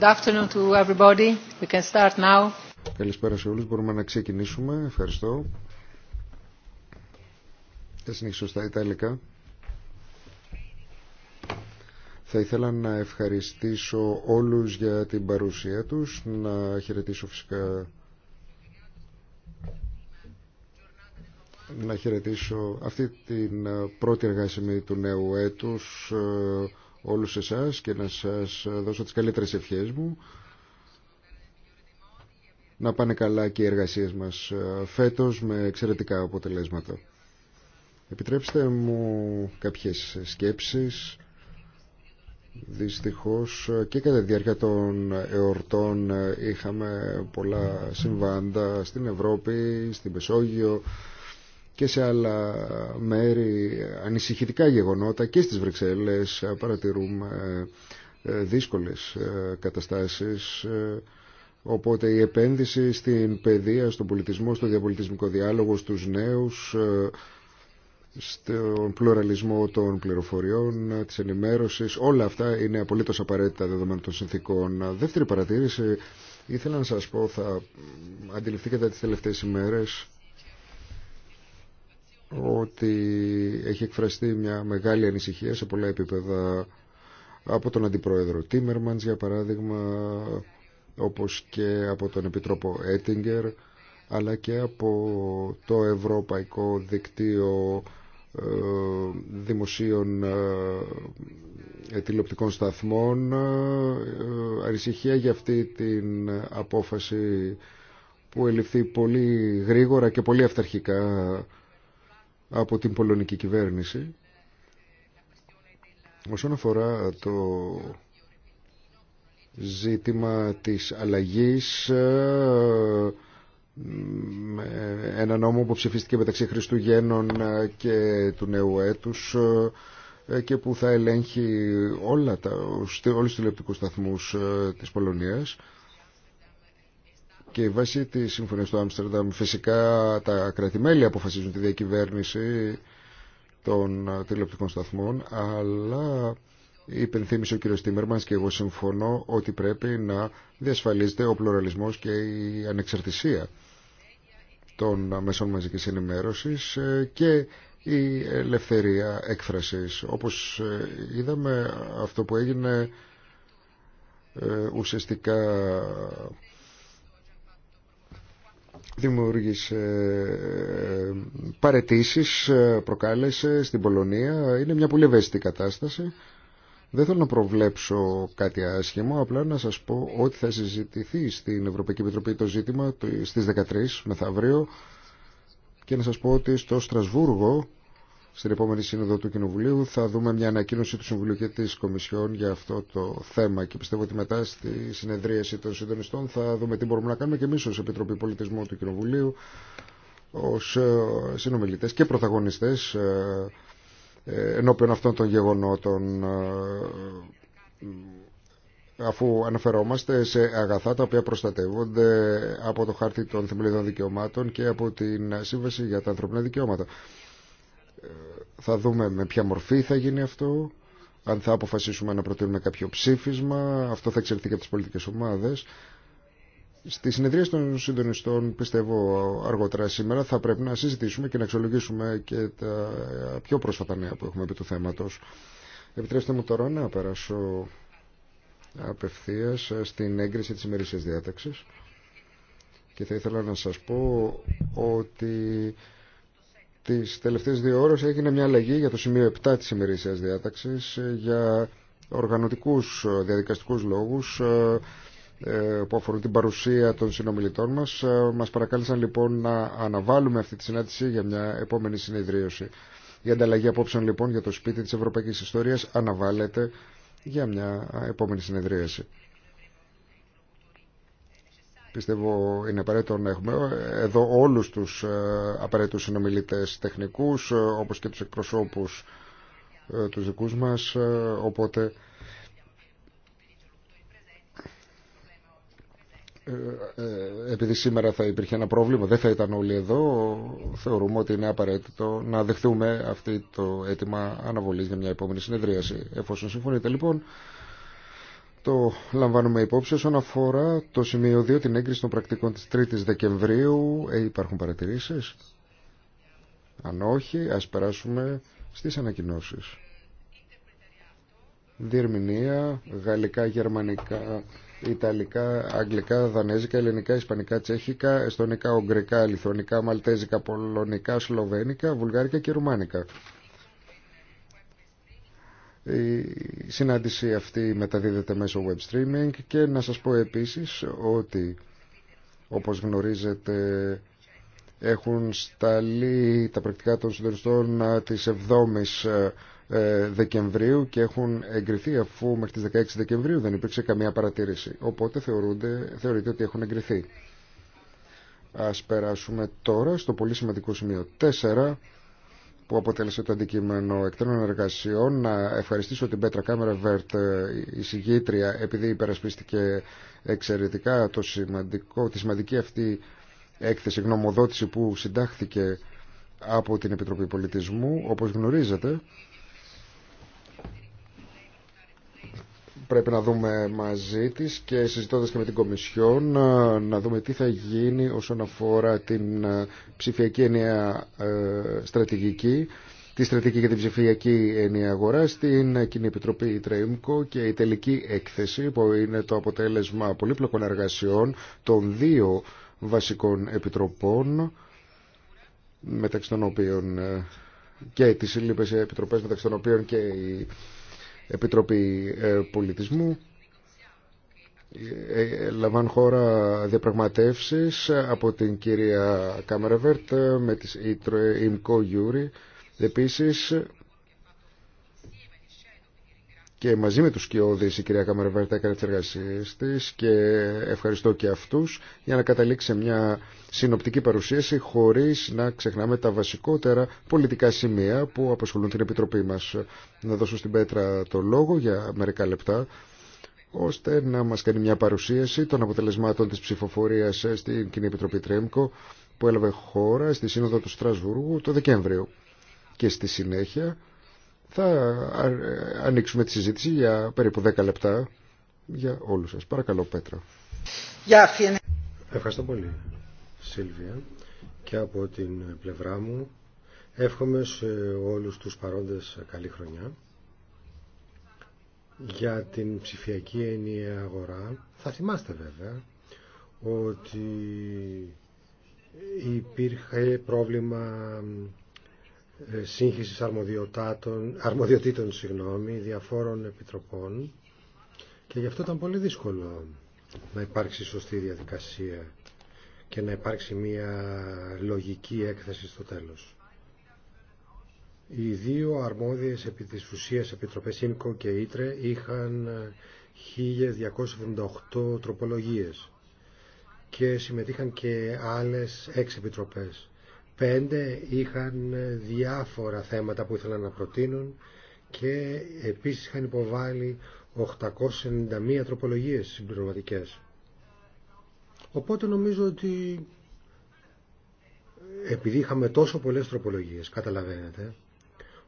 We start Καλησπέρα σε όλους. Μπορούμε να ξεκινήσουμε. Ευχαριστώ. Θα συνεχίσω στα Ιταλικά. Θα ήθελα να ευχαριστήσω όλους για την παρουσία τους, να χαιρετήσω φυσικά να χαιρετήσω αυτή την πρώτη εργάσιμη του νέου έτους ε, όλους εσάς και να σας δώσω τις καλύτερες ευχές μου. Να πάνε καλά και οι εργασίες μας φέτος με εξαιρετικά αποτελέσματα. Επιτρέψτε μου κάποιες σκέψεις. Δυστυχώς και κατά τη διάρκεια των εορτών είχαμε πολλά συμβάντα στην Ευρώπη, στην Πεσόγειο, και σε άλλα μέρη ανησυχητικά γεγονότα και στις Βρυξέλλες παρατηρούμε ε, δύσκολες ε, καταστάσεις ε, οπότε η επένδυση στην παιδεία, στον πολιτισμό, στο διαπολιτισμικό διάλογο, στους νέους στον πλουραλισμό των πληροφοριών, της ενημέρωσης όλα αυτά είναι απολύτως απαραίτητα δεδομένων των συνθήκων. Δεύτερη παρατήρηση ήθελα να σας πω, θα αντιληφθήκατε τις τελευταίες ημέρες ότι έχει εκφραστεί μια μεγάλη ανησυχία σε πολλά επίπεδα από τον Αντιπρόεδρο Τίμερμαντς για παράδειγμα όπως και από τον Επιτρόπο Έτιγκερ αλλά και από το Ευρωπαϊκό Δικτύο ε, Δημοσίων ε, Τηλεοπτικών Σταθμών ε, Ανησυχία για αυτή την απόφαση που ελειφθεί πολύ γρήγορα και πολύ αυταρχικά από την πολωνική κυβέρνηση όσον αφορά το ζήτημα της αλλαγής ένα νόμο που ψηφίστηκε μεταξύ Χριστουγέννων και του νέου έτους και που θα ελέγχει όλα τα, όλους τους τηλεοπτικούς σταθμούς της Πολωνίας και η βάση τη συμφωνία του Άμστερνταμ, φυσικά τα κρατημέλη αποφασίζουν τη διακυβέρνηση των ε, τηλεοπτικών σταθμών, αλλά υπενθύμησε ο κ. Τίμερμανς και εγώ συμφωνώ ότι πρέπει να διασφαλίζεται ο πλουραλισμό και η ανεξαρτησία των μέσων μαζική ενημέρωση ε, και η ελευθερία έκφρασης. Όπως ε, είδαμε αυτό που έγινε ουσιαστικά δημιούργησε ε, παρετήσεις, ε, προκάλεσε στην Πολωνία. Είναι μια πολύ ευαίσθητη κατάσταση. Δεν θέλω να προβλέψω κάτι άσχημο, απλά να σας πω ότι θα συζητηθεί στην Ευρωπαϊκή Επιτροπή το ζήτημα στις 13 μεθαύριο και να σας πω ότι στο Στρασβούργο στην επόμενη σύνοδο του Κοινοβουλίου θα δούμε μια ανακοίνωση του Συμβουλίου και της Κομισιόν για αυτό το θέμα και πιστεύω ότι μετά στη συνεδρίαση των συντονιστών θα δούμε τι μπορούμε να κάνουμε και εμείς ως Επιτροπή Πολιτισμού του Κοινοβουλίου ως ε, συνομιλητές και πρωταγωνιστές ε, ε, ενώπιον αυτών των γεγονότων αφού αναφερόμαστε σε αγαθά τα οποία προστατεύονται από το χάρτη των θεμελιδών δικαιωμάτων και από την Σύμβαση για τα Ανθρωπινά Δικαιώματα. Ε, θα δούμε με ποια μορφή θα γίνει αυτό, αν θα αποφασίσουμε να προτείνουμε κάποιο ψήφισμα, αυτό θα εξελιχθεί και από τις πολιτικές ομάδες. Στη συνεδρία των συντονιστών, πιστεύω αργότερα σήμερα, θα πρέπει να συζητήσουμε και να αξιολογήσουμε και τα πιο πρόσφατα νέα που έχουμε επί του θέματος. Επιτρέψτε μου τώρα να περάσω απευθείας στην έγκριση της ημερήσιας διάταξης και θα ήθελα να σας πω ότι Τις τελευταίες δύο ώρες έγινε μια αλλαγή για το σημείο 7 της ημερήσιας διάταξης ε, για οργανωτικούς ε, διαδικαστικούς λόγους ε, που αφορούν την παρουσία των συνομιλητών μας. Μας παρακάλεσαν λοιπόν να αναβάλουμε αυτή τη συνάντηση για μια επόμενη συνεδρίωση. Η ανταλλαγή απόψεων λοιπόν για το σπίτι της Ευρωπαϊκής Ιστορίας αναβάλλεται για μια επόμενη συνεδρίαση. Πιστεύω είναι απαραίτητο να έχουμε εδώ όλους τους ε, απαραίτητους συνομιλητές τεχνικούς ε, όπως και τους εκπροσώπους ε, τους δικούς μας οπότε επειδή σήμερα θα υπήρχε ένα πρόβλημα δεν θα ήταν όλοι εδώ θεωρούμε ότι είναι απαραίτητο να δεχθούμε αυτή το αίτημα αναβολής για μια επόμενη συνεδρίαση εφόσον συμφωνείτε λοιπόν το λαμβάνουμε υπόψη όσον αφορά το σημείο 2, την έγκριση των πρακτικών της 3ης Δεκεμβρίου. Ε, υπάρχουν παρατηρήσεις. Αν όχι, ας περάσουμε στις ανακοινώσεις. Διερμηνία, γαλλικά, γερμανικά, ιταλικά, αγγλικά, δανέζικα, ελληνικά, ισπανικά, τσέχικα, εστονικά, ογκρικά, λιθωνικά, μαλτέζικα, πολωνικά, σλοβένικα, βουλγάρικα και ρουμάνικα. Η συνάντηση αυτή μεταδίδεται μέσω web streaming και να σας πω επίσης ότι όπως γνωρίζετε έχουν σταλεί τα πρακτικά των συντονιστών ε, της 7ης ε, Δεκεμβρίου και έχουν εγκριθεί αφού μέχρι τις 16 Δεκεμβρίου δεν υπήρξε καμία παρατήρηση. Οπότε θεωρούνται, θεωρείται ότι έχουν εγκριθεί. Ας περάσουμε τώρα στο πολύ σημαντικό σημείο 4 που αποτέλεσε το αντικείμενο εκτένων εργασιών. Να ευχαριστήσω την Πέτρα Κάμερα Βέρτ, η συγγήτρια, επειδή υπερασπίστηκε εξαιρετικά το σημαντικό, τη σημαντική αυτή έκθεση γνωμοδότηση που συντάχθηκε από την Επιτροπή Πολιτισμού. Όπως γνωρίζετε, πρέπει να δούμε μαζί της και συζητώντας και με την Κομισιόν ε, να δούμε τι θα γίνει όσον αφορά την ε, ψηφιακή ενιαία ε, στρατηγική τη στρατηγική και την ψηφιακή ενιαία αγορά στην Κοινή Επιτροπή Τρέμκο και η τελική έκθεση που είναι το αποτέλεσμα πολύπλοκων εργασιών των δύο βασικών επιτροπών μεταξύ των οποίων και τις λίπες επιτροπές μεταξύ των οποίων και η Επιτροπή ε, Πολιτισμού ε, ε, λαμβάνουν χώρα διαπραγματεύσεις από την κυρία Βέρτ με τις ΙΜΚΟ Γιούρι. Επίσης και μαζί με τους Σκιώδης η κυρία Καμερβέρτα έκανε τις εργασίες της και ευχαριστώ και αυτούς για να καταλήξει μια συνοπτική παρουσίαση χωρίς να ξεχνάμε τα βασικότερα πολιτικά σημεία που απασχολούν την Επιτροπή μας. Να δώσω στην Πέτρα το λόγο για μερικά λεπτά ώστε να μας κάνει μια παρουσίαση των αποτελεσμάτων της ψηφοφορίας στην Κοινή Επιτροπή Τρέμκο που έλαβε χώρα στη Σύνοδο του Στρασβούργου το Δεκέμβριο. Και στη συνέχεια θα ανοίξουμε τη συζήτηση για περίπου 10 λεπτά για όλους σας. Παρακαλώ Πέτρα. Ευχαριστώ πολύ Σίλβια και από την πλευρά μου εύχομαι σε όλους τους παρόντες καλή χρονιά για την ψηφιακή ενιαία αγορά. Θα θυμάστε βέβαια ότι υπήρχε πρόβλημα ε, σύγχυση αρμοδιοτήτων συγγνώμη, διαφόρων επιτροπών και γι' αυτό ήταν πολύ δύσκολο να υπάρξει σωστή διαδικασία και να υπάρξει μια λογική έκθεση στο τέλος. Οι δύο αρμόδιες επί της ουσίας επιτροπές και Ήτρε είχαν 1278 ε, τροπολογίες και συμμετείχαν και άλλες έξι επιτροπές πέντε είχαν διάφορα θέματα που ήθελαν να προτείνουν και επίσης είχαν υποβάλει 891 τροπολογίες συμπληρωματικές. Οπότε νομίζω ότι επειδή είχαμε τόσο πολλές τροπολογίες, καταλαβαίνετε,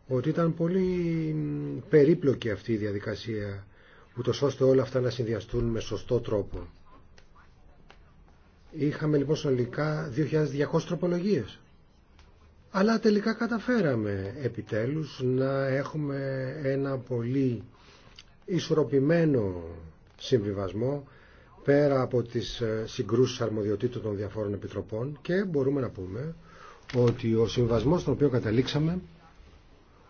ότι ήταν πολύ περίπλοκη αυτή η διαδικασία, ούτως ώστε όλα αυτά να συνδυαστούν με σωστό τρόπο. Είχαμε λοιπόν συνολικά 2.200 τροπολογίες. Αλλά τελικά καταφέραμε επιτέλους να έχουμε ένα πολύ ισορροπημένο συμβιβασμό πέρα από τις ε, συγκρούσεις αρμοδιοτήτων των διαφόρων επιτροπών και μπορούμε να πούμε ότι ο συμβασμός στον οποίο καταλήξαμε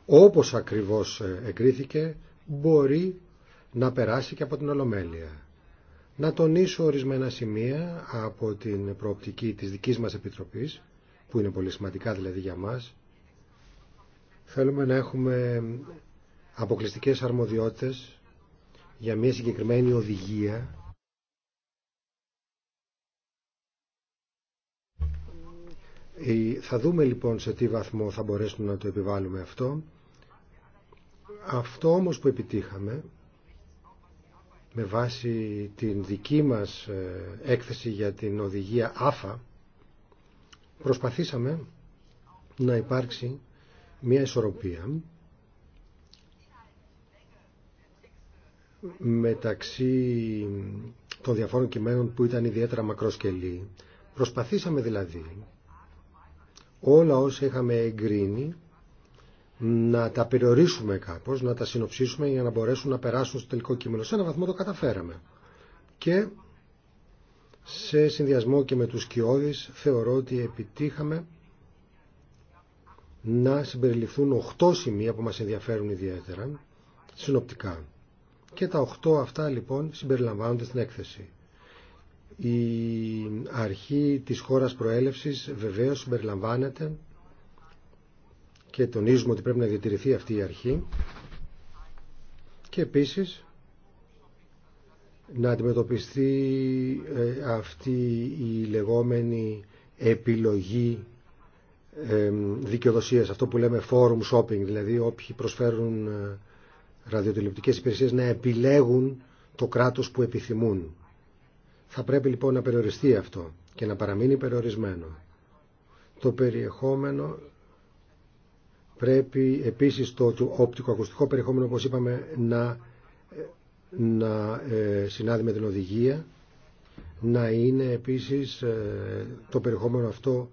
όπως ακριβώς εγκρίθηκε μπορεί να περάσει και από την Ολομέλεια. Να τονίσω ορισμένα σημεία από την προοπτική της δικής μας Επιτροπής που είναι πολύ σημαντικά δηλαδή για μας, θέλουμε να έχουμε αποκλειστικές αρμοδιότητες για μια συγκεκριμένη οδηγία ε, Θα δούμε λοιπόν σε τι βαθμό θα μπορέσουμε να το επιβάλλουμε αυτό. Αυτό όμως που επιτύχαμε με βάση την δική μας ε, έκθεση για την οδηγία ΑΦΑ προσπαθήσαμε να υπάρξει μια ισορροπία μεταξύ των διαφόρων κειμένων που ήταν ιδιαίτερα μακροσκελή. Προσπαθήσαμε δηλαδή όλα όσα είχαμε εγκρίνει να τα περιορίσουμε κάπως, να τα συνοψίσουμε για να μπορέσουν να περάσουν στο τελικό κείμενο. Σε έναν βαθμό το καταφέραμε. Και σε συνδυασμό και με τους κοιόδης θεωρώ ότι επιτύχαμε να συμπεριληφθούν 8 σημεία που μας ενδιαφέρουν ιδιαίτερα συνοπτικά και τα 8 αυτά λοιπόν συμπεριλαμβάνονται στην έκθεση η αρχή της χώρας προέλευσης βεβαίως συμπεριλαμβάνεται και τονίζουμε ότι πρέπει να διατηρηθεί αυτή η αρχή και επίσης να αντιμετωπιστεί ε, αυτή η λεγόμενη επιλογή δικαιοδοσίας, αυτό που λέμε forum shopping, δηλαδή όποιοι προσφέρουν ε, ραδιοτηλεοπτικές υπηρεσίες να επιλέγουν το κράτος που επιθυμούν. Θα πρέπει λοιπόν να περιοριστεί αυτό και να παραμείνει περιορισμένο. Το περιεχόμενο πρέπει επίσης το οπτικοακουστικό περιεχόμενο όπως είπαμε να ε, να ε, συνάδει με την οδηγία, να είναι επίσης ε, το περιεχόμενο αυτό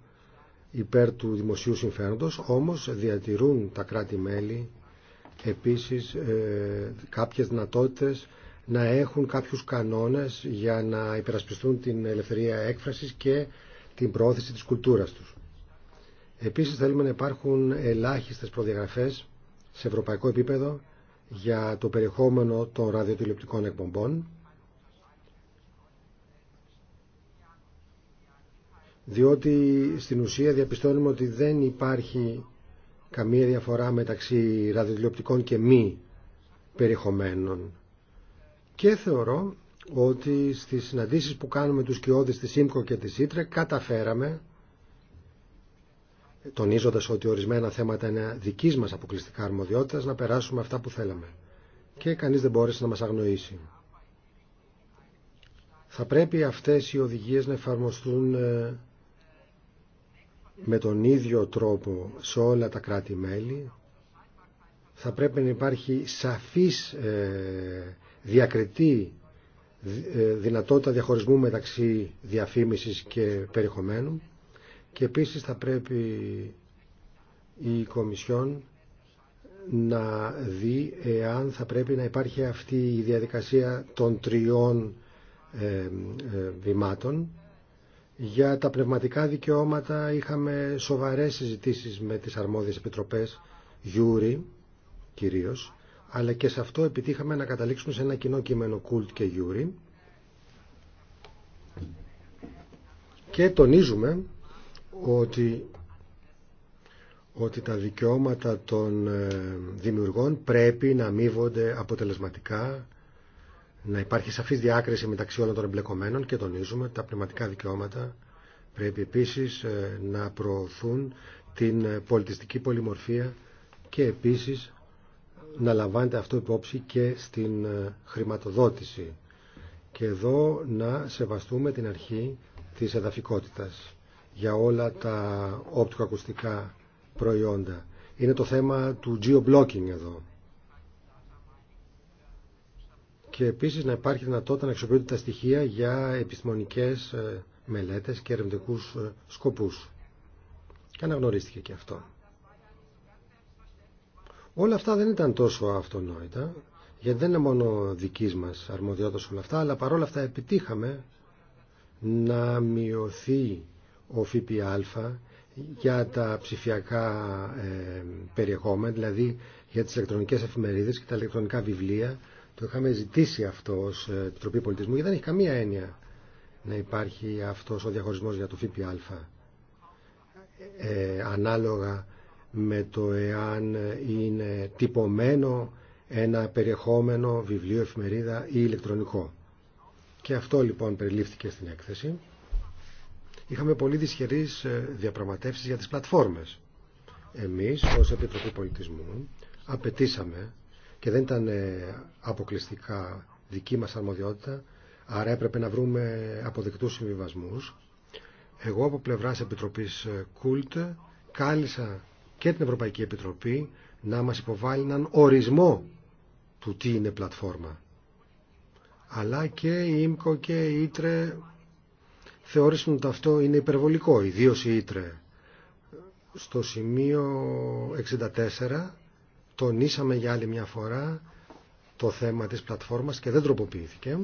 υπέρ του δημοσίου συμφέροντος, όμως διατηρούν τα κράτη-μέλη επίσης ε, κάποιες δυνατότητες να έχουν κάποιους κανόνες για να υπερασπιστούν την ελευθερία έκφρασης και την προώθηση της κουλτούρας τους. Επίσης θέλουμε να υπάρχουν ελάχιστες προδιαγραφές σε ευρωπαϊκό επίπεδο για το περιεχόμενο των ραδιοτηλεοπτικών εκπομπών διότι στην ουσία διαπιστώνουμε ότι δεν υπάρχει καμία διαφορά μεταξύ ραδιοτηλεοπτικών και μη περιεχομένων. Και θεωρώ ότι στις συναντήσεις που κάνουμε τους κοιόδες της ΣΥΜΚΟ και της ΣΥΤΡΕ καταφέραμε τονίζοντας ότι ορισμένα θέματα είναι δικής μας αποκλειστικά αρμοδιότητας, να περάσουμε αυτά που θέλαμε. Και κανείς δεν μπόρεσε να μας αγνοήσει. Θα πρέπει αυτές οι οδηγίες να εφαρμοστούν ε, με τον ίδιο τρόπο σε όλα τα κράτη-μέλη. Θα πρέπει να υπάρχει σαφής ε, διακριτή ε, δυνατότητα διαχωρισμού μεταξύ διαφήμισης και περιεχομένου και επίσης θα πρέπει η Κομισιόν να δει εάν θα πρέπει να υπάρχει αυτή η διαδικασία των τριών ε, ε, βημάτων. Για τα πνευματικά δικαιώματα είχαμε σοβαρές συζητήσεις με τις αρμόδιες επιτροπές, Γιούρι κυρίως, αλλά και σε αυτό επιτύχαμε να καταλήξουμε σε ένα κοινό κείμενο Κούλτ και Γιούρι. Και τονίζουμε ότι, ότι τα δικαιώματα των ε, δημιουργών πρέπει να αμείβονται αποτελεσματικά, να υπάρχει σαφής διάκριση μεταξύ όλων των εμπλεκομένων και τονίζουμε τα πνευματικά δικαιώματα πρέπει επίσης ε, να προωθούν την ε, πολιτιστική πολυμορφία και επίσης να λαμβάνεται αυτό υπόψη και στην χρηματοδότηση και εδώ να σεβαστούμε την αρχή της εδαφικότητας για όλα τα όπτικο-ακουστικά προϊόντα. Είναι το θέμα του geo-blocking εδώ. Και επίσης να υπάρχει δυνατότητα να αξιοποιούνται τα στοιχεία για επιστημονικές ε, μελέτες και ερευνητικούς ε, σκοπούς. Και αναγνωρίστηκε και αυτό. Όλα αυτά δεν ήταν τόσο αυτονόητα, γιατί δεν είναι μόνο δικής μας αρμοδιότητας όλα αυτά, αλλά παρόλα αυτά επιτύχαμε να μειωθεί ο ΦΠΑ για τα ψηφιακά ε, περιεχόμενα, δηλαδή για τις ηλεκτρονικές εφημερίδες και τα ηλεκτρονικά βιβλία. Το είχαμε ζητήσει αυτό ως ε, Επιτροπή Πολιτισμού γιατί δεν έχει καμία έννοια να υπάρχει αυτός ο διαχωρισμός για το ΦΠΑ ε, ανάλογα με το εάν είναι τυπωμένο ένα περιεχόμενο βιβλίο, εφημερίδα ή ηλεκτρονικό. Και αυτό λοιπόν περιλήφθηκε στην έκθεση. Είχαμε πολύ δυσχερεί ε, διαπραγματεύσει για τι πλατφόρμες. Εμεί, ως Επιτροπή Πολιτισμού απαιτήσαμε και δεν ήταν ε, αποκλειστικά δική μα αρμοδιότητα, άρα έπρεπε να βρούμε αποδεκτούς συμβιβασμού. Εγώ από πλευρά Επιτροπή ε, Κούλτ κάλεσα και την Ευρωπαϊκή Επιτροπή να μας υποβάλει έναν ορισμό του τι είναι πλατφόρμα. Αλλά και η ΙΜΚΟ και η ΙΤΡΕ θεώρησαν ότι αυτό είναι υπερβολικό, ιδίω οι Ήτρε. Στο σημείο 64 τονίσαμε για άλλη μια φορά το θέμα της πλατφόρμας και δεν τροποποιήθηκε.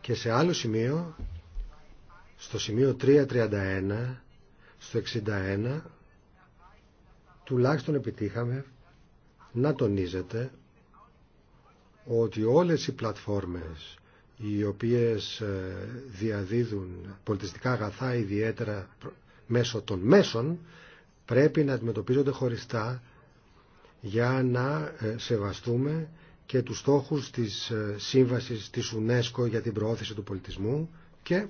Και σε άλλο σημείο, στο σημείο 3.31, στο 61, τουλάχιστον επιτύχαμε να τονίζεται ότι όλες οι πλατφόρμες οι οποίες ε, διαδίδουν πολιτιστικά αγαθά ιδιαίτερα μέσω των μέσων πρέπει να αντιμετωπίζονται χωριστά για να ε, σεβαστούμε και τους στόχους της ε, σύμβασης της UNESCO για την προώθηση του πολιτισμού και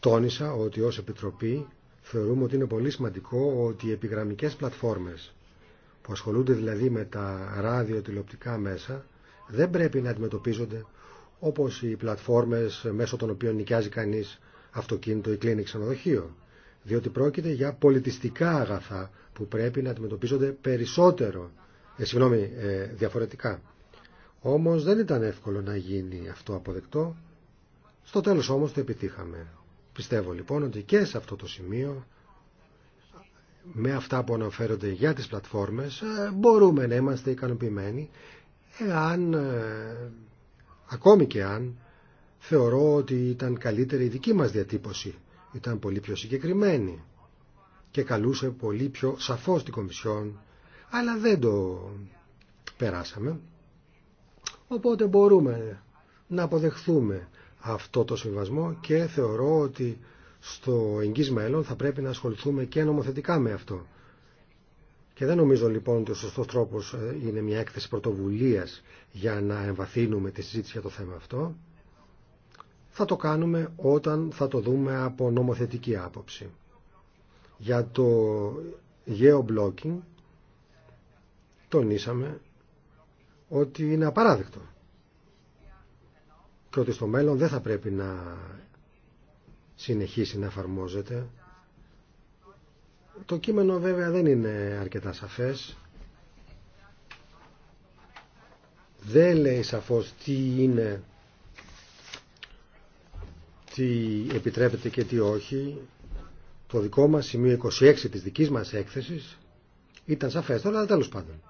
τόνισα ότι ως Επιτροπή θεωρούμε ότι είναι πολύ σημαντικό ότι οι επιγραμμικές πλατφόρμες που ασχολούνται δηλαδή με τα ράδιο τηλεοπτικά μέσα δεν πρέπει να αντιμετωπίζονται όπως οι πλατφόρμες μέσω των οποίων νοικιάζει κανείς αυτοκίνητο ή κλείνει ξενοδοχείο. Διότι πρόκειται για πολιτιστικά αγαθά που πρέπει να αντιμετωπίζονται περισσότερο, ε, ε, διαφορετικά. Όμως δεν ήταν εύκολο να γίνει αυτό αποδεκτό. Στο τέλος όμως το επιτύχαμε. Πιστεύω λοιπόν ότι και σε αυτό το σημείο με αυτά που αναφέρονται για τις πλατφόρμες ε, μπορούμε να είμαστε ικανοποιημένοι εάν, ε, ακόμη και αν, θεωρώ ότι ήταν καλύτερη η δική μας διατύπωση. Ήταν πολύ πιο συγκεκριμένη και καλούσε πολύ πιο σαφώς την Κομισιόν, αλλά δεν το περάσαμε. Οπότε μπορούμε να αποδεχθούμε αυτό το συμβασμό και θεωρώ ότι στο εγγύς μέλλον θα πρέπει να ασχοληθούμε και νομοθετικά με αυτό. Και δεν νομίζω λοιπόν ότι ο σωστό τρόπος ε, είναι μια έκθεση πρωτοβουλίας για να εμβαθύνουμε τη συζήτηση για το θέμα αυτό. Θα το κάνουμε όταν θα το δούμε από νομοθετική άποψη. Για το geo τονίσαμε ότι είναι απαράδεκτο και ότι στο μέλλον δεν θα πρέπει να συνεχίσει να εφαρμόζεται το κείμενο βέβαια δεν είναι αρκετά σαφές. Δεν λέει σαφώς τι είναι, τι επιτρέπεται και τι όχι. Το δικό μας σημείο 26 της δικής μας έκθεσης ήταν σαφές, αλλά τέλος πάντων.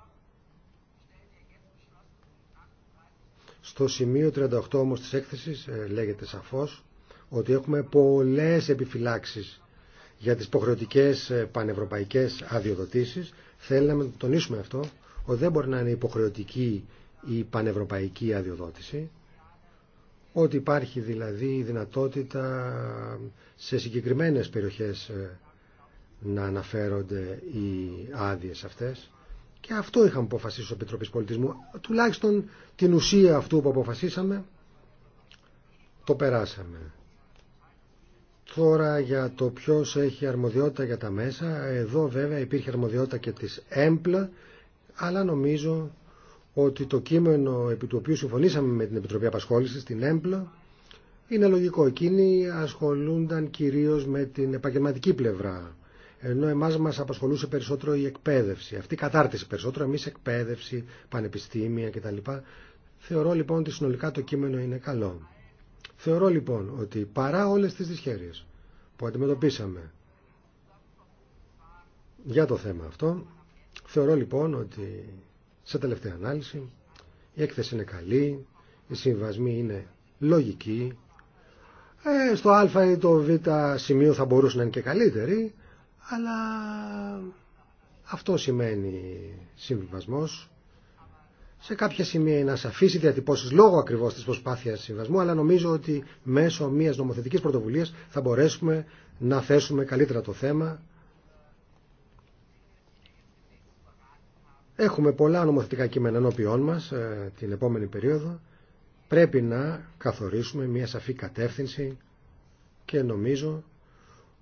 Στο σημείο 38 όμως της έκθεσης ε, λέγεται σαφώς ότι έχουμε πολλές επιφυλάξεις για τις υποχρεωτικές ε, πανευρωπαϊκές αδειοδοτήσεις. Θέλαμε να τονίσουμε αυτό, ότι δεν μπορεί να είναι υποχρεωτική η πανευρωπαϊκή αδειοδότηση, ότι υπάρχει δηλαδή η δυνατότητα ε, σε συγκεκριμένες περιοχές ε, να αναφέρονται οι άδειε αυτές. Και αυτό είχαμε αποφασίσει ο επιτροπή Πολιτισμού. Τουλάχιστον την ουσία αυτού που αποφασίσαμε το περάσαμε. Τώρα για το ποιο έχει αρμοδιότητα για τα μέσα, εδώ βέβαια υπήρχε αρμοδιότητα και της ΕΜΠΛΑ, αλλά νομίζω ότι το κείμενο επί του οποίου συμφωνήσαμε με την Επιτροπή Απασχόλησης, την ΕΜΠΛΑ, είναι λογικό. Εκείνοι ασχολούνταν κυρίως με την επαγγελματική πλευρά, ενώ εμάς μας απασχολούσε περισσότερο η εκπαίδευση, αυτή η κατάρτιση περισσότερο, Εμεί εκπαίδευση, πανεπιστήμια κτλ. Θεωρώ λοιπόν ότι συνολικά το κείμενο είναι καλό. Θεωρώ λοιπόν ότι παρά όλες τις δυσχέρειες που αντιμετωπίσαμε για το θέμα αυτό, θεωρώ λοιπόν ότι σε τελευταία ανάλυση η έκθεση είναι καλή, οι συμβασμοί είναι λογικοί, ε, στο α ή το β σημείο θα μπορούσαν να είναι και καλύτεροι, αλλά αυτό σημαίνει συμβιβασμός σε κάποια σημεία είναι ασαφή οι διατυπώσει λόγω ακριβώ τη προσπάθεια συμβασμού, αλλά νομίζω ότι μέσω μια νομοθετική πρωτοβουλία θα μπορέσουμε να θέσουμε καλύτερα το θέμα. Έχουμε πολλά νομοθετικά κείμενα ενώπιόν μα ε, την επόμενη περίοδο. Πρέπει να καθορίσουμε μια σαφή κατεύθυνση και νομίζω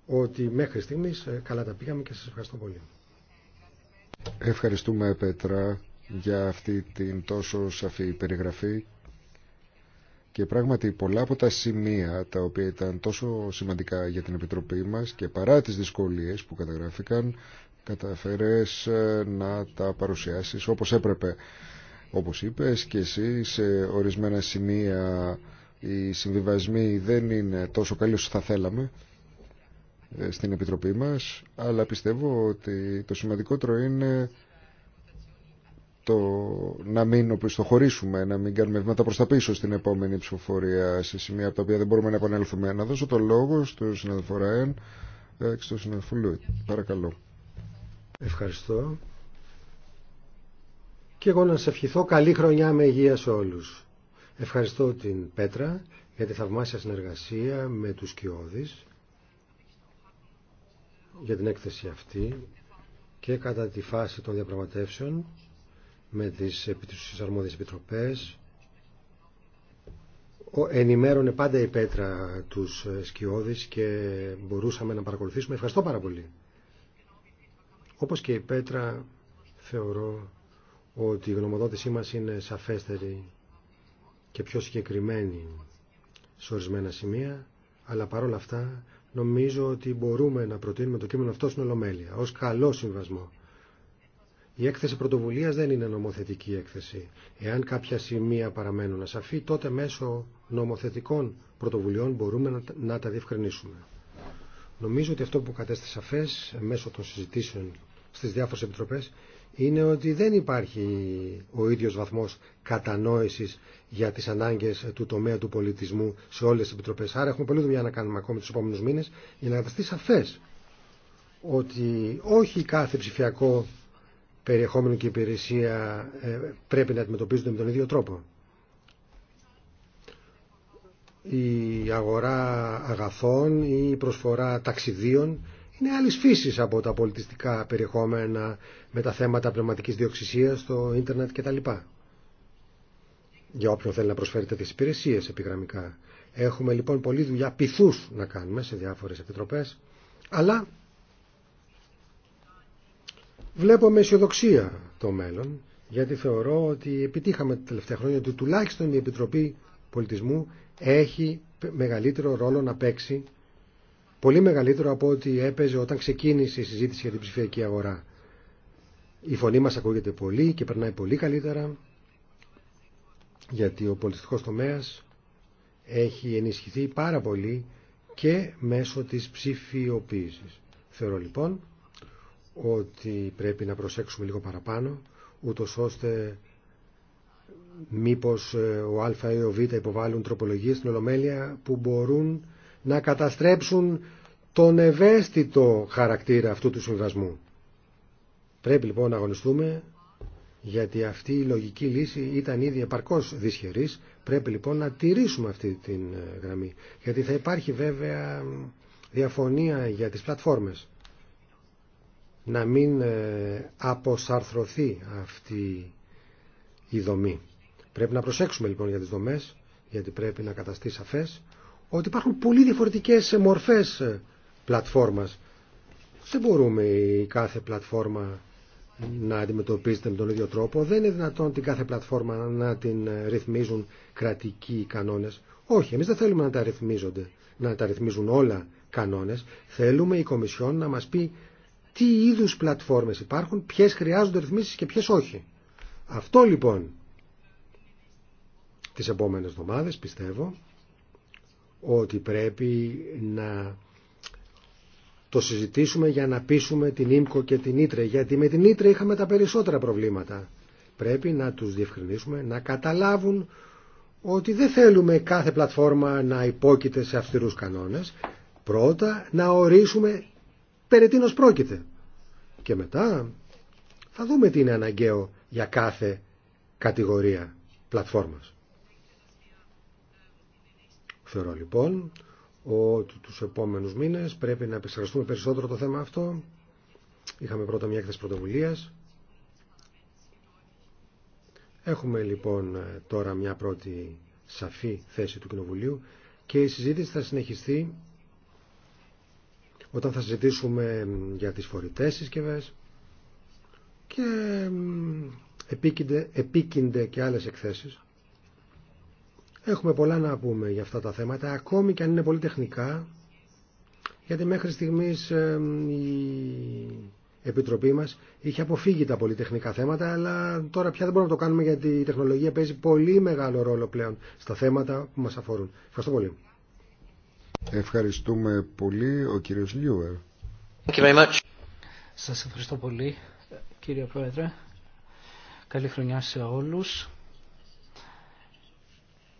ότι μέχρι στιγμής ε, καλά τα πήγαμε και σας ευχαριστώ πολύ. Ευχαριστούμε Πέτρα για αυτή την τόσο σαφή περιγραφή και πράγματι πολλά από τα σημεία τα οποία ήταν τόσο σημαντικά για την Επιτροπή μας και παρά τις δυσκολίες που καταγράφηκαν καταφέρες ε, να τα παρουσιάσεις όπως έπρεπε. Όπως είπες και εσύ σε ορισμένα σημεία οι συμβιβασμοί δεν είναι τόσο καλοί όσο θα θέλαμε ε, στην Επιτροπή μας αλλά πιστεύω ότι το σημαντικότερο είναι να μην οπισθοχωρήσουμε, να μην κάνουμε βήματα προ τα πίσω στην επόμενη ψηφοφορία σε σημεία από τα οποία δεν μπορούμε να επανέλθουμε. Να δώσω το λόγο στο συναδελφό Ράεν ε, και στο συναδελφό Λουιτ Παρακαλώ. Ευχαριστώ. Και εγώ να σε ευχηθώ καλή χρονιά με υγεία σε όλους. Ευχαριστώ την Πέτρα για τη θαυμάσια συνεργασία με τους Κιώδης για την έκθεση αυτή και κατά τη φάση των διαπραγματεύσεων με τις αρμόδιες επιτροπές. Ενημέρωνε πάντα η Πέτρα τους ε, σκιώδης και μπορούσαμε να παρακολουθήσουμε. Ευχαριστώ πάρα πολύ. Όπως και η Πέτρα θεωρώ ότι η γνωμοδότησή μας είναι σαφέστερη και πιο συγκεκριμένη σε ορισμένα σημεία, αλλά παρόλα αυτά νομίζω ότι μπορούμε να προτείνουμε το κείμενο αυτό στην Ολομέλεια, ως καλό συμβασμό. Η έκθεση πρωτοβουλία δεν είναι νομοθετική έκθεση. Εάν κάποια σημεία παραμένουν ασαφή, τότε μέσω νομοθετικών πρωτοβουλειών μπορούμε να τα διευκρινίσουμε. Νομίζω ότι αυτό που κατέστησε σαφές μέσω των συζητήσεων στι διάφορε επιτροπέ είναι ότι δεν υπάρχει ο ίδιο βαθμό κατανόηση για τι ανάγκε του τομέα του πολιτισμού σε όλε τις επιτροπέ. Άρα έχουμε πολλή δουλειά να κάνουμε ακόμη τους επόμενου μήνε για να καταστεί σαφέ ότι όχι κάθε ψηφιακό περιεχόμενο και υπηρεσία ε, πρέπει να αντιμετωπίζονται με τον ίδιο τρόπο. Η αγορά αγαθών ή η προσφορά ταξιδίων είναι άλλης φύσης από τα πολιτιστικά περιεχόμενα με τα θέματα πνευματικής διοξυσίας στο ίντερνετ κτλ. Για όποιον θέλει να προσφέρει τέτοιες υπηρεσίες επιγραμμικά. Έχουμε λοιπόν πολλή δουλειά πυθούς να κάνουμε σε διάφορες επιτροπές, αλλά Βλέπω με αισιοδοξία το μέλλον, γιατί θεωρώ ότι επιτύχαμε τα τελευταία χρόνια ότι τουλάχιστον η Επιτροπή Πολιτισμού έχει μεγαλύτερο ρόλο να παίξει, πολύ μεγαλύτερο από ό,τι έπαιζε όταν ξεκίνησε η συζήτηση για την ψηφιακή αγορά. Η φωνή μας ακούγεται πολύ και περνάει πολύ καλύτερα, γιατί ο πολιτιστικός τομέας έχει ενισχυθεί πάρα πολύ και μέσω της ψηφιοποίησης. Θεωρώ λοιπόν ότι πρέπει να προσέξουμε λίγο παραπάνω, ούτω ώστε μήπω ε, ο Α ή ο Β υποβάλλουν τροπολογίες στην Ολομέλεια που μπορούν να καταστρέψουν τον ευαίσθητο χαρακτήρα αυτού του συμβασμού. Πρέπει λοιπόν να αγωνιστούμε γιατί αυτή η λογική λύση ήταν ήδη επαρκώς δυσχερής. Πρέπει λοιπόν να τηρήσουμε αυτή την ε, γραμμή. Γιατί θα υπάρχει βέβαια διαφωνία για τις πλατφόρμες να μην ε, αποσαρθρωθεί αυτή η δομή. Πρέπει να προσέξουμε λοιπόν για τις δομές, γιατί πρέπει να καταστεί σαφές ότι υπάρχουν πολύ διαφορετικές ε, μορφές ε, πλατφόρμας. Δεν μπορούμε η κάθε πλατφόρμα να αντιμετωπίζεται με τον ίδιο τρόπο. Δεν είναι δυνατόν την κάθε πλατφόρμα να την ρυθμίζουν κρατικοί κανόνες. Όχι, εμείς δεν θέλουμε να τα ρυθμίζονται, να τα ρυθμίζουν όλα κανόνες. Θέλουμε η Κομισιόν να μας πει τι είδους πλατφόρμες υπάρχουν, ποιες χρειάζονται ρυθμίσεις και ποιες όχι. Αυτό λοιπόν τις επόμενες εβδομάδες πιστεύω ότι πρέπει να το συζητήσουμε για να πείσουμε την Ίμκο και την Ήτρε γιατί με την Ήτρε είχαμε τα περισσότερα προβλήματα. Πρέπει να τους διευκρινίσουμε, να καταλάβουν ότι δεν θέλουμε κάθε πλατφόρμα να υπόκειται σε αυστηρούς κανόνες. Πρώτα να ορίσουμε περί τίνος πρόκειται. Και μετά θα δούμε τι είναι αναγκαίο για κάθε κατηγορία πλατφόρμας. Θεωρώ λοιπόν ότι τους επόμενους μήνες πρέπει να επεξεργαστούμε περισσότερο το θέμα αυτό. Είχαμε πρώτα μια έκθεση πρωτοβουλίας. Έχουμε λοιπόν τώρα μια πρώτη σαφή θέση του Κοινοβουλίου και η συζήτηση θα συνεχιστεί όταν θα συζητήσουμε για τις φορητές συσκευέ. και επίκυνται, και άλλες εκθέσεις. Έχουμε πολλά να πούμε για αυτά τα θέματα, ακόμη και αν είναι πολύ τεχνικά, γιατί μέχρι στιγμής ε, η Επιτροπή μας είχε αποφύγει τα τεχνικά θέματα, αλλά τώρα πια δεν μπορούμε να το κάνουμε γιατί η τεχνολογία παίζει πολύ μεγάλο ρόλο πλέον στα θέματα που μας αφορούν. Ευχαριστώ πολύ. Ευχαριστούμε πολύ ο κύριος Λιούερ. Σας ευχαριστώ πολύ κύριε Πρόεδρε. Καλή χρονιά σε όλους.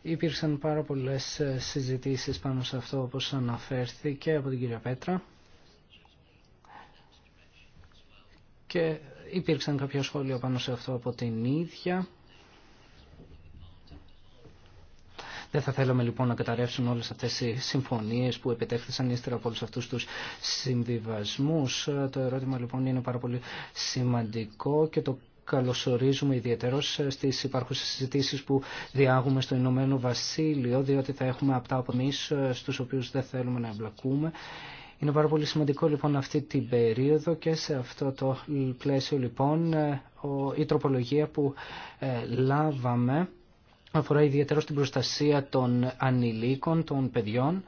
Υπήρξαν πάρα πολλές συζητήσεις πάνω σε αυτό όπως αναφέρθηκε από την κυρία Πέτρα και υπήρξαν κάποια σχόλια πάνω σε αυτό από την ίδια. Δεν θα θέλαμε λοιπόν να καταρρεύσουν όλε αυτέ οι συμφωνίε που επιτέχθησαν ύστερα από όλου αυτού του συμβιβασμού. Το ερώτημα λοιπόν είναι πάρα πολύ σημαντικό και το καλωσορίζουμε ιδιαίτερο στι υπάρχουσες συζητήσει που διάγουμε στο Ηνωμένο Βασίλειο, διότι θα έχουμε αυτά από εμεί στους οποίους δεν θέλουμε να εμπλακούμε. Είναι πάρα πολύ σημαντικό λοιπόν αυτή την περίοδο και σε αυτό το πλαίσιο λοιπόν η τροπολογία που ε, λάβαμε αφορά ιδιαίτερα στην προστασία των ανηλίκων, των παιδιών.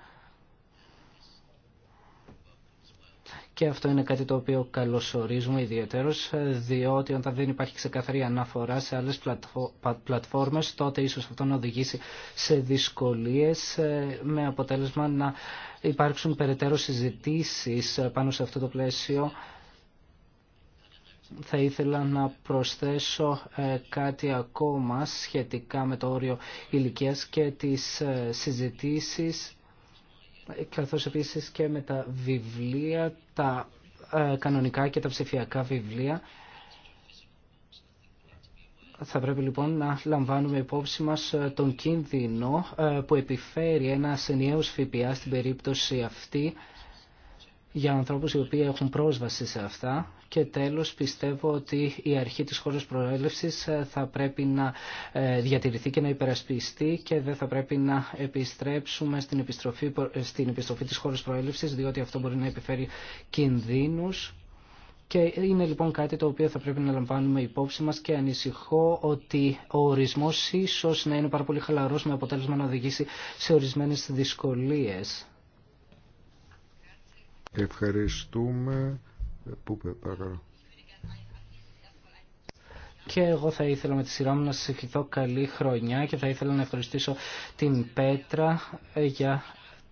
Και αυτό είναι κάτι το οποίο καλωσορίζουμε ιδιαίτερως, διότι όταν δεν υπάρχει ξεκαθαρή αναφορά σε άλλες πλατφόρμες, τότε ίσως αυτό να οδηγήσει σε δυσκολίες, ε, με αποτέλεσμα να υπάρξουν περαιτέρω συζητήσεις ε, πάνω σε αυτό το πλαίσιο θα ήθελα να προσθέσω ε, κάτι ακόμα σχετικά με το όριο ηλικίας και τις ε, συζητήσεις καθώς επίσης και με τα βιβλία, τα ε, κανονικά και τα ψηφιακά βιβλία. Θα πρέπει λοιπόν να λαμβάνουμε υπόψη μας τον κίνδυνο που επιφέρει ένας ενιαίος ΦΠΑ στην περίπτωση αυτή για ανθρώπους οι οποίοι έχουν πρόσβαση σε αυτά και τέλος πιστεύω ότι η αρχή της χώρας προέλευσης ε, θα πρέπει να ε, διατηρηθεί και να υπερασπιστεί και δεν θα πρέπει να επιστρέψουμε στην επιστροφή, ε, στην επιστροφή της χώρας προέλευσης διότι αυτό μπορεί να επιφέρει κινδύνους και είναι λοιπόν κάτι το οποίο θα πρέπει να λαμβάνουμε υπόψη μας και ανησυχώ ότι ο ορισμός ίσως να είναι πάρα πολύ χαλαρός με αποτέλεσμα να οδηγήσει σε ορισμένες δυσκολίες. Ευχαριστούμε. Πού παρακαλώ. Και εγώ θα ήθελα με τη σειρά μου να σας ευχηθώ καλή χρονιά και θα ήθελα να ευχαριστήσω την Πέτρα για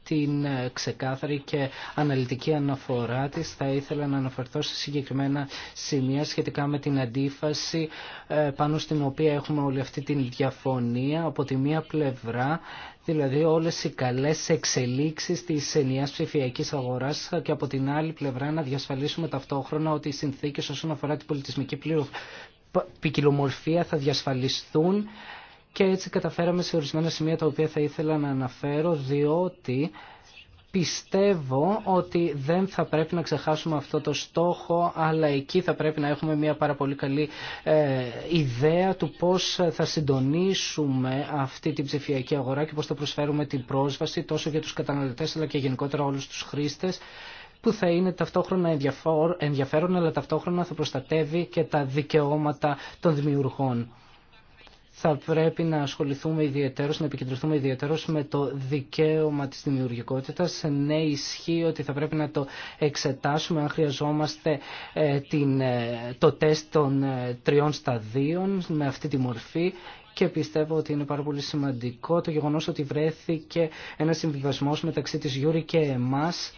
την ε, ξεκάθαρη και αναλυτική αναφορά της. Θα ήθελα να αναφερθώ σε συγκεκριμένα σημεία σχετικά με την αντίφαση ε, πάνω στην οποία έχουμε όλη αυτή την διαφωνία από τη μία πλευρά δηλαδή όλες οι καλές εξελίξεις της ενιαίας ψηφιακής αγοράς και από την άλλη πλευρά να διασφαλίσουμε ταυτόχρονα ότι οι συνθήκες όσον αφορά την πολιτισμική ποικιλομορφία θα διασφαλιστούν και έτσι καταφέραμε σε ορισμένα σημεία τα οποία θα ήθελα να αναφέρω διότι πιστεύω ότι δεν θα πρέπει να ξεχάσουμε αυτό το στόχο αλλά εκεί θα πρέπει να έχουμε μια πάρα πολύ καλή ε, ιδέα του πώς θα συντονίσουμε αυτή την ψηφιακή αγορά και πώς θα προσφέρουμε την πρόσβαση τόσο για τους καταναλωτές αλλά και γενικότερα όλους τους χρήστες που θα είναι ταυτόχρονα ενδιαφέρον αλλά ταυτόχρονα θα προστατεύει και τα δικαιώματα των δημιουργών θα πρέπει να ασχοληθούμε ιδιαίτερως, να επικεντρωθούμε ιδιαίτερως με το δικαίωμα της δημιουργικότητας. Ναι, ισχύει ότι θα πρέπει να το εξετάσουμε αν χρειαζόμαστε ε, την, ε, το τεστ των ε, τριών σταδίων με αυτή τη μορφή και πιστεύω ότι είναι πάρα πολύ σημαντικό το γεγονός ότι βρέθηκε ένα συμβιβασμός μεταξύ της Γιούρη και εμάς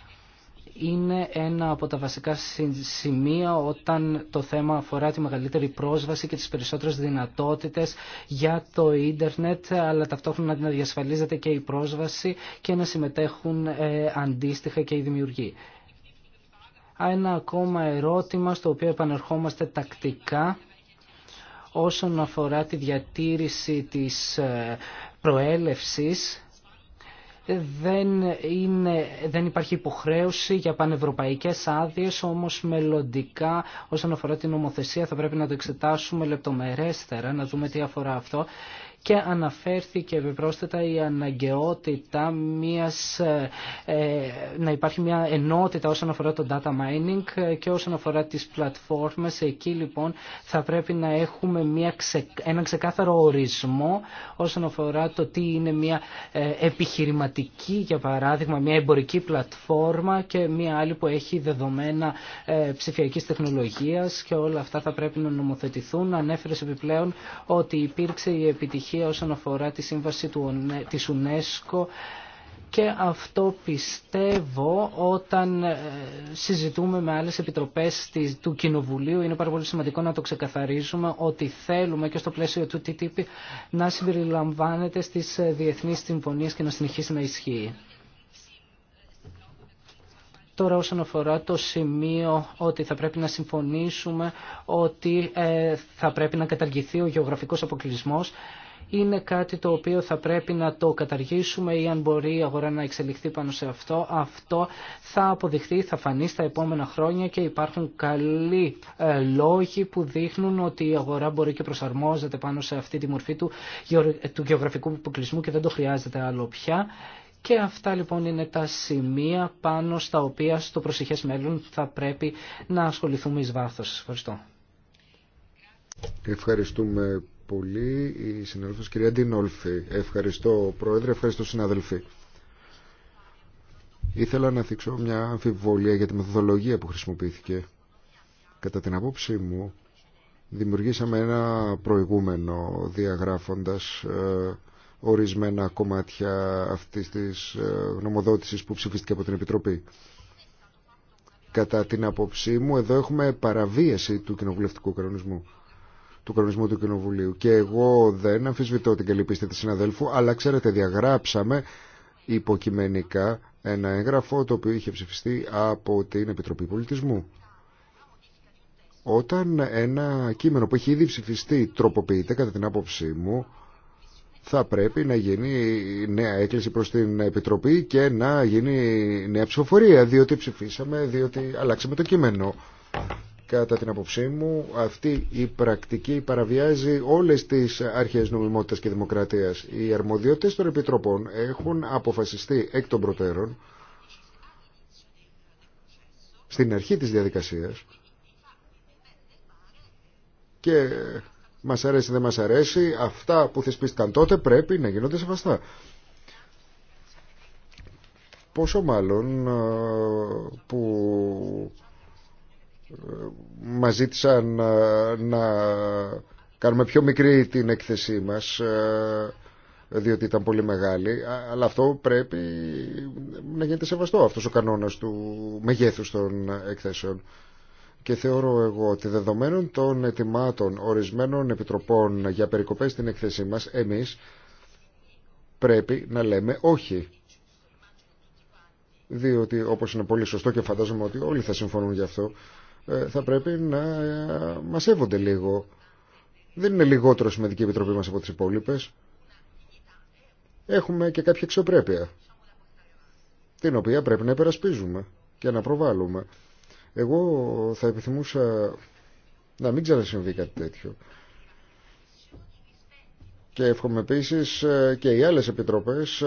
είναι ένα από τα βασικά σημεία όταν το θέμα αφορά τη μεγαλύτερη πρόσβαση και τις περισσότερες δυνατότητες για το ίντερνετ αλλά ταυτόχρονα να διασφαλίζεται και η πρόσβαση και να συμμετέχουν ε, αντίστοιχα και οι δημιουργοί. Ένα ακόμα ερώτημα στο οποίο επανερχόμαστε τακτικά όσον αφορά τη διατήρηση της ε, προέλευσης δεν, είναι, δεν υπάρχει υποχρέωση για πανευρωπαϊκές άδειες, όμως μελλοντικά όσον αφορά την νομοθεσία θα πρέπει να το εξετάσουμε λεπτομερέστερα, να δούμε τι αφορά αυτό και αναφέρθηκε επιπρόσθετα η αναγκαιότητα μιας, ε, να υπάρχει μια ενότητα όσον αφορά το data mining και όσον αφορά τις πλατφόρμες. Εκεί λοιπόν θα πρέπει να έχουμε μια έναν ξεκάθαρο ορισμό όσον αφορά το τι είναι μια ε, επιχειρηματική για παράδειγμα μια εμπορική πλατφόρμα και μια άλλη που έχει δεδομένα ε, ψηφιακής τεχνολογίας και όλα αυτά θα πρέπει να νομοθετηθούν. Ανέφερε επιπλέον ότι υπήρξε η επιτυχία στοιχεία όσον αφορά τη σύμβαση της UNESCO και αυτό πιστεύω όταν ε, συζητούμε με άλλες επιτροπές του Κοινοβουλίου είναι πάρα πολύ σημαντικό να το ξεκαθαρίζουμε ότι θέλουμε και στο πλαίσιο του TTIP να συμπεριλαμβάνεται στις ε, διεθνείς συμφωνίες και να συνεχίσει να ισχύει. Τώρα όσον αφορά το σημείο ότι θα πρέπει να συμφωνήσουμε ότι ε, θα πρέπει να καταργηθεί ο γεωγραφικός αποκλεισμός είναι κάτι το οποίο θα πρέπει να το καταργήσουμε ή αν μπορεί η αγορά να εξελιχθεί πάνω σε αυτό. Αυτό θα αποδειχθεί, θα φανεί στα επόμενα χρόνια και υπάρχουν καλοί ε, λόγοι που δείχνουν ότι η αγορά μπορεί και προσαρμόζεται πάνω σε αυτή τη μορφή του, του γεωγραφικού αποκλεισμού και δεν το χρειάζεται άλλο πια. Και αυτά λοιπόν είναι τα σημεία πάνω στα οποία στο προσεχές μέλλον θα πρέπει να ασχοληθούμε εις βάθος. Ευχαριστώ. Ευχαριστούμε πολύ η συνάδελφος κυρία Ντινόλφη. Ευχαριστώ πρόεδρε, ευχαριστώ συνάδελφοι. Ήθελα να θίξω μια αμφιβολία για τη μεθοδολογία που χρησιμοποιήθηκε. Κατά την απόψη μου, δημιουργήσαμε ένα προηγούμενο διαγράφοντας ε, ορισμένα κομμάτια αυτής της ε, γνωμοδότησης που ψηφίστηκε από την Επιτροπή. Κατά την απόψή μου, εδώ έχουμε παραβίαση του κοινοβουλευτικού κανονισμού του κανονισμού του Κοινοβουλίου. Και εγώ δεν αμφισβητώ την καλή πίστη της συναδέλφου, αλλά ξέρετε διαγράψαμε υποκειμενικά ένα έγγραφο το οποίο είχε ψηφιστεί από την Επιτροπή Πολιτισμού. Όταν ένα κείμενο που έχει ήδη ψηφιστεί τροποποιείται κατά την άποψή μου, θα πρέπει να γίνει νέα έκκληση προς την Επιτροπή και να γίνει νέα ψηφοφορία, διότι ψηφίσαμε, διότι αλλάξαμε το κείμενο. Κατά την αποψή μου, αυτή η πρακτική παραβιάζει όλες τις αρχές νομιμότητας και δημοκρατίας. Οι αρμοδιότητες των επιτροπών έχουν αποφασιστεί εκ των προτέρων στην αρχή της διαδικασίας και μας αρέσει δεν μας αρέσει αυτά που θεσπίστηκαν τότε πρέπει να γίνονται σεβαστά πόσο μάλλον ε, που μας ζήτησαν ε, να κάνουμε πιο μικρή την έκθεσή μας ε, διότι ήταν πολύ μεγάλη αλλά αυτό πρέπει να γίνεται σεβαστό αυτός ο κανόνας του μεγέθους των εκθέσεων και θεωρώ εγώ ότι δεδομένων των ετοιμάτων ορισμένων επιτροπών για περικοπές στην εκθέσή μας εμείς πρέπει να λέμε όχι διότι όπως είναι πολύ σωστό και φαντάζομαι ότι όλοι θα συμφωνούν γι' αυτό ε, θα πρέπει να ε, μας σέβονται λίγο. Δεν είναι λιγότερο σημαντική η Επιτροπή μας από τις υπόλοιπε. Έχουμε και κάποια αξιοπρέπεια, την οποία πρέπει να υπερασπίζουμε και να προβάλλουμε. Εγώ θα επιθυμούσα να μην ξανασυμβεί κάτι τέτοιο. Και εύχομαι επίση ε, και οι άλλες επιτροπές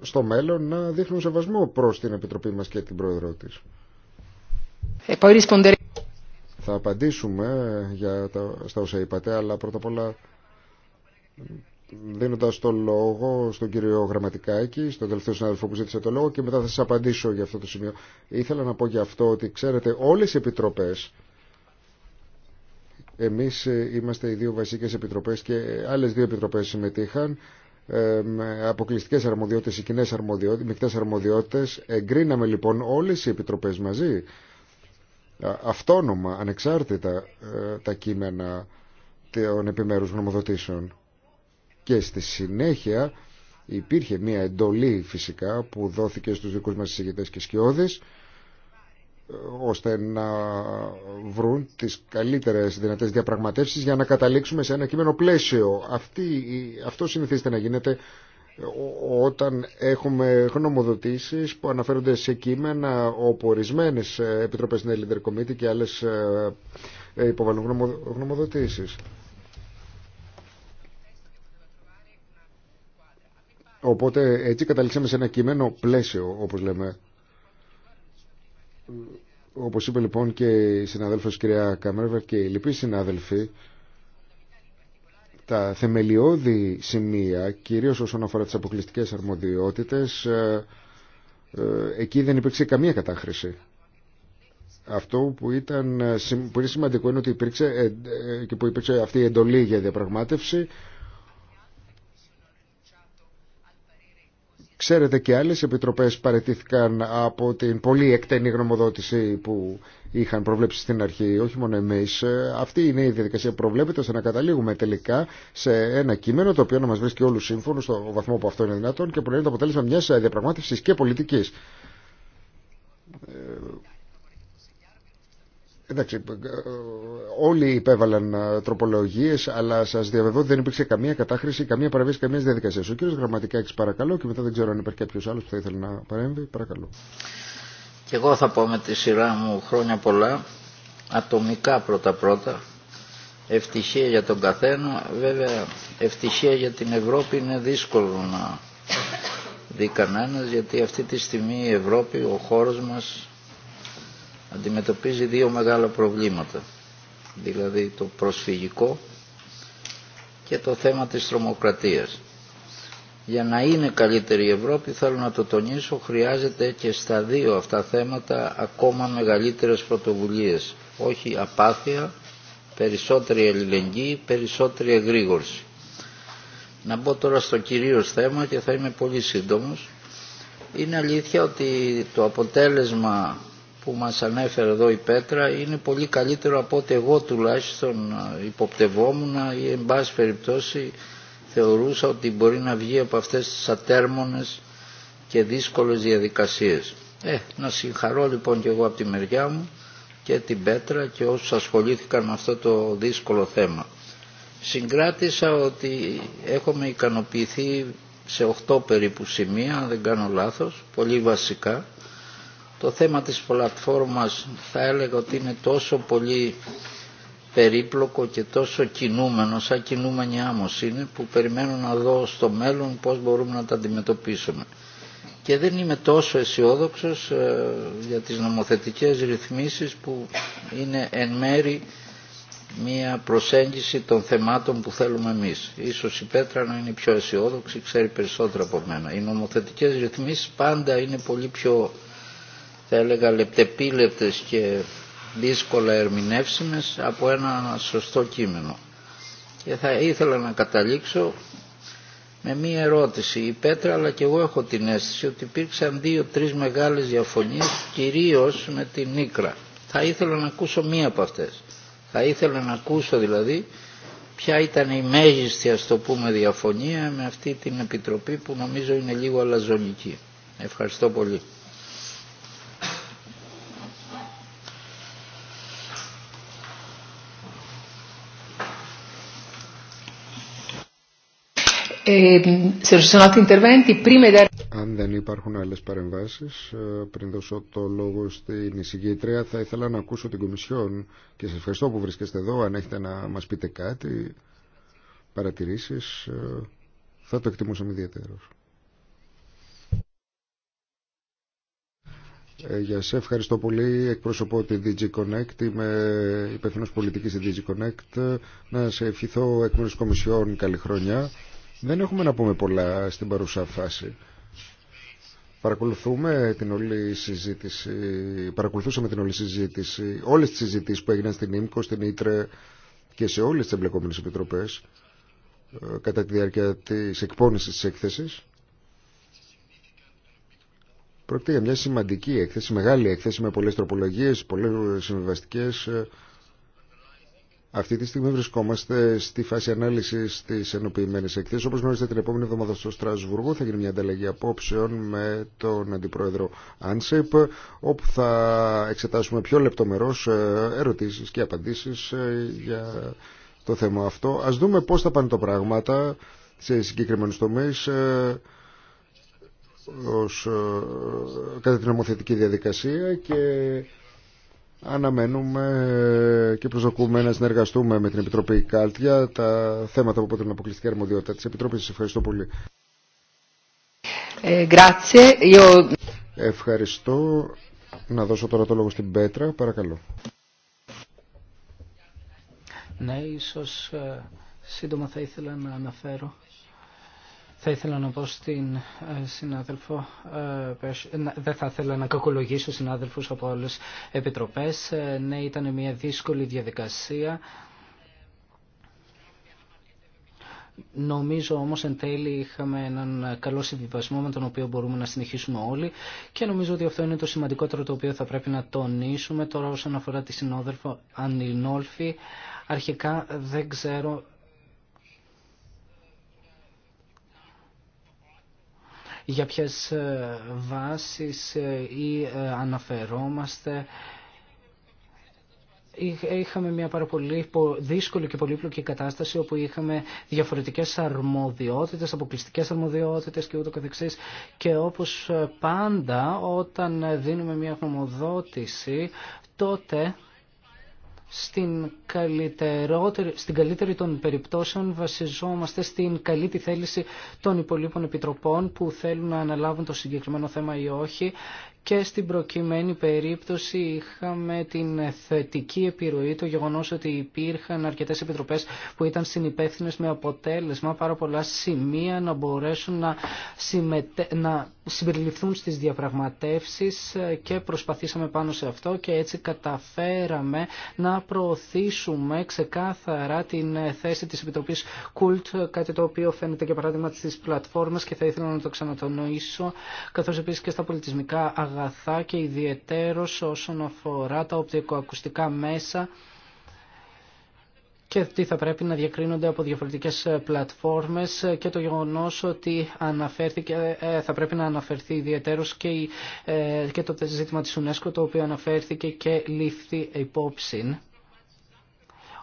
στο μέλλον να δείχνουν σεβασμό προ την Επιτροπή μα και την Πρόεδρό της. Θα απαντήσουμε για τα, στα όσα είπατε, αλλά πρώτα απ' όλα δίνοντα το λόγο στον κύριο Γραμματικάκη, στον τελευταίο συνάδελφο που ζήτησε το λόγο και μετά θα σα απαντήσω για αυτό το σημείο. Ήθελα να πω για αυτό ότι ξέρετε όλε οι επιτροπέ, εμεί είμαστε οι δύο βασικέ επιτροπέ και άλλε δύο επιτροπέ συμμετείχαν, ε, με αποκλειστικέ αρμοδιότητε ή κοινέ αρμοδιότητε, μεικτέ αρμοδιότητε. Εγκρίναμε λοιπόν όλε οι επιτροπέ μαζί αυτόνομα, ανεξάρτητα ε, τα κείμενα των επιμέρους γνωμοδοτήσεων. Και στη συνέχεια υπήρχε μια εντολή φυσικά που δόθηκε στους δικούς μας συζητητές και σκιώδες ώστε να βρουν τις καλύτερες δυνατές διαπραγματεύσεις για να καταλήξουμε σε ένα κείμενο πλαίσιο. Αυτή, αυτό συνηθίζεται να γίνεται όταν έχουμε γνωμοδοτήσεις που αναφέρονται σε κείμενα όπου ορισμένε ε, επιτροπές είναι leader committee και άλλες ε, ε, υποβάλλουν γνωμοδοτήσεις. Οπότε έτσι καταλήξαμε σε ένα κείμενο πλαίσιο όπως λέμε. Όπως είπε λοιπόν και η συναδέλφος κυρία Καμέρβερ και οι λοιποί συνάδελφοι τα θεμελιώδη σημεία, κυρίως όσον αφορά τις αποκλειστικές αρμοδιότητες, ε, ε, εκεί δεν υπήρξε καμία κατάχρηση. Αυτό που, ήταν, ε, που είναι σημαντικό είναι ότι υπήρξε, και που υπήρξε αυτή η εντολή για διαπραγμάτευση Ξέρετε και άλλες επιτροπές παρετήθηκαν από την πολύ εκτενή γνωμοδότηση που είχαν προβλέψει στην αρχή, όχι μόνο εμείς. Αυτή είναι η διαδικασία που προβλέπεται ώστε να καταλήγουμε τελικά σε ένα κείμενο το οποίο να μας βρίσκει όλους σύμφωνους στο βαθμό που αυτό είναι δυνατόν και που είναι το αποτέλεσμα μιας διαπραγμάτευσης και πολιτικής ε, Εντάξει, όλοι υπέβαλαν ε, τροπολογίε, αλλά σα διαβεβαιώ ότι δεν υπήρξε καμία κατάχρηση, καμία παραβίαση, καμία διαδικασία. Ο κύριο Γραμματικάκη, παρακαλώ, και μετά δεν ξέρω αν υπάρχει κάποιο άλλο που θα ήθελε να παρέμβει. Παρακαλώ. Κι εγώ θα πω με τη σειρά μου χρόνια πολλά, ατομικά πρώτα-πρώτα. Ευτυχία για τον καθένα. Βέβαια, ευτυχία για την Ευρώπη είναι δύσκολο να δει κανένα, γιατί αυτή τη στιγμή η Ευρώπη, ο χώρο μα, αντιμετωπίζει δύο μεγάλα προβλήματα. Δηλαδή το προσφυγικό και το θέμα της τρομοκρατίας. Για να είναι καλύτερη η Ευρώπη, θέλω να το τονίσω, χρειάζεται και στα δύο αυτά θέματα ακόμα μεγαλύτερες πρωτοβουλίες. Όχι απάθεια, περισσότερη αλληλεγγύη, περισσότερη εγρήγορση. Να μπω τώρα στο κυρίως θέμα και θα είμαι πολύ σύντομος. Είναι αλήθεια ότι το αποτέλεσμα που μας ανέφερε εδώ η Πέτρα είναι πολύ καλύτερο από ό,τι εγώ τουλάχιστον ε, υποπτευόμουν ή ε, εν πάση περιπτώσει θεωρούσα ότι μπορεί να βγει από αυτές τις ατέρμονες και δύσκολες διαδικασίες. Ε, να συγχαρώ λοιπόν και εγώ από τη μεριά μου και την Πέτρα και όσους ασχολήθηκαν με αυτό το δύσκολο θέμα. Συγκράτησα ότι έχουμε ικανοποιηθεί σε 8 περίπου σημεία, αν δεν κάνω λάθος, πολύ βασικά το θέμα της πλατφόρμας θα έλεγα ότι είναι τόσο πολύ περίπλοκο και τόσο κινούμενο, σαν κινούμενη άμμος είναι, που περιμένω να δω στο μέλλον πώς μπορούμε να τα αντιμετωπίσουμε. Και δεν είμαι τόσο αισιόδοξο ε, για τις νομοθετικές ρυθμίσεις που είναι εν μέρη μία προσέγγιση των θεμάτων που θέλουμε εμείς. Ίσως η Πέτρα να είναι πιο αισιόδοξη, ξέρει περισσότερο από μένα. Οι νομοθετικές ρυθμίσεις πάντα είναι πολύ πιο θα έλεγα λεπτεπίλεπτες και δύσκολα ερμηνεύσιμες από ένα σωστό κείμενο. Και θα ήθελα να καταλήξω με μία ερώτηση. Η Πέτρα αλλά και εγώ έχω την αίσθηση ότι υπήρξαν δύο-τρεις μεγάλες διαφωνίες κυρίως με την Νίκρα. Θα ήθελα να ακούσω μία από αυτές. Θα ήθελα να ακούσω δηλαδή ποια ήταν η μέγιστη ας το πούμε διαφωνία με αυτή την επιτροπή που νομίζω είναι λίγο αλαζονική. Ευχαριστώ πολύ. Αν δεν υπάρχουν άλλες παρεμβάσεις, ε, πριν δώσω το λόγο στην εισηγήτρια, θα ήθελα να ακούσω την Κομισιόν και σας ευχαριστώ που βρίσκεστε εδώ, αν έχετε να μας πείτε κάτι, παρατηρήσεις, ε, θα το εκτιμούσαμε ιδιαίτερο. Ε, για σε ευχαριστώ πολύ. Εκπροσωπώ τη DigiConnect Είμαι υπεύθυνο πολιτική στη DigiConnect Να σε ευχηθώ εκ μέρου Κομισιόν καλή χρονιά. Δεν έχουμε να πούμε πολλά στην παρούσα φάση. Παρακολουθούμε την όλη συζήτηση, παρακολουθούσαμε την όλη συζήτηση, όλες τις συζητήσεις που έγιναν στην ΙΜΚΟ, στην ΙΤΡΕ και σε όλες τις εμπλεκόμενες επιτροπές ε, κατά τη διάρκεια της εκπόνησης της έκθεσης. Πρόκειται για μια σημαντική έκθεση, μεγάλη έκθεση με πολλές τροπολογίες, πολλές συμβιβαστικές ε, αυτή τη στιγμή βρισκόμαστε στη φάση ανάλυση τη ενοποιημένη εκθέση. Όπω γνωρίζετε, την επόμενη εβδομάδα στο Στρασβούργο θα γίνει μια ανταλλαγή απόψεων με τον Αντιπρόεδρο Άνσεπ, όπου θα εξετάσουμε πιο λεπτομερώ ε, ερωτήσει και απαντήσει ε, για το θέμα αυτό. Α δούμε πώ θα πάνε τα πράγματα σε συγκεκριμένου τομεί ε, κατά την νομοθετική διαδικασία και Αναμένουμε και προσδοκούμε να συνεργαστούμε με την Επιτροπή Κάλτια τα θέματα που αποτελούν αποκλειστική αρμοδιότητα της Επιτροπής. Σας ευχαριστώ πολύ. Ε, ευχαριστώ. Να δώσω τώρα το λόγο στην Πέτρα. Παρακαλώ. Ναι, ίσως ε, σύντομα θα ήθελα να αναφέρω θα ήθελα να πω στην ε, συνάδελφο, ε, ε, δεν θα ήθελα να κακολογήσω συνάδελφους από άλλες επιτροπές. Ναι, ήταν μια δύσκολη διαδικασία. Νομίζω όμως εν τέλει είχαμε έναν καλό συμβιβασμό με τον οποίο μπορούμε να συνεχίσουμε όλοι και νομίζω ότι αυτό είναι το σημαντικότερο το οποίο θα πρέπει να τονίσουμε τώρα όσον αφορά τη συνόδελφο Ανινόλφη. Αρχικά δεν ξέρω για ποιες ε, βάσεις ε, ή ε, αναφερόμαστε. Είχαμε μια πάρα πολύ δύσκολη και πολύπλοκη κατάσταση όπου είχαμε διαφορετικές αρμοδιότητες, αποκλειστικές αρμοδιότητες και ούτω καθεξής. Και όπως πάντα όταν δίνουμε μια γνωμοδότηση τότε στην καλύτερη, στην καλύτερη των περιπτώσεων βασιζόμαστε στην καλή τη θέληση των υπολείπων επιτροπών που θέλουν να αναλάβουν το συγκεκριμένο θέμα ή όχι και στην προκειμένη περίπτωση είχαμε την θετική επιρροή, το γεγονός ότι υπήρχαν αρκετές επιτροπές που ήταν συνυπεύθυνε με αποτέλεσμα πάρα πολλά σημεία να μπορέσουν να, συμμετέ συμπεριληφθούν στις διαπραγματεύσεις και προσπαθήσαμε πάνω σε αυτό και έτσι καταφέραμε να προωθήσουμε ξεκάθαρα την θέση της Επιτροπής Κουλτ, κάτι το οποίο φαίνεται και παράδειγμα στις πλατφόρμες και θα ήθελα να το ξανατονοήσω, καθώς επίσης και στα πολιτισμικά αγαθά και ιδιαιτέρως όσον αφορά τα οπτικοακουστικά μέσα και τι θα πρέπει να διακρίνονται από διαφορετικές ε, πλατφόρμες ε, και το γεγονός ότι αναφέρθηκε, ε, θα πρέπει να αναφερθεί ιδιαίτερος και, και το ζήτημα της UNESCO το οποίο αναφέρθηκε και λήφθη υπόψη.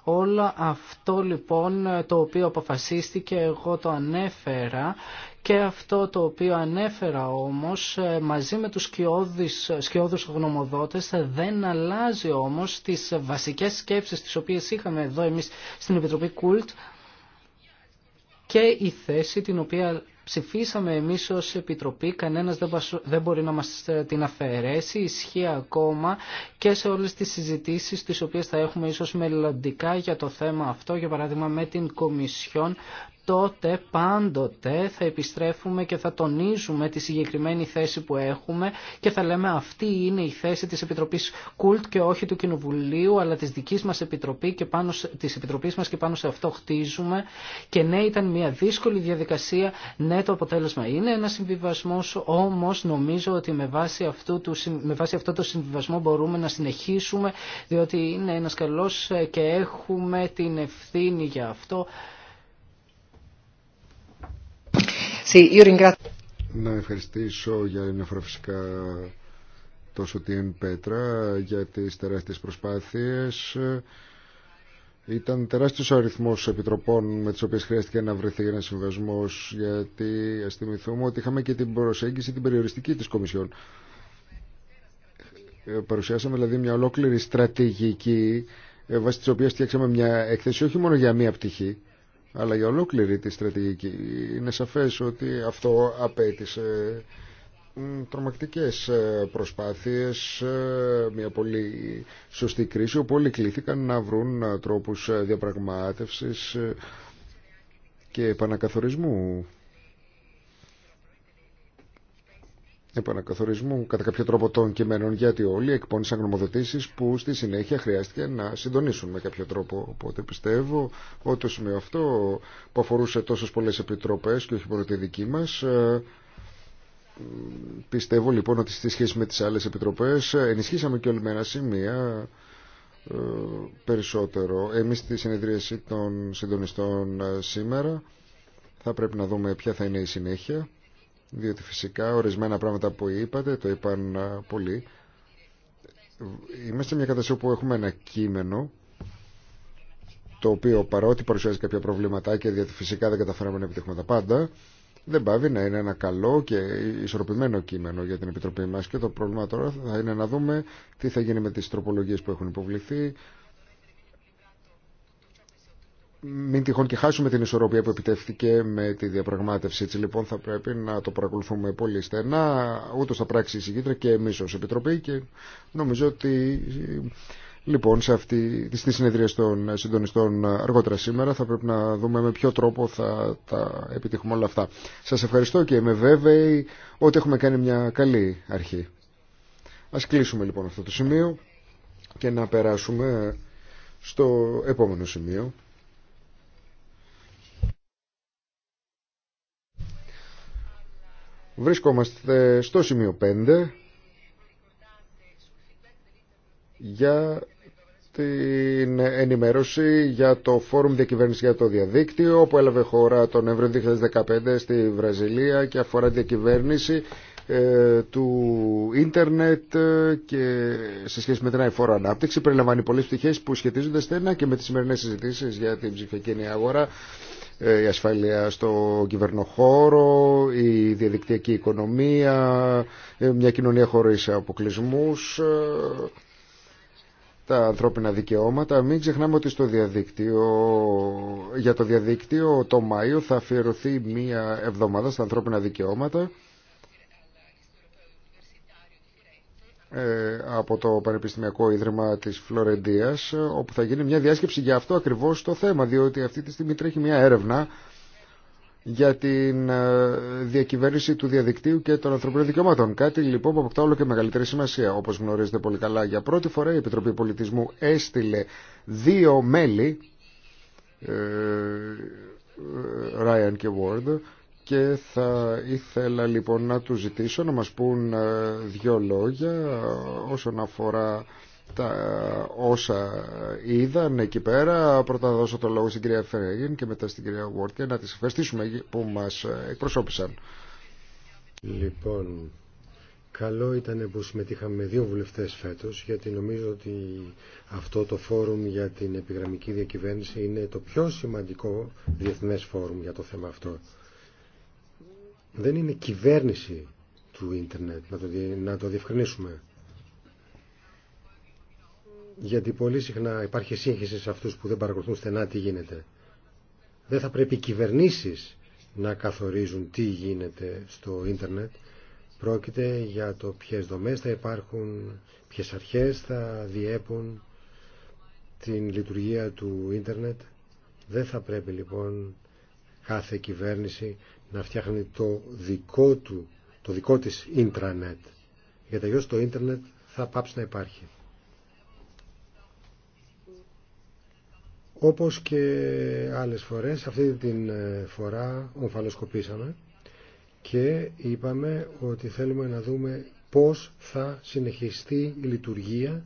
Όλο αυτό λοιπόν το οποίο αποφασίστηκε εγώ το ανέφερα και αυτό το οποίο ανέφερα όμως ε, μαζί με τους σκιώδους, σκιώδους γνωμοδότες ε, δεν αλλάζει όμως τις βασικές σκέψεις τις οποίες είχαμε εδώ εμείς στην Επιτροπή Κούλτ και η θέση την οποία ψηφίσαμε εμείς ως Επιτροπή, κανένας δεν μπορεί να μας ε, την αφαιρέσει, ισχύει ακόμα και σε όλες τις συζητήσεις τις οποίες θα έχουμε ίσως μελλοντικά για το θέμα αυτό, για παράδειγμα με την Κομισιόν, τότε πάντοτε θα επιστρέφουμε και θα τονίζουμε τη συγκεκριμένη θέση που έχουμε και θα λέμε αυτή είναι η θέση της Επιτροπής Κουλτ και όχι του Κοινοβουλίου αλλά της δικής μας Επιτροπή και πάνω, της Επιτροπής μας και πάνω σε αυτό χτίζουμε και ναι ήταν μια δύσκολη διαδικασία, ναι το αποτέλεσμα είναι ένα συμβιβασμό, όμως νομίζω ότι με βάση, με βάση αυτό το συμβιβασμό μπορούμε να συνεχίσουμε διότι είναι ένας καλός ε, και έχουμε την ευθύνη για αυτό. Να ευχαριστήσω για την εφορά φυσικά τόσο την Πέτρα για τις τεράστιες προσπάθειες. Ήταν τεράστιος ο αριθμός επιτροπών με τις οποίες χρειάστηκε να βρεθεί ένα συμβασμό γιατί ας θυμηθούμε ότι είχαμε και την προσέγγιση την περιοριστική της Κομισιόν. Ε, παρουσιάσαμε δηλαδή μια ολόκληρη στρατηγική ε, βάσει της οποίας φτιάξαμε μια έκθεση όχι μόνο για μία πτυχή αλλά για ολόκληρη τη στρατηγική. Είναι σαφές ότι αυτό απέτησε τρομακτικές ε, προσπάθειες, ε, μια πολύ σωστή κρίση, όπου όλοι κλήθηκαν να βρουν ε, τρόπους διαπραγμάτευσης και επανακαθορισμού επανακαθορισμού κατά κάποιο τρόπο των κειμένων γιατί όλοι εκπώνησαν γνωμοδοτήσεις που στη συνέχεια χρειάστηκε να συντονίσουν με κάποιο τρόπο. Οπότε πιστεύω ότι το σημείο αυτό που αφορούσε τόσες πολλές επιτροπές και όχι μόνο τη δική μας ε, πιστεύω λοιπόν ότι στη σχέση με τις άλλες επιτροπές ενισχύσαμε και όλοι με ένα σημείο ε, περισσότερο. Εμείς στη συνεδρίαση των συντονιστών ε, σήμερα θα πρέπει να δούμε ποια θα είναι η συνέχεια διότι φυσικά ορισμένα πράγματα που είπατε, το είπαν πολλοί, είμαστε μια κατάσταση όπου έχουμε ένα κείμενο το οποίο παρότι παρουσιάζει κάποια προβληματάκια, διότι φυσικά δεν καταφέραμε να επιτύχουμε τα πάντα, δεν πάβει να είναι ένα καλό και ισορροπημένο κείμενο για την Επιτροπή μας και το πρόβλημα τώρα θα είναι να δούμε τι θα γίνει με τις τροπολογίες που έχουν υποβληθεί, μην τυχόν και χάσουμε την ισορροπία που επιτεύχθηκε με τη διαπραγμάτευση. Έτσι λοιπόν θα πρέπει να το παρακολουθούμε πολύ στενά, ούτως θα πράξει η συγκίτρια και εμείς ως Επιτροπή και νομίζω ότι λοιπόν σε αυτή, στη συνεδρία των συντονιστών αργότερα σήμερα θα πρέπει να δούμε με ποιο τρόπο θα τα επιτύχουμε όλα αυτά. Σας ευχαριστώ και είμαι βέβαιη ότι έχουμε κάνει μια καλή αρχή. Ας κλείσουμε λοιπόν αυτό το σημείο και να περάσουμε στο επόμενο σημείο. Βρίσκομαστε στο σημείο 5 για την ενημέρωση για το Φόρουμ Διακυβέρνηση για το Διαδίκτυο που έλαβε χώρα τον Εύρο 2015 στη Βραζιλία και αφορά τη διακυβέρνηση ε, του ίντερνετ ε, και σε σχέση με την αεφόρο ανάπτυξη περιλαμβάνει πολλές πτυχές που σχετίζονται στενά και με τις σημερινές συζητήσεις για την ψηφιακή αγορά ε, η ασφάλεια στο κυβερνοχώρο, η διαδικτυακή οικονομία, ε, μια κοινωνία χωρίς αποκλεισμούς, ε, τα ανθρώπινα δικαιώματα. Μην ξεχνάμε ότι στο διαδίκτυο, για το διαδίκτυο το Μάιο θα αφιερωθεί μια εβδομάδα στα ανθρώπινα δικαιώματα Ε, από το Πανεπιστημιακό Ίδρυμα της Φλωρεντίας όπου θα γίνει μια διάσκεψη για αυτό ακριβώς το θέμα διότι αυτή τη στιγμή τρέχει μια έρευνα για την ε, διακυβέρνηση του διαδικτύου και των ανθρωπίνων δικαιωμάτων. Κάτι λοιπόν που αποκτά όλο και μεγαλύτερη σημασία. Όπως γνωρίζετε πολύ καλά, για πρώτη φορά η Επιτροπή Πολιτισμού έστειλε δύο μέλη, ε, Ryan και Ward, και θα ήθελα λοιπόν να τους ζητήσω να μας πούν ε, δύο λόγια ε, όσον αφορά τα όσα είδαν εκεί πέρα. Πρώτα θα δώσω το λόγο στην κυρία Φερέγγιν και μετά στην κυρία Βόρτ να τις ευχαριστήσουμε που μας ε, εκπροσώπησαν. Λοιπόν, καλό ήταν που συμμετείχαμε με δύο βουλευτές φέτος γιατί νομίζω ότι αυτό το φόρουμ για την επιγραμμική διακυβέρνηση είναι το πιο σημαντικό διεθνές φόρουμ για το θέμα αυτό δεν είναι κυβέρνηση του ίντερνετ, να το, να το διευκρινίσουμε. Γιατί πολύ συχνά υπάρχει σύγχυση σε αυτούς που δεν παρακολουθούν στενά τι γίνεται. Δεν θα πρέπει οι κυβερνήσεις να καθορίζουν τι γίνεται στο ίντερνετ. Πρόκειται για το ποιες δομές θα υπάρχουν, ποιες αρχές θα διέπουν την λειτουργία του ίντερνετ. Δεν θα πρέπει λοιπόν κάθε κυβέρνηση να φτιάχνει το δικό του, το δικό της ίντρανετ. Γιατί αλλιώς το ίντερνετ θα πάψει να υπάρχει. Όπως και άλλες φορές, αυτή την ε, φορά ομφαλοσκοπήσαμε και είπαμε ότι θέλουμε να δούμε πώς θα συνεχιστεί η λειτουργία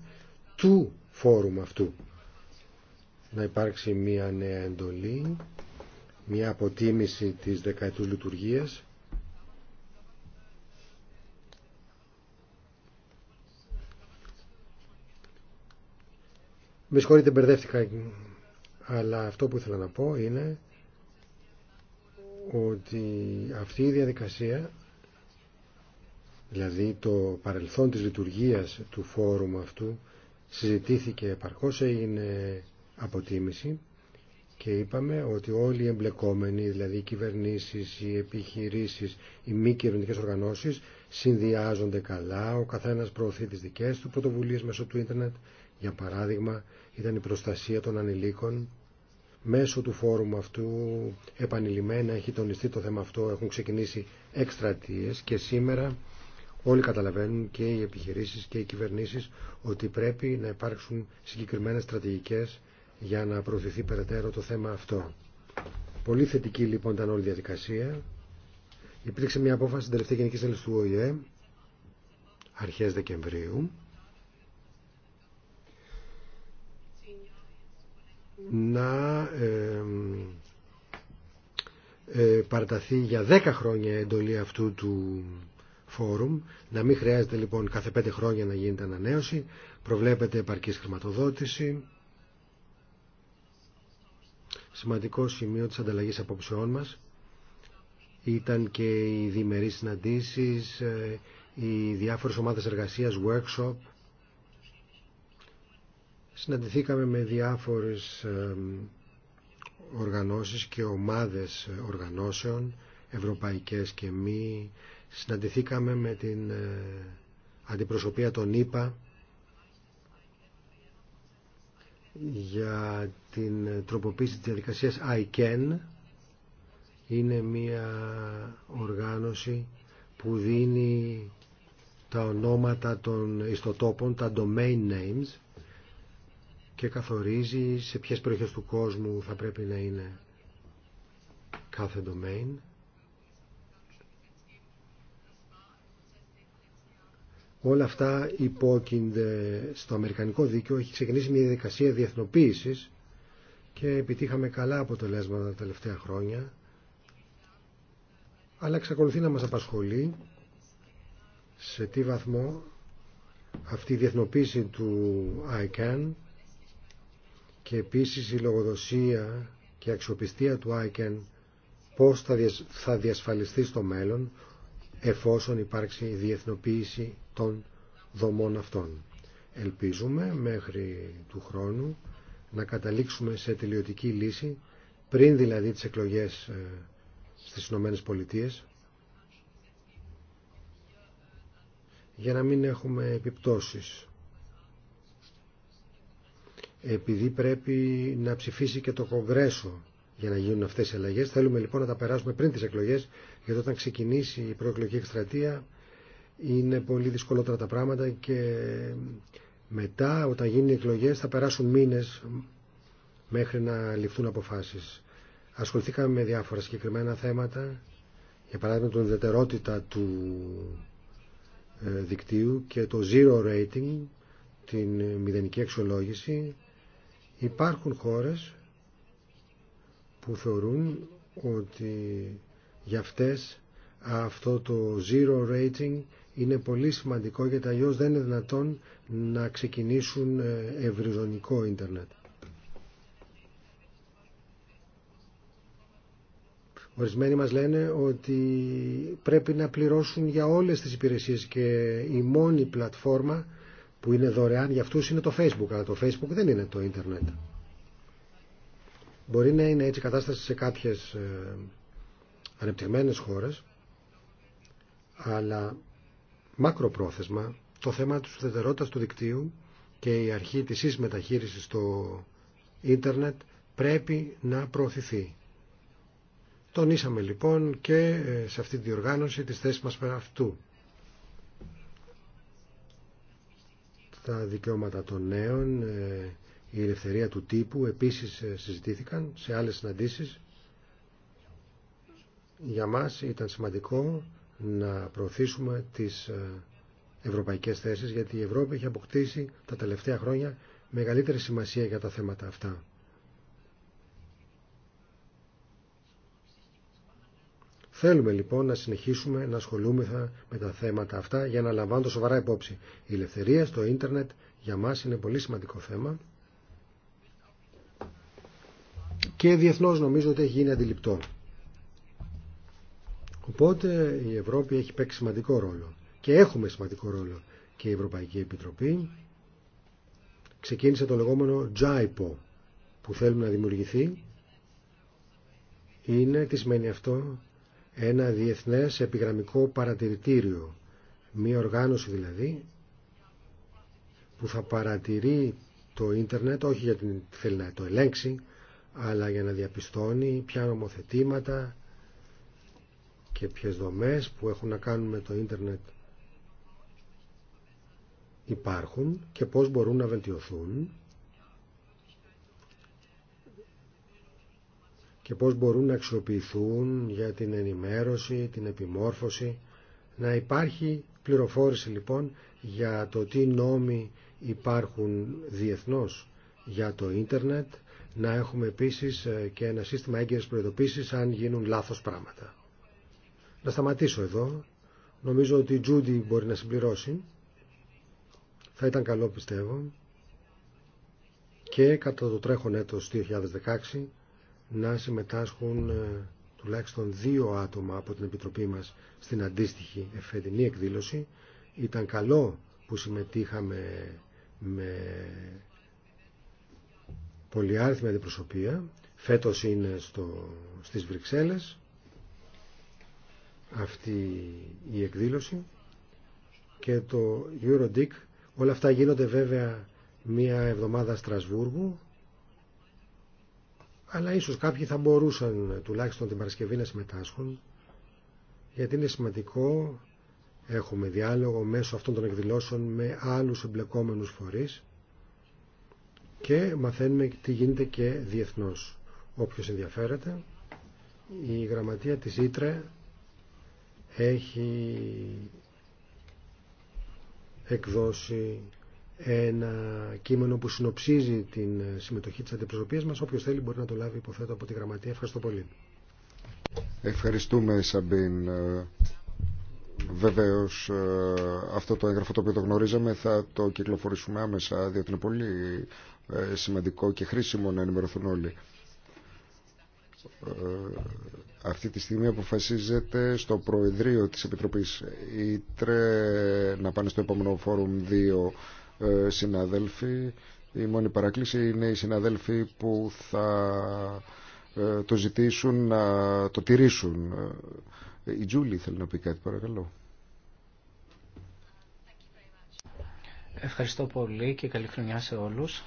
του φόρουμ αυτού. Να υπάρξει μία νέα εντολή μια αποτίμηση της δεκαετούς λειτουργίας Με συγχωρείτε μπερδεύτηκα αλλά αυτό που ήθελα να πω είναι ότι αυτή η διαδικασία δηλαδή το παρελθόν της λειτουργίας του φόρουμ αυτού συζητήθηκε επαρκώς, είναι αποτίμηση και είπαμε ότι όλοι οι εμπλεκόμενοι, δηλαδή οι κυβερνήσεις, οι επιχειρήσεις, οι μη κυβερνητικέ οργανώσεις συνδυάζονται καλά, ο καθένας προωθεί τις δικές του πρωτοβουλίες μέσω του ίντερνετ. Για παράδειγμα ήταν η προστασία των ανηλίκων. Μέσω του φόρουμ αυτού επανειλημμένα έχει τονιστεί το θέμα αυτό, έχουν ξεκινήσει εκστρατείε και σήμερα όλοι καταλαβαίνουν και οι επιχειρήσεις και οι κυβερνήσεις ότι πρέπει να υπάρξουν συγκεκριμένες στρατηγικές για να προωθηθεί περαιτέρω το θέμα αυτό. Πολύ θετική λοιπόν ήταν όλη η διαδικασία. Υπήρξε μια απόφαση στην τελευταία Γενική Σύλληψη του ΟΗΕ αρχές Δεκεμβρίου να ε, παραταθεί για 10 χρόνια η εντολή αυτού του φόρουμ, να μην χρειάζεται λοιπόν κάθε 5 χρόνια να γίνεται ανανέωση, προβλέπεται επαρκής χρηματοδότηση, σημαντικό σημείο της ανταλλαγής απόψεών μας. Ήταν και οι διημερείς συναντήσεις, ε, οι διάφορες ομάδες εργασίας, workshop. Συναντηθήκαμε με διάφορες ε, οργανώσεις και ομάδες οργανώσεων, ευρωπαϊκές και μη. Συναντηθήκαμε με την ε, αντιπροσωπεία των ΗΠΑ για την τροποποίηση της διαδικασίας ICANN είναι μια οργάνωση που δίνει τα ονόματα των ιστοτόπων, τα domain names και καθορίζει σε ποιες περιοχές του κόσμου θα πρέπει να είναι κάθε domain Όλα αυτά υπόκεινται στο Αμερικανικό Δίκαιο. Έχει ξεκινήσει μια διαδικασία διεθνοποίησης και επιτύχαμε καλά αποτελέσματα τα τελευταία χρόνια. Αλλά εξακολουθεί να μας απασχολεί σε τι βαθμό αυτή η διεθνοποίηση του ICANN και επίσης η λογοδοσία και η αξιοπιστία του ICANN πώς θα διασφαλιστεί στο μέλλον εφόσον υπάρξει διεθνοποίηση των δομών αυτών. Ελπίζουμε μέχρι του χρόνου να καταλήξουμε σε τελειωτική λύση πριν δηλαδή τις εκλογές ε, στις Ηνωμένες Πολιτείες για να μην έχουμε επιπτώσεις επειδή πρέπει να ψηφίσει και το Κογκρέσο για να γίνουν αυτές οι αλλαγές θέλουμε λοιπόν να τα περάσουμε πριν τις εκλογές γιατί όταν ξεκινήσει η προεκλογική εκστρατεία είναι πολύ δυσκολότερα τα πράγματα και μετά όταν γίνουν οι εκλογές θα περάσουν μήνες μέχρι να ληφθούν αποφάσεις. Ασχοληθήκαμε με διάφορα συγκεκριμένα θέματα, για παράδειγμα την ιδιαιτερότητα του ε, δικτύου και το zero rating, την μηδενική αξιολόγηση. Υπάρχουν χώρες που θεωρούν ότι για αυτές αυτό το zero rating είναι πολύ σημαντικό γιατί αλλιώ δεν είναι δυνατόν να ξεκινήσουν ε, ευρυζωνικό ίντερνετ. Ορισμένοι μας λένε ότι πρέπει να πληρώσουν για όλες τις υπηρεσίες και η μόνη πλατφόρμα που είναι δωρεάν για αυτούς είναι το Facebook, αλλά το Facebook δεν είναι το ίντερνετ. Μπορεί να είναι έτσι κατάσταση σε κάποιες ε, ανεπτυγμένες χώρες, αλλά μακροπρόθεσμα το θέμα της ουδετερότητας του δικτύου και η αρχή της εις μεταχείρισης στο ίντερνετ πρέπει να προωθηθεί. Τονίσαμε λοιπόν και ε, σε αυτή τη διοργάνωση της θέσης μας πέρα αυτού. Τα δικαιώματα των νέων, ε, η ελευθερία του τύπου επίσης ε, συζητήθηκαν σε άλλες συναντήσεις για μας ήταν σημαντικό να προωθήσουμε τις ε, ευρωπαϊκές θέσεις γιατί η Ευρώπη έχει αποκτήσει τα τελευταία χρόνια μεγαλύτερη σημασία για τα θέματα αυτά. Θέλουμε λοιπόν να συνεχίσουμε να ασχολούμεθα με τα θέματα αυτά για να λαμβάνουν σοβαρά υπόψη. Η ελευθερία στο ίντερνετ για μας είναι πολύ σημαντικό θέμα και διεθνώς νομίζω ότι έχει γίνει αντιληπτό. Οπότε η Ευρώπη έχει παίξει σημαντικό ρόλο και έχουμε σημαντικό ρόλο και η Ευρωπαϊκή Επιτροπή ξεκίνησε το λεγόμενο JIPO που θέλουμε να δημιουργηθεί. Είναι, τι σημαίνει αυτό, ένα διεθνές επιγραμμικό παρατηρητήριο, μία οργάνωση δηλαδή που θα παρατηρεί το ίντερνετ, όχι γιατί θέλει να το ελέγξει, αλλά για να διαπιστώνει ποια νομοθετήματα, και ποιες δομές που έχουν να κάνουν με το ίντερνετ υπάρχουν και πώς μπορούν να βελτιωθούν και πώς μπορούν να αξιοποιηθούν για την ενημέρωση, την επιμόρφωση. Να υπάρχει πληροφόρηση λοιπόν για το τι νόμοι υπάρχουν διεθνώς για το ίντερνετ, να έχουμε επίσης ε, και ένα σύστημα έγκαιρης προειδοποίησης αν γίνουν λάθος πράγματα να σταματήσω εδώ. Νομίζω ότι η Τζούντι μπορεί να συμπληρώσει. Θα ήταν καλό πιστεύω. Και κατά το τρέχον έτος 2016 να συμμετάσχουν ε, τουλάχιστον δύο άτομα από την Επιτροπή μας στην αντίστοιχη εφετινή εκδήλωση. Ήταν καλό που συμμετείχαμε με πολυάριθμη αντιπροσωπεία. Φέτος είναι στο, στις Βρυξέλλες αυτή η εκδήλωση και το Eurodic. Όλα αυτά γίνονται βέβαια μία εβδομάδα Στρασβούργου αλλά ίσως κάποιοι θα μπορούσαν τουλάχιστον την Παρασκευή να συμμετάσχουν γιατί είναι σημαντικό έχουμε διάλογο μέσω αυτών των εκδηλώσεων με άλλους εμπλεκόμενους φορείς και μαθαίνουμε τι γίνεται και διεθνώς. Όποιος ενδιαφέρεται, η γραμματεία της Ήτρε έχει εκδώσει ένα κείμενο που συνοψίζει την συμμετοχή της αντιπροσωπείας μας. Όποιος θέλει μπορεί να το λάβει υποθέτω από τη γραμματεία. Ευχαριστώ πολύ. Ευχαριστούμε Σαμπίν. Ε, βεβαίως ε, αυτό το έγγραφο το οποίο το γνωρίζαμε θα το κυκλοφορήσουμε άμεσα διότι είναι πολύ ε, σημαντικό και χρήσιμο να ενημερωθούν όλοι. Ε, αυτή τη στιγμή αποφασίζεται στο Προεδρείο της Επιτροπής ήτρε να πάνε στο επόμενο φόρουμ δύο ε, συναδέλφοι. Η μόνη παρακλήση είναι οι συναδέλφοι που θα ε, το ζητήσουν να το τηρήσουν. Η Τζούλη θέλει να πει κάτι παρακαλώ. Ευχαριστώ πολύ και καλή χρονιά σε όλους.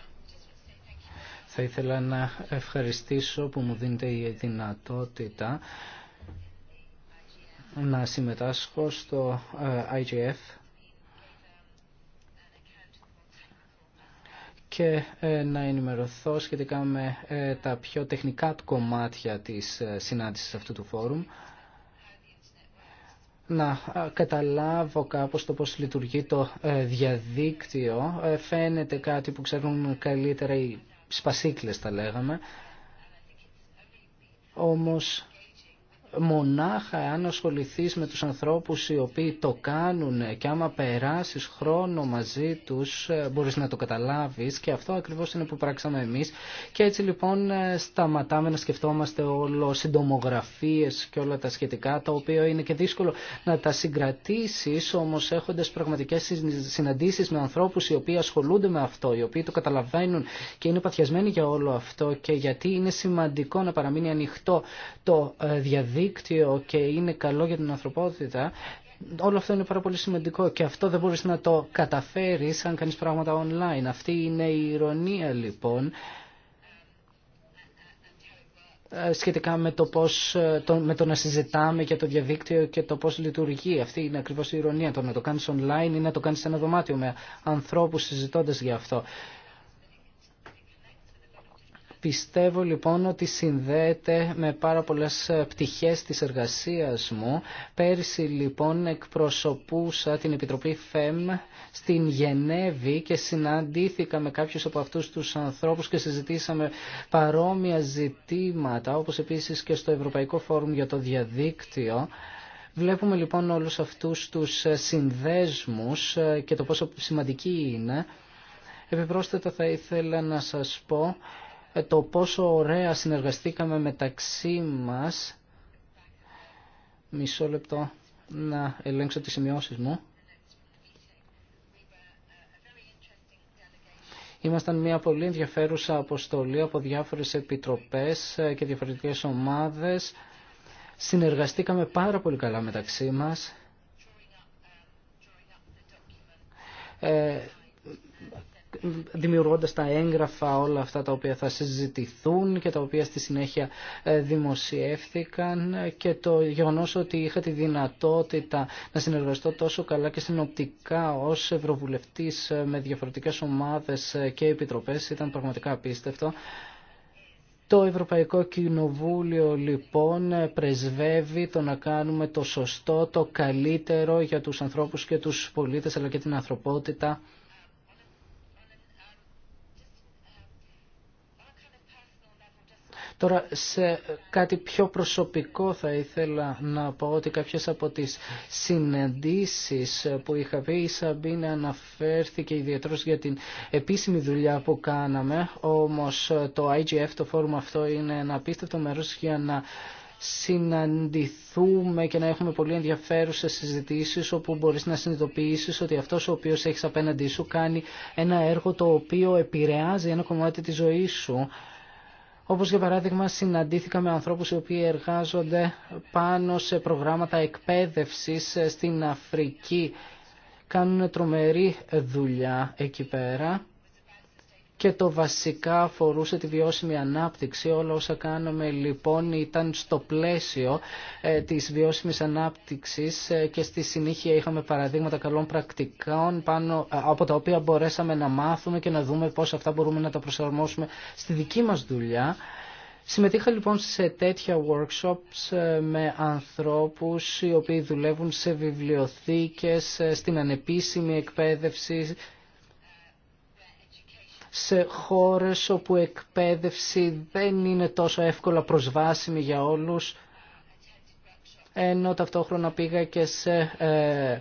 Θα ήθελα να ευχαριστήσω που μου δίνετε η δυνατότητα να συμμετάσχω στο ε, IGF και ε, να ενημερωθώ σχετικά με ε, τα πιο τεχνικά κομμάτια της συνάντησης αυτού του φόρουμ να καταλάβω κάπως το πώς λειτουργεί το διαδίκτυο. Φαίνεται κάτι που ξέρουν καλύτερα οι σπασίκλες τα λέγαμε, όμως μονάχα αν ασχοληθεί με τους ανθρώπους οι οποίοι το κάνουν και άμα περάσεις χρόνο μαζί τους ε, μπορείς να το καταλάβεις και αυτό ακριβώς είναι που πράξαμε εμείς και έτσι λοιπόν ε, σταματάμε να σκεφτόμαστε όλο συντομογραφίες και όλα τα σχετικά τα οποία είναι και δύσκολο να τα συγκρατήσεις όμως έχοντας πραγματικές συναντήσεις με ανθρώπους οι οποίοι ασχολούνται με αυτό, οι οποίοι το καταλαβαίνουν και είναι παθιασμένοι για όλο αυτό και γιατί είναι σημαντικό να παραμείνει ανοιχτό το ε, διαδίκτυο δίκτυο και είναι καλό για την ανθρωπότητα, όλο αυτό είναι πάρα πολύ σημαντικό και αυτό δεν μπορείς να το καταφέρεις αν κάνεις πράγματα online. Αυτή είναι η ηρωνία λοιπόν ε, σχετικά με το, πώς, ε, με το να συζητάμε για το διαδίκτυο και το πώς λειτουργεί. Αυτή είναι ακριβώς η ηρωνία, το να το κάνεις online ή να το κάνεις σε ένα δωμάτιο με ανθρώπους συζητώντας για αυτό. Πιστεύω λοιπόν ότι συνδέεται με πάρα πολλές πτυχές της εργασίας μου. Πέρσι λοιπόν εκπροσωπούσα την Επιτροπή ΦΕΜ στην Γενέβη και συναντήθηκα με κάποιους από αυτούς τους ανθρώπους και συζητήσαμε παρόμοια ζητήματα όπως επίσης και στο Ευρωπαϊκό Φόρουμ για το Διαδίκτυο. Βλέπουμε λοιπόν όλους αυτούς τους συνδέσμους και το πόσο σημαντική είναι. Επιπρόσθετα θα ήθελα να σας πω το πόσο ωραία συνεργαστήκαμε μεταξύ μας. Μισό λεπτό να ελέγξω τις σημειώσεις μου. Ήμασταν μια πολύ ενδιαφέρουσα αποστολή από διάφορες επιτροπές και διαφορετικές ομάδες. Συνεργαστήκαμε πάρα πολύ καλά μεταξύ μας. Ε, δημιουργώντας τα έγγραφα όλα αυτά τα οποία θα συζητηθούν και τα οποία στη συνέχεια ε, δημοσιεύθηκαν και το γεγονός ότι είχα τη δυνατότητα να συνεργαστώ τόσο καλά και συνοπτικά ως Ευρωβουλευτής ε, με διαφορετικές ομάδες ε, και επιτροπές ήταν πραγματικά απίστευτο. Το Ευρωπαϊκό Κοινοβούλιο λοιπόν πρεσβεύει το να κάνουμε το σωστό, το καλύτερο για τους ανθρώπους και τους πολίτες αλλά και την ανθρωπότητα Τώρα σε κάτι πιο προσωπικό θα ήθελα να πω ότι κάποιες από τις συναντήσεις που είχα πει η Σαμπίνα αναφέρθηκε ιδιαίτερως για την επίσημη δουλειά που κάναμε όμως το IGF, το φόρουμ αυτό είναι ένα απίστευτο μέρος για να συναντηθούμε και να έχουμε πολύ ενδιαφέρουσες συζητήσεις όπου μπορείς να συνειδητοποιήσεις ότι αυτός ο οποίος έχεις απέναντί σου κάνει ένα έργο το οποίο επηρεάζει ένα κομμάτι της ζωής σου όπως για παράδειγμα συναντήθηκα με ανθρώπους οι οποίοι εργάζονται πάνω σε προγράμματα εκπαίδευση στην Αφρική. Κάνουν τρομερή δουλειά εκεί πέρα και το βασικά αφορούσε τη βιώσιμη ανάπτυξη. Όλα όσα κάναμε λοιπόν ήταν στο πλαίσιο ε, της βιώσιμης ανάπτυξης ε, και στη συνέχεια είχαμε παραδείγματα καλών πρακτικών πάνω, ε, από τα οποία μπορέσαμε να μάθουμε και να δούμε πώς αυτά μπορούμε να τα προσαρμόσουμε στη δική μας δουλειά. Συμμετείχα λοιπόν σε τέτοια workshops με ανθρώπους οι οποίοι δουλεύουν σε βιβλιοθήκες, στην ανεπίσημη εκπαίδευση, σε χώρες όπου εκπαίδευση δεν είναι τόσο εύκολα προσβάσιμη για όλους ενώ ταυτόχρονα πήγα και σε ε,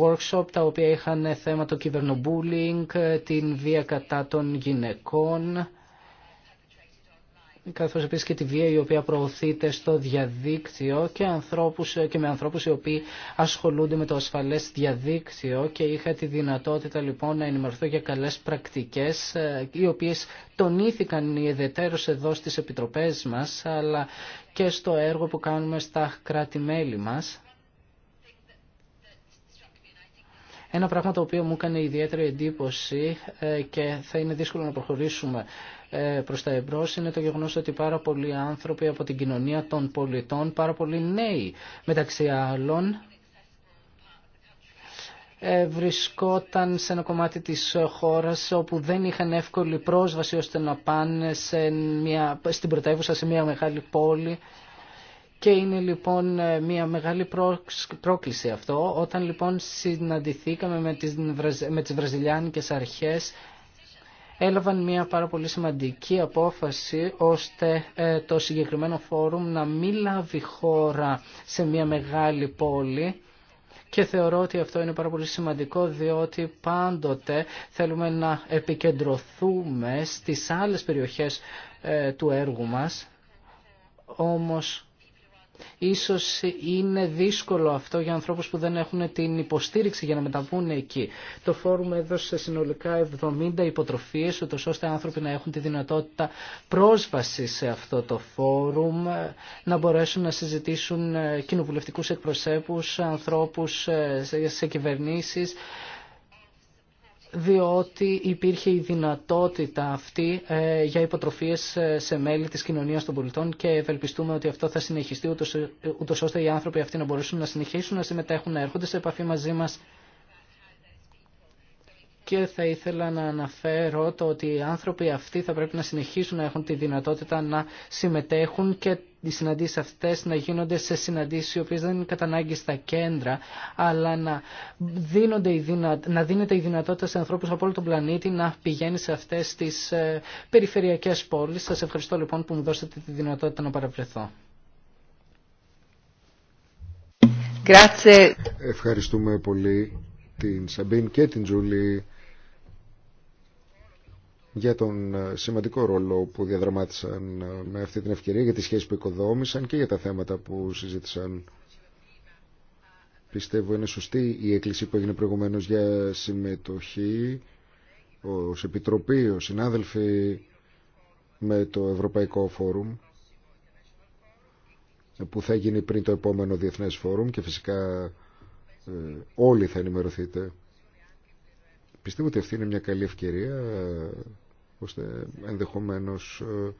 workshop τα οποία είχαν θέμα το κυβερνομπούλινγκ, την βία κατά των γυναικών καθώς επίσης και τη βία η οποία προωθείται στο διαδίκτυο και, ανθρώπους, και με ανθρώπους οι οποίοι ασχολούνται με το ασφαλές διαδίκτυο και είχα τη δυνατότητα λοιπόν να ενημερωθώ για καλές πρακτικές ε, οι οποίες τονίθηκαν ιεδετέρως εδώ στις επιτροπές μας αλλά και στο έργο που κάνουμε στα κράτη-μέλη μας. Ένα πράγμα το οποίο μου έκανε ιδιαίτερη εντύπωση ε, και θα είναι δύσκολο να προχωρήσουμε ε, προς τα Εμπρό είναι το γεγονό ότι πάρα πολλοί άνθρωποι από την κοινωνία των πολιτών, πάρα πολλοί νέοι μεταξύ άλλων, ε, βρισκόταν σε ένα κομμάτι της χώρας όπου δεν είχαν εύκολη πρόσβαση ώστε να πάνε σε μια, στην πρωτεύουσα σε μια μεγάλη πόλη και είναι λοιπόν ε, μια μεγάλη πρόκληση αυτό. Όταν λοιπόν συναντηθήκαμε με τις, με τις βραζιλιάνικες αρχές έλαβαν μια πάρα πολύ σημαντική απόφαση ώστε ε, το συγκεκριμένο φόρουμ να μην λάβει χώρα σε μια μεγάλη πόλη και θεωρώ ότι αυτό είναι πάρα πολύ σημαντικό διότι πάντοτε θέλουμε να επικεντρωθούμε στις άλλες περιοχές ε, του έργου μας όμως Ίσως είναι δύσκολο αυτό για ανθρώπους που δεν έχουν την υποστήριξη για να μεταβούν εκεί. Το φόρουμ έδωσε συνολικά 70 υποτροφίες, ούτως ώστε άνθρωποι να έχουν τη δυνατότητα πρόσβαση σε αυτό το φόρουμ, να μπορέσουν να συζητήσουν ε, κοινοβουλευτικούς εκπροσέπους, ανθρώπους ε, σε κυβερνήσεις, διότι υπήρχε η δυνατότητα αυτή ε, για υποτροφίες ε, σε μέλη της κοινωνίας των πολιτών και ευελπιστούμε ότι αυτό θα συνεχιστεί ε, ούτως, ώστε οι άνθρωποι αυτοί να μπορέσουν να συνεχίσουν να συμμετέχουν, να έρχονται σε επαφή μαζί μας και θα ήθελα να αναφέρω το ότι οι άνθρωποι αυτοί θα πρέπει να συνεχίσουν να έχουν τη δυνατότητα να συμμετέχουν και οι συναντήσεις αυτές να γίνονται σε συναντήσεις οι οποίες δεν είναι κατά ανάγκη στα κέντρα, αλλά να, δίνονται δυνα... να δίνεται η δυνατότητα σε ανθρώπους από όλο τον πλανήτη να πηγαίνει σε αυτές τις ε, περιφερειακές πόλεις. Σας ευχαριστώ λοιπόν που μου δώσατε τη δυνατότητα να παραπλεθώ. Ευχαριστούμε πολύ την Σαμπίν και την Τζούλη για τον ε, σημαντικό ρόλο που διαδραμάτισαν ε, με αυτή την ευκαιρία, για τις σχέσεις που οικοδόμησαν και για τα θέματα που συζήτησαν. Πιστεύω είναι σωστή η έκκληση που έγινε προηγουμένως για συμμετοχή ως Επιτροπή, ως συνάδελφοι με το Ευρωπαϊκό Φόρουμ ε, που θα γίνει πριν το επόμενο Διεθνές Φόρουμ και φυσικά όλοι θα ενημερωθείτε Πιστεύω ότι αυτή είναι μια καλή ευκαιρία ε, ώστε ενδεχομένως ε,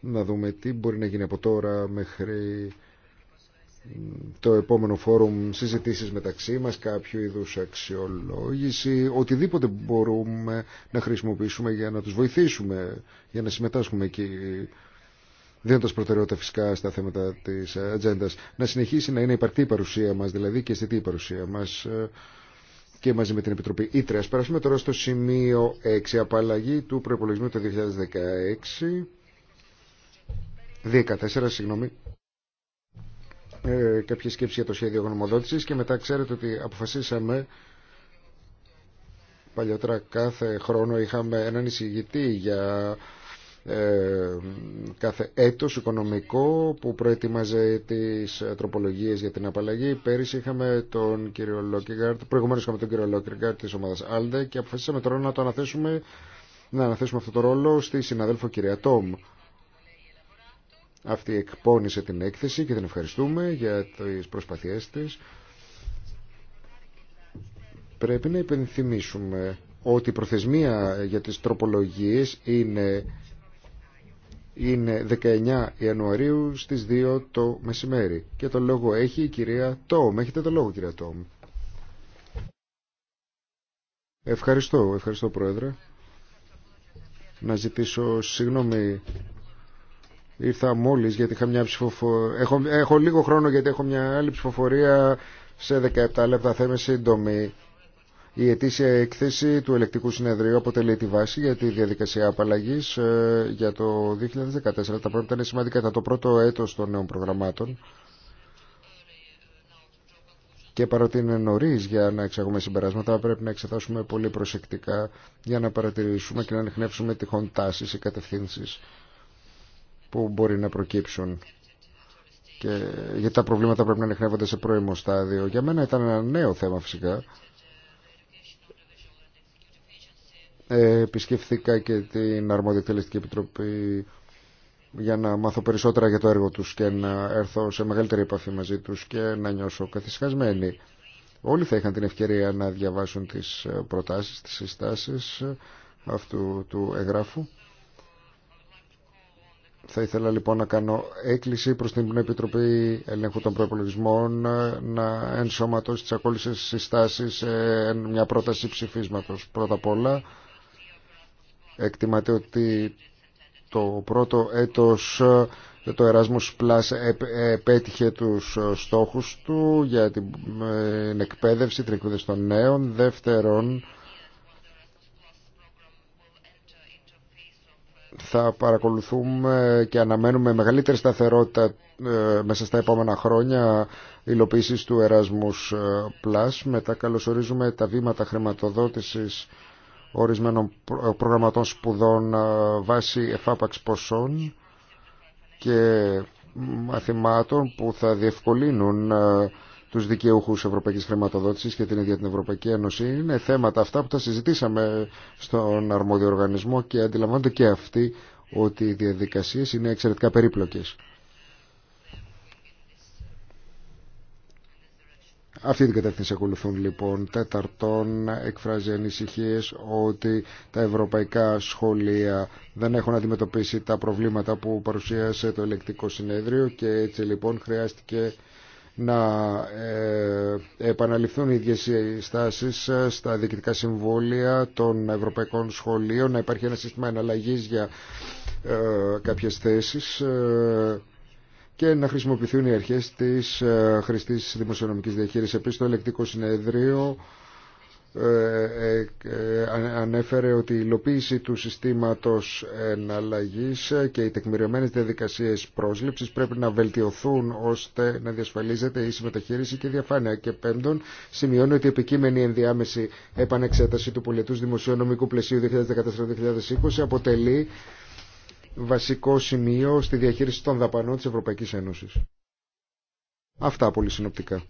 να δούμε τι μπορεί να γίνει από τώρα μέχρι το επόμενο φόρουμ συζητήσεις μεταξύ μας, κάποιο είδους αξιολόγηση, οτιδήποτε μπορούμε να χρησιμοποιήσουμε για να τους βοηθήσουμε, για να συμμετάσχουμε εκεί, δίνοντας προτεραιότητα φυσικά στα θέματα της ατζέντα. Να συνεχίσει να είναι υπαρτή η παρουσία μας, δηλαδή και αισθητή η παρουσία μας, ε, και μαζί με την Επιτροπή Ήτρε. Ας περάσουμε τώρα στο σημείο 6, απαλλαγή του προϋπολογισμού το 2016, 14, συγγνώμη, ε, κάποια σκέψη για το σχέδιο γνωμοδότησης και μετά ξέρετε ότι αποφασίσαμε παλιότερα κάθε χρόνο είχαμε έναν εισηγητή για ε, κάθε έτος οικονομικό που προετοίμαζε τις τροπολογίες για την απαλλαγή. Πέρυσι είχαμε τον κύριο Λόκεγκαρτ, προηγουμένως είχαμε τον κύριο της ομάδας Άλντε και αποφασίσαμε τώρα να το αναθέσουμε να αναθέσουμε αυτό το ρόλο στη συναδέλφο κυρία Τόμ. Αυτή εκπώνησε την έκθεση και την ευχαριστούμε για τις προσπαθίες της. Πρέπει να υπενθυμίσουμε ότι η προθεσμία για τις τροπολογίες είναι είναι 19 Ιανουαρίου στις 2 το μεσημέρι. Και το λόγο έχει η κυρία Τόμ. Έχετε το λόγο κυρία Τόμ. Ευχαριστώ, ευχαριστώ πρόεδρε. Να ζητήσω συγγνώμη. Ήρθα μόλις γιατί είχα μια ψηφοφορία. Έχω, έχω λίγο χρόνο γιατί έχω μια άλλη ψηφοφορία σε 17 λεπτά. Θα είμαι σύντομη. Η ετήσια έκθεση του ελεκτικού συνεδρίου αποτελεί τη βάση για τη διαδικασία απαλλαγή ε, για το 2014. Τα πρώτα είναι σημαντικά κατά το πρώτο έτος των νέων προγραμμάτων. Και παρότι είναι νωρί για να εξαγούμε συμπεράσματα, πρέπει να εξετάσουμε πολύ προσεκτικά για να παρατηρήσουμε και να ανεχνεύσουμε τυχόν τάσει ή κατευθύνσει που μπορεί να προκύψουν. Και γιατί τα προβλήματα πρέπει να ανεχνεύονται σε πρώιμο στάδιο. Για μένα ήταν ένα νέο θέμα φυσικά επισκεφθήκα και την Αρμόδια Εκτελεστική Επιτροπή για να μάθω περισσότερα για το έργο τους και να έρθω σε μεγαλύτερη επαφή μαζί τους και να νιώσω καθυσχασμένη. Όλοι θα είχαν την ευκαιρία να διαβάσουν τις προτάσεις, τις συστάσεις αυτού του εγγράφου. Θα ήθελα λοιπόν να κάνω έκκληση προς την Επιτροπή Ελέγχου των Προπολογισμών να ενσωματώσει τις ακόλουσες συστάσεις σε μια πρόταση ψηφίσματος. Πρώτα απ' όλα Εκτιμάται ότι το πρώτο έτος ε, το Erasmus Plus επέτυχε ε, τους ε, στόχους του για την εκπαίδευση τρικούδες των νέων. Δεύτερον, θα παρακολουθούμε και αναμένουμε μεγαλύτερη σταθερότητα μέσα στα επόμενα χρόνια υλοποίησης του Erasmus Plus. Μετά καλωσορίζουμε τα βήματα χρηματοδότησης ορισμένων ε, προγραμματών σπουδών ε, βάσει εφάπαξ ποσών και μαθημάτων που θα διευκολύνουν ε, τους δικαιούχους ευρωπαϊκής χρηματοδότησης και την ίδια την Ευρωπαϊκή Ένωση. Είναι θέματα αυτά που τα συζητήσαμε στον αρμόδιο οργανισμό και αντιλαμβάνονται και αυτοί ότι οι διαδικασίες είναι εξαιρετικά περίπλοκες. Αυτή την κατεύθυνση ακολουθούν λοιπόν. Τέταρτον, εκφράζει ανησυχίε ότι τα ευρωπαϊκά σχολεία δεν έχουν αντιμετωπίσει τα προβλήματα που παρουσίασε το ελεκτικό συνέδριο και έτσι λοιπόν χρειάστηκε να ε, επαναληφθούν οι ίδιες οι στάσεις ε, στα διοικητικά συμβόλια των ευρωπαϊκών σχολείων, να υπάρχει ένα σύστημα εναλλαγής για ε, κάποιες θέσεις και να χρησιμοποιηθούν οι αρχές της ε, χρηστής δημοσιονομική διαχείριση. Επίση, το ελεκτικό συνεδρίο ε, ε, ανέφερε ότι η υλοποίηση του συστήματο εναλλαγή και οι τεκμηριωμένες διαδικασίε πρόσληψη πρέπει να βελτιωθούν ώστε να διασφαλίζεται η συμμεταχείριση και η διαφάνεια. Και πέμπτον, σημειώνει ότι η επικείμενη ενδιάμεση επανεξέταση του πολιτού δημοσιονομικού πλαισίου 2014-2020 αποτελεί βασικό σημείο στη διαχείριση των δαπανών της Ευρωπαϊκής Ένωσης. Αυτά πολύ συνοπτικά.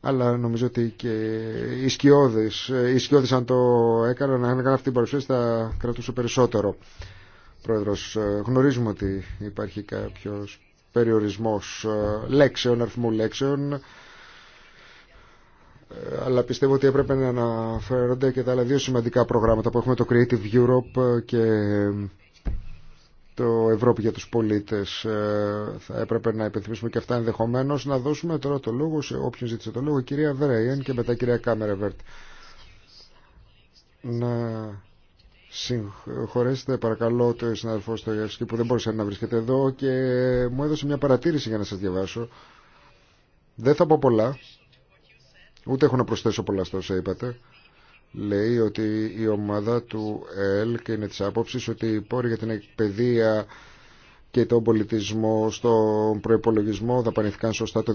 Αλλά νομίζω ότι και οι σκιώδες, οι αν το έκανα αν έκανα αυτή την παρουσίαση θα κρατούσε περισσότερο. Πρόεδρος, γνωρίζουμε ότι υπάρχει κάποιος περιορισμός ε, λέξεων, αριθμού λέξεων, ε, αλλά πιστεύω ότι έπρεπε να αναφέρονται και τα άλλα δύο σημαντικά προγράμματα που έχουμε το Creative Europe και το Ευρώπη για τους πολίτες. Ε, θα έπρεπε να υπενθυμίσουμε και αυτά ενδεχομένω Να δώσουμε τώρα το λόγο σε όποιον ζήτησε το λόγο, κυρία Βρέιεν και μετά η κυρία Βέρτ. Να συγχωρέσετε παρακαλώ το συναδελφό στο που δεν μπορούσε να βρίσκεται εδώ και μου έδωσε μια παρατήρηση για να σας διαβάσω. Δεν θα πω πολλά, ούτε έχω να προσθέσω πολλά στο όσα είπατε λέει ότι η ομάδα του ΕΛ και είναι της άποψης ότι οι πόροι για την εκπαιδεία και τον πολιτισμό στον προπολογισμό δαπανηθήκαν σωστά το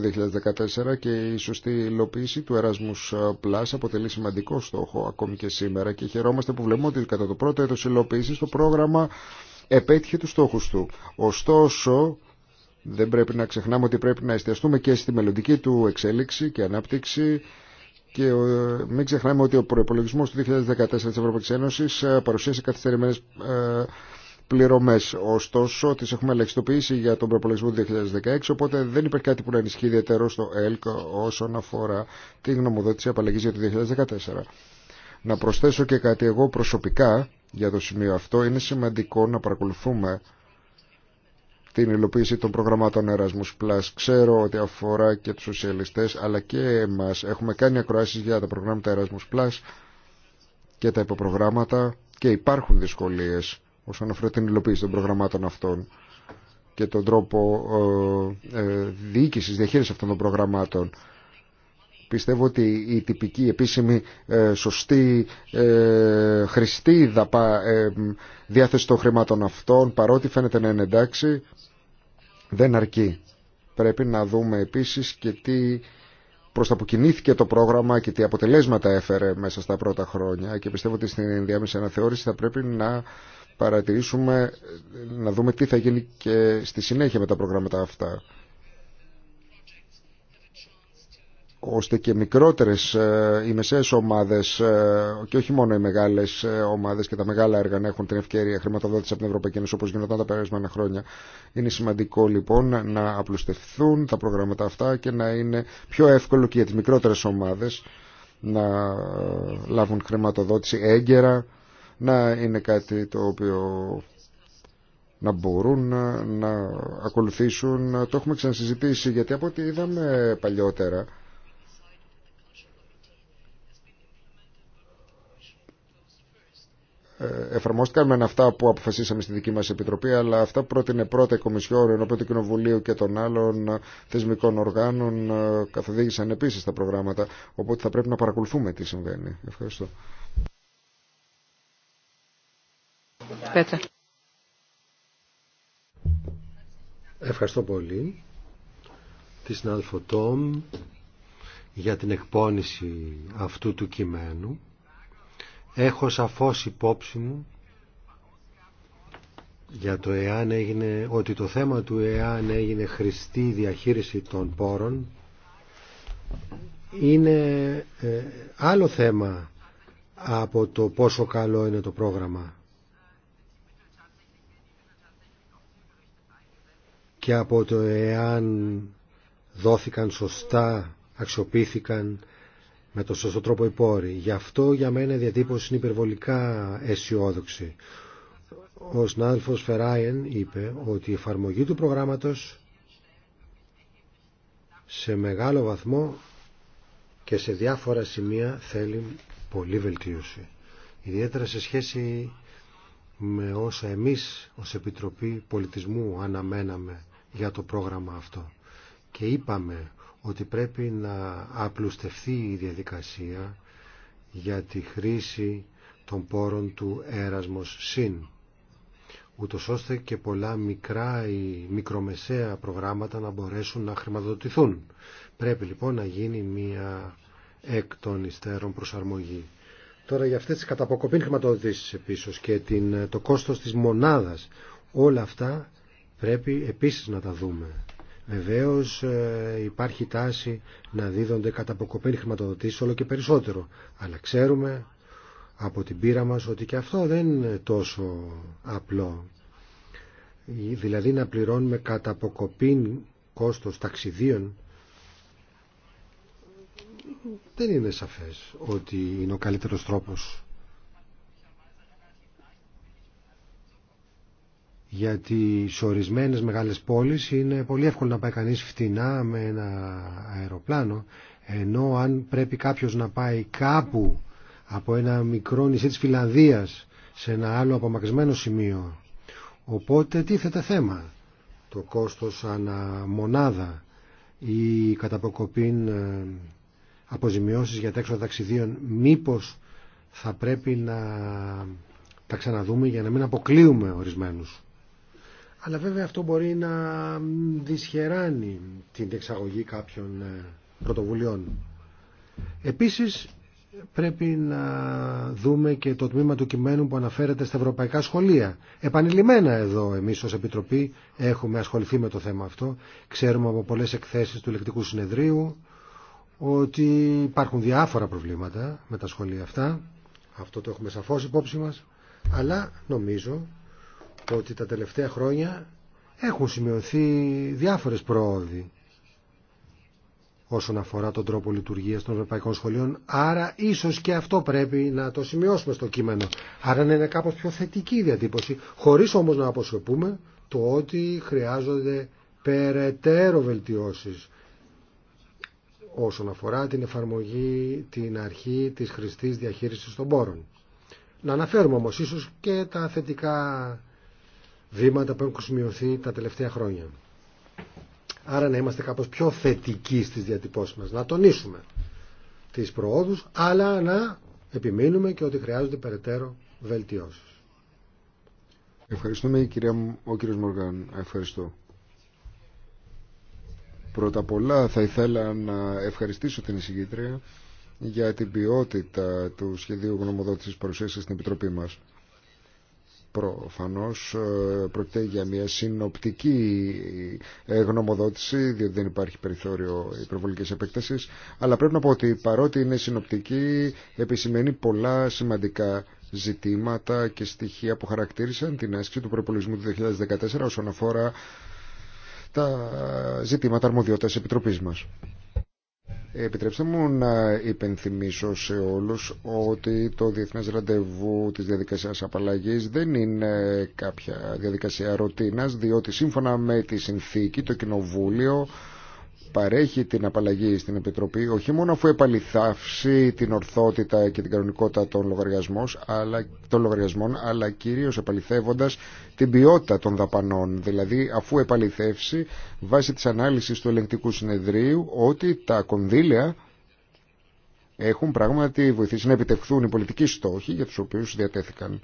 2014 και η σωστή υλοποίηση του Erasmus Plus αποτελεί σημαντικό στόχο ακόμη και σήμερα και χαιρόμαστε που βλέπουμε ότι κατά το πρώτο έτος υλοποίηση το πρόγραμμα επέτυχε τους στόχους του. Ωστόσο, δεν πρέπει να ξεχνάμε ότι πρέπει να εστιαστούμε και στη μελλοντική του εξέλιξη και ανάπτυξη και ε, μην ξεχνάμε ότι ο προπολογισμό του 2014 της Ευρωπαϊκής Ένωσης ε, παρουσίασε καθυστερημένες ε, πληρωμές. Ωστόσο, τις έχουμε ελεγχιστοποιήσει για τον προπολογισμό του 2016, οπότε δεν υπάρχει κάτι που να ενισχύει ιδιαίτερο στο ΕΛΚ όσον αφορά την γνωμοδότηση απαλλαγής για το 2014. Να προσθέσω και κάτι εγώ προσωπικά για το σημείο αυτό. Είναι σημαντικό να παρακολουθούμε την υλοποίηση των προγραμμάτων Erasmus Plus. Ξέρω ότι αφορά και τους σοσιαλιστές αλλά και εμάς. Έχουμε κάνει ακροάσεις για τα προγράμματα Erasmus Plus και τα υποπρογράμματα και υπάρχουν δυσκολίες όσον αφορά την υλοποίηση των προγραμμάτων αυτών και τον τρόπο ε, ε, διαχείρισης αυτών των προγραμμάτων. Πιστεύω ότι η τυπική, επίσημη, ε, σωστή, ε, χρηστή δαπα, ε, διάθεση των χρημάτων αυτών, παρότι φαίνεται να είναι εντάξει, δεν αρκεί. Πρέπει να δούμε επίσης και τι προς τα που κινήθηκε το πρόγραμμα και τι αποτελέσματα έφερε μέσα στα πρώτα χρόνια και πιστεύω ότι στην ενδιάμεση αναθεώρηση θα πρέπει να παρατηρήσουμε, να δούμε τι θα γίνει και στη συνέχεια με τα προγράμματα αυτά. ώστε και μικρότερες ε, οι μεσαίες ομάδες ε, και όχι μόνο οι μεγάλες ε, ομάδες και τα μεγάλα έργα να έχουν την ευκαιρία χρηματοδότηση από την Ευρωπαϊκή Ένωση όπως γινόταν τα περασμένα χρόνια. Είναι σημαντικό λοιπόν να απλουστευθούν τα προγράμματα αυτά και να είναι πιο εύκολο και για τις μικρότερες ομάδες να λάβουν χρηματοδότηση έγκαιρα, να είναι κάτι το οποίο να μπορούν να, να ακολουθήσουν. Το έχουμε ξανασυζητήσει γιατί από ό,τι είδαμε παλιότερα Ε, εφαρμόστηκαν με αυτά που αποφασίσαμε στη δική μας Επιτροπή, αλλά αυτά που πρότεινε πρώτα η ενώ ενώπιον του Κοινοβουλίου και των άλλων ε, θεσμικών οργάνων, ε, καθοδήγησαν επίσης τα προγράμματα, οπότε θα πρέπει να παρακολουθούμε τι συμβαίνει. Ευχαριστώ. Ευχαριστώ πολύ τη συνάδελφο Τόμ για την εκπόνηση αυτού του κειμένου Έχω σαφώς υπόψη μου για το εάν έγινε, ότι το θέμα του εάν έγινε χρηστή διαχείριση των πόρων είναι ε, άλλο θέμα από το πόσο καλό είναι το πρόγραμμα και από το εάν δόθηκαν σωστά, αξιοποιήθηκαν με τον σωστό τρόπο οι πόροι. Γι' αυτό για μένα η διατύπωση είναι υπερβολικά αισιόδοξη. Ο συνάδελφος Φεράιεν είπε ότι η εφαρμογή του προγράμματος σε μεγάλο βαθμό και σε διάφορα σημεία θέλει πολύ βελτίωση. Ιδιαίτερα σε σχέση με όσα εμείς ως Επιτροπή Πολιτισμού αναμέναμε για το πρόγραμμα αυτό. Και είπαμε ότι πρέπει να απλουστευτεί η διαδικασία για τη χρήση των πόρων του έρασμος ΣΥΝ ούτως ώστε και πολλά μικρά ή μικρομεσαία προγράμματα να μπορέσουν να χρηματοδοτηθούν. Πρέπει λοιπόν να γίνει μία εκ των υστέρων προσαρμογή. Τώρα για αυτές τις καταποκοπήν χρηματοδοτήσεις επίσης και την, το κόστος της μονάδας, όλα αυτά πρέπει επίσης να τα δούμε. Βεβαίως ε, υπάρχει τάση να δίδονται κατά χρηματοδοτήσεις όλο και περισσότερο. Αλλά ξέρουμε από την πείρα μας ότι και αυτό δεν είναι τόσο απλό. Δηλαδή να πληρώνουμε κατά αποκοπήν κόστος ταξιδίων δεν είναι σαφές ότι είναι ο καλύτερος τρόπος γιατί σε ορισμένες μεγάλες πόλεις είναι πολύ εύκολο να πάει κανείς φτηνά με ένα αεροπλάνο ενώ αν πρέπει κάποιος να πάει κάπου από ένα μικρό νησί της Φιλανδίας σε ένα άλλο απομακρυσμένο σημείο οπότε τίθεται θέμα το κόστος ανά μονάδα ή καταποκοπήν ε, αποζημιώσεις για τα ταξιδίων μήπως θα πρέπει να τα ξαναδούμε για να μην αποκλείουμε ορισμένους αλλά βέβαια αυτό μπορεί να δυσχεράνει την εξαγωγή κάποιων ε, πρωτοβουλειών. Επίσης πρέπει να δούμε και το τμήμα του κειμένου που αναφέρεται στα ευρωπαϊκά σχολεία. Επανειλημμένα εδώ εμείς ως Επιτροπή έχουμε ασχοληθεί με το θέμα αυτό. Ξέρουμε από πολλές εκθέσεις του Ελεκτικού Συνεδρίου ότι υπάρχουν διάφορα προβλήματα με τα σχολεία αυτά. Αυτό το έχουμε σαφώς υπόψη μας. Αλλά νομίζω ότι τα τελευταία χρόνια έχουν σημειωθεί διάφορες προόδοι όσον αφορά τον τρόπο λειτουργίας των ευρωπαϊκών σχολείων. Άρα ίσως και αυτό πρέπει να το σημειώσουμε στο κείμενο. Άρα να είναι κάπως πιο θετική η διατύπωση, χωρίς όμως να αποσιωπούμε το ότι χρειάζονται περαιτέρω βελτιώσεις όσον αφορά την εφαρμογή, την αρχή της χρηστής διαχείρισης των πόρων. Να αναφέρουμε όμως ίσως και τα θετικά βήματα που έχουν σημειωθεί τα τελευταία χρόνια. Άρα να είμαστε κάπως πιο θετικοί στις διατυπώσεις μας, να τονίσουμε τις προόδους, αλλά να επιμείνουμε και ότι χρειάζονται περαιτέρω βελτιώσεις. Ευχαριστούμε κυρία μου, ο κύριος Μοργάν. Ευχαριστώ. Πρώτα απ' όλα θα ήθελα να ευχαριστήσω την εισηγήτρια για την ποιότητα του σχεδίου γνωμοδότησης παρουσίασης στην Επιτροπή μας. Προφανώς ε, πρόκειται για μια συνοπτική ε, γνωμοδότηση, διότι δεν υπάρχει περιθώριο υπερβολικής επέκταση. αλλά πρέπει να πω ότι παρότι είναι συνοπτική, επισημαίνει πολλά σημαντικά ζητήματα και στοιχεία που χαρακτήρισαν την άσκηση του προπολογισμού του 2014 όσον αφορά τα ζητήματα αρμοδιότητας επιτροπής μας. Επιτρέψτε μου να υπενθυμίσω σε όλους ότι το Διεθνές Ραντεβού της διαδικασίας απαλλαγής δεν είναι κάποια διαδικασία ρωτίνας, διότι σύμφωνα με τη συνθήκη το Κοινοβούλιο παρέχει την απαλλαγή στην Επιτροπή όχι μόνο αφού επαληθαύσει την ορθότητα και την κανονικότητα των, λογαριασμών, αλλά, των λογαριασμών αλλά κυρίως επαληθεύοντας την ποιότητα των δαπανών δηλαδή αφού επαληθεύσει βάσει της ανάλυσης του ελεγκτικού συνεδρίου ότι τα κονδύλια έχουν πράγματι βοηθήσει να επιτευχθούν οι πολιτικοί στόχοι για τους οποίους διατέθηκαν.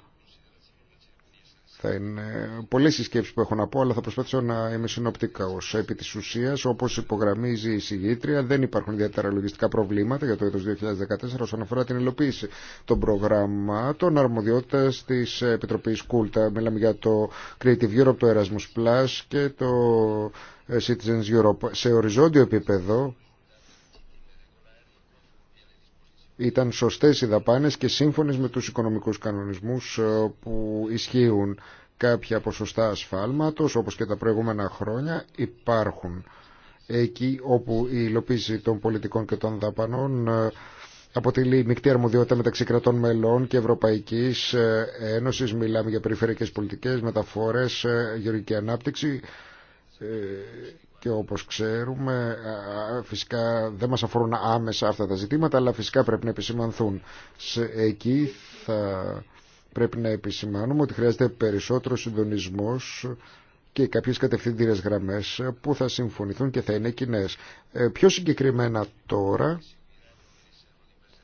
Θα είναι πολλέ οι σκέψει που έχω να πω, αλλά θα προσπαθήσω να είμαι συνοπτικά. Ω επί τη ουσία, όπω υπογραμμίζει η συγγήτρια, δεν υπάρχουν ιδιαίτερα λογιστικά προβλήματα για το έτο 2014 όσον αφορά την υλοποίηση των προγραμμάτων αρμοδιότητα τη Επιτροπή Κούλτα. Μιλάμε για το Creative Europe, το Erasmus Plus και το Citizens Europe. Σε οριζόντιο επίπεδο, ήταν σωστές οι δαπάνες και σύμφωνες με τους οικονομικούς κανονισμούς ε, που ισχύουν κάποια ποσοστά ασφάλματος όπως και τα προηγούμενα χρόνια υπάρχουν εκεί όπου η υλοποίηση των πολιτικών και των δαπανών ε, αποτελεί μεικτή αρμοδιότητα μεταξύ κρατών μελών και Ευρωπαϊκής ε, Ένωσης μιλάμε για περιφερειακές πολιτικές, μεταφορές, γεωργική ανάπτυξη και όπως ξέρουμε φυσικά δεν μας αφορούν άμεσα αυτά τα ζητήματα αλλά φυσικά πρέπει να επισημανθούν. Εκεί θα πρέπει να επισημάνουμε ότι χρειάζεται περισσότερο συντονισμός και κάποιες κατευθυντήρες γραμμές που θα συμφωνηθούν και θα είναι κοινέ. Ε, πιο συγκεκριμένα τώρα,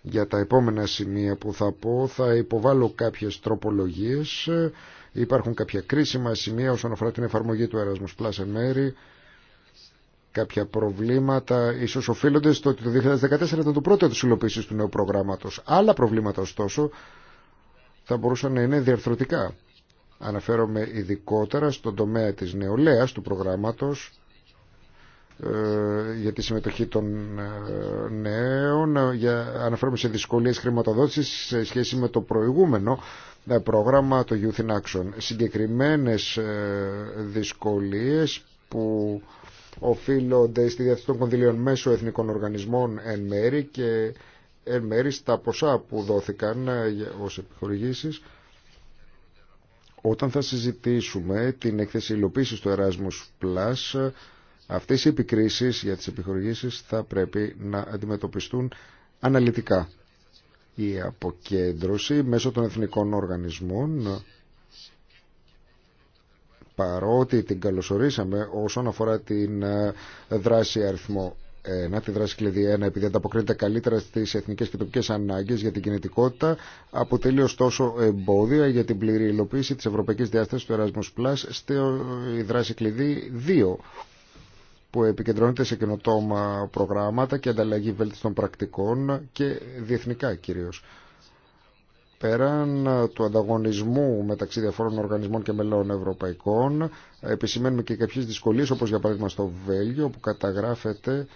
για τα επόμενα σημεία που θα πω, θα υποβάλω κάποιες τροπολογίες. Υπάρχουν κάποια κρίσιμα σημεία όσον αφορά την εφαρμογή του Erasmus Plus μέρη, κάποια προβλήματα ίσως οφείλονται στο ότι το 2014 ήταν το πρώτο της υλοποίησης του νέου προγράμματος. Άλλα προβλήματα ωστόσο θα μπορούσαν να είναι διαρθρωτικά. Αναφέρομαι ειδικότερα στον τομέα της νεολαίας του προγράμματος ε, για τη συμμετοχή των ε, νέων ε, για, αναφέρομαι σε δυσκολίες χρηματοδότησης σε σχέση με το προηγούμενο πρόγραμμα το Youth in Action συγκεκριμένες δυσκολίες που οφείλονται στη διάθεση των κονδυλίων μέσω εθνικών οργανισμών εν μέρη και εν μέρη στα ποσά που δόθηκαν ε, ως επιχορηγήσεις. Όταν θα συζητήσουμε την έκθεση υλοποίηση του Erasmus Plus, αυτές οι επικρίσεις για τις επιχορηγήσεις θα πρέπει να αντιμετωπιστούν αναλυτικά. Η αποκέντρωση μέσω των εθνικών οργανισμών παρότι την καλωσορίσαμε όσον αφορά την ε, δράση αριθμό 1, τη δράση κλειδί 1, επειδή ανταποκρίνεται καλύτερα στι εθνικέ και τοπικέ ανάγκε για την κινητικότητα, αποτελεί ωστόσο εμπόδια για την πλήρη υλοποίηση τη ευρωπαϊκή διάσταση του Erasmus Plus στη δράση κλειδί 2 που επικεντρώνεται σε καινοτόμα προγράμματα και ανταλλαγή βέλτιστων πρακτικών και διεθνικά κυρίω. Πέραν ε, του ανταγωνισμού μεταξύ διαφόρων οργανισμών και μελών ευρωπαϊκών, ε, επισημαίνουμε και κάποιες δυσκολίες, όπως για παράδειγμα στο Βέλγιο, που καταγράφεται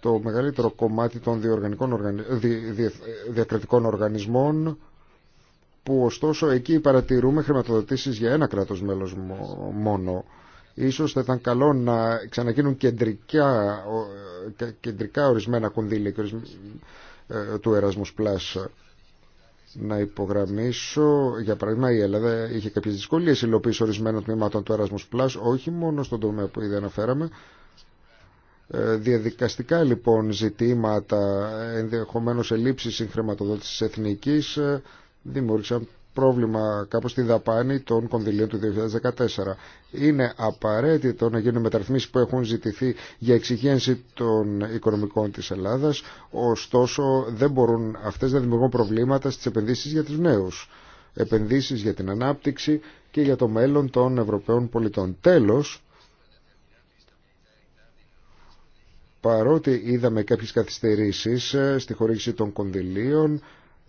το μεγαλύτερο κομμάτι των οργανι... δι... διακρατικών οργανισμών, που ωστόσο εκεί παρατηρούμε χρηματοδοτήσεις για ένα κράτος μέλος μόνο. Ίσως θα ήταν καλό να ξαναγίνουν κεντρικά, ε, κεντρικά ορισμένα κονδύλια του Erasmus Plus να υπογραμμίσω, για παράδειγμα η Ελλάδα είχε κάποιες δυσκολίες υλοποίηση ορισμένων τμήματων του Erasmus Plus, όχι μόνο στον τομέα που ήδη αναφέραμε. Ε, διαδικαστικά λοιπόν ζητήματα, ενδεχομένως ελλείψης συγχρηματοδότησης εθνικής, ε, δημιούργησαν πρόβλημα κάπως στη δαπάνη των κονδυλίων του 2014. Είναι απαραίτητο να γίνουν μεταρρυθμίσεις που έχουν ζητηθεί για εξυγένση των οικονομικών της Ελλάδας, ωστόσο δεν μπορούν αυτές να δημιουργούν προβλήματα στις επενδύσεις για τους νέους. Επενδύσεις για την ανάπτυξη και για το μέλλον των Ευρωπαίων πολιτών. Τέλος, παρότι είδαμε κάποιες καθυστερήσεις ε, στη χορήγηση των κονδυλίων,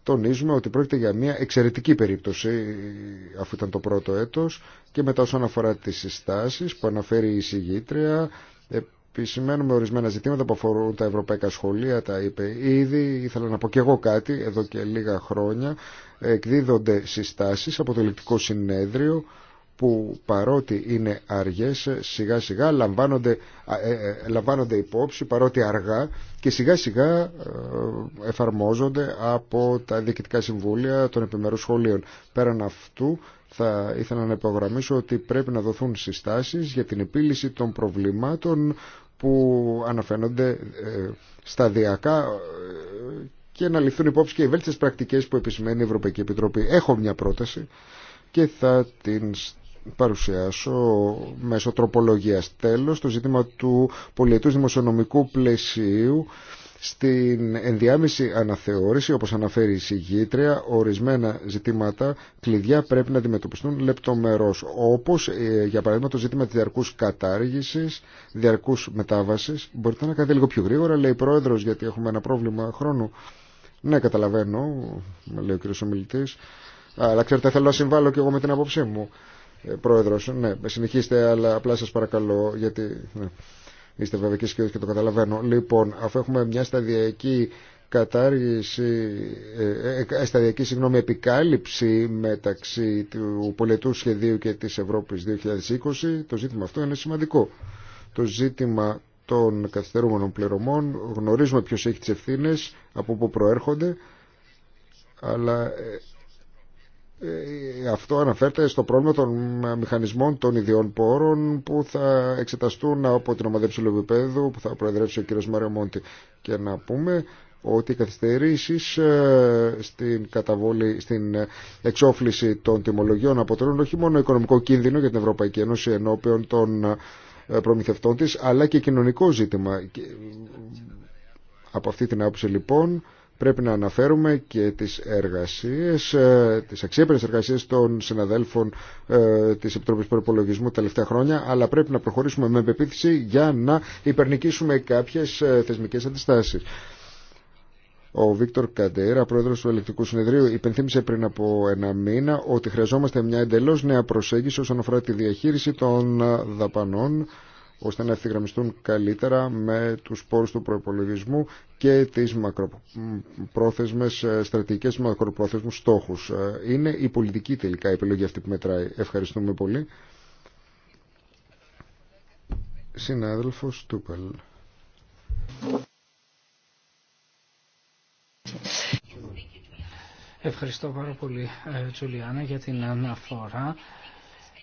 τονίζουμε ότι πρόκειται για μια εξαιρετική περίπτωση ε, αφού ήταν το πρώτο έτος και μετά όσον αφορά τις συστάσεις που αναφέρει η συγγήτρια επισημαίνουμε ορισμένα ζητήματα που αφορούν τα ευρωπαϊκά σχολεία, τα είπε ήδη, ήθελα να πω και εγώ κάτι εδώ και λίγα χρόνια εκδίδονται συστάσεις από το Ελληνικό συνέδριο που παρότι είναι αργές σιγά σιγά λαμβάνονται, ε, ε, λαμβάνονται υπόψη παρότι αργά και σιγά σιγά ε, εφαρμόζονται από τα διοικητικά συμβούλια των επιμερούς σχολείων. Πέραν αυτού θα ήθελα να υπογραμμίσω ότι πρέπει να δοθούν συστάσεις για την επίλυση των προβλημάτων που αναφαίνονται σταδιακά και να ληφθούν υπόψη και οι βέλτιστες πρακτικές που επισημαίνει η Ευρωπαϊκή Επιτροπή. Έχω μια πρόταση και θα την παρουσιάσω μέσω τροπολογίας. Τέλος, το ζήτημα του πολιετούς δημοσιονομικού πλαισίου στην ενδιάμεση αναθεώρηση, όπως αναφέρει η συγγήτρια, ορισμένα ζητήματα κλειδιά πρέπει να αντιμετωπιστούν λεπτομερώς, όπως ε, για παράδειγμα το ζήτημα της διαρκούς κατάργησης, διαρκούς μετάβασης. Μπορείτε να κάνετε λίγο πιο γρήγορα, λέει η Πρόεδρος, γιατί έχουμε ένα πρόβλημα χρόνου. Ναι, καταλαβαίνω, λέει ο κ. Ομιλητής. Αλλά ξέρετε, θέλω να συμβάλλω και εγώ με την απόψή μου. Ε, πρόεδρος, ναι, συνεχίστε, αλλά απλά σας παρακαλώ, γιατί ναι, είστε βέβαια και και το καταλαβαίνω. Λοιπόν, αφού έχουμε μια σταδιακή κατάργηση, ε, ε, σταδιακή συγγνώμη, επικάλυψη μεταξύ του πολιτού σχεδίου και της Ευρώπης 2020, το ζήτημα αυτό είναι σημαντικό. Το ζήτημα των καθυστερούμενων πληρωμών, γνωρίζουμε ποιος έχει τις ευθύνες, από πού προέρχονται, αλλά ε, αυτό αναφέρεται στο πρόβλημα των μηχανισμών των ιδιών πόρων που θα εξεταστούν από την ομάδα υψηλού επίπεδου που θα προεδρεύσει ο κ. Μάριο Μόντι και να πούμε ότι οι καθυστερήσει ε, στην, στην εξόφληση των τιμολογιών αποτελούν όχι μόνο οικονομικό κίνδυνο για την Ευρωπαϊκή Ένωση ενώπιον των ε, προμηθευτών της αλλά και κοινωνικό ζήτημα. Από αυτή την άποψη λοιπόν Πρέπει να αναφέρουμε και τις εργασίες, ε, τις αξιέπαινες εργασίες των συναδέλφων ε, της Επιτροπής Προπολογισμού τα τελευταία χρόνια, αλλά πρέπει να προχωρήσουμε με πεποίθηση για να υπερνικήσουμε κάποιες ε, θεσμικές αντιστάσεις. Ο Βίκτορ Καντέρα, πρόεδρο του Ελεκτικού Συνεδρίου, υπενθύμησε πριν από ένα μήνα ότι χρειαζόμαστε μια εντελώ νέα προσέγγιση όσον αφορά τη διαχείριση των δαπανών ώστε να ευθυγραμμιστούν καλύτερα με τους πόρους του προϋπολογισμού και τις μακροπρόθεσμες ε, στρατηγικές, μακροπρόθεσμους στόχους. Ε, είναι η πολιτική τελικά η επιλογή αυτή που μετράει. Ευχαριστούμε πολύ. Συνάδελφος Τούπελ. Ευχαριστώ πάρα πολύ, ε, Τζουλιάνα, για την αναφορά.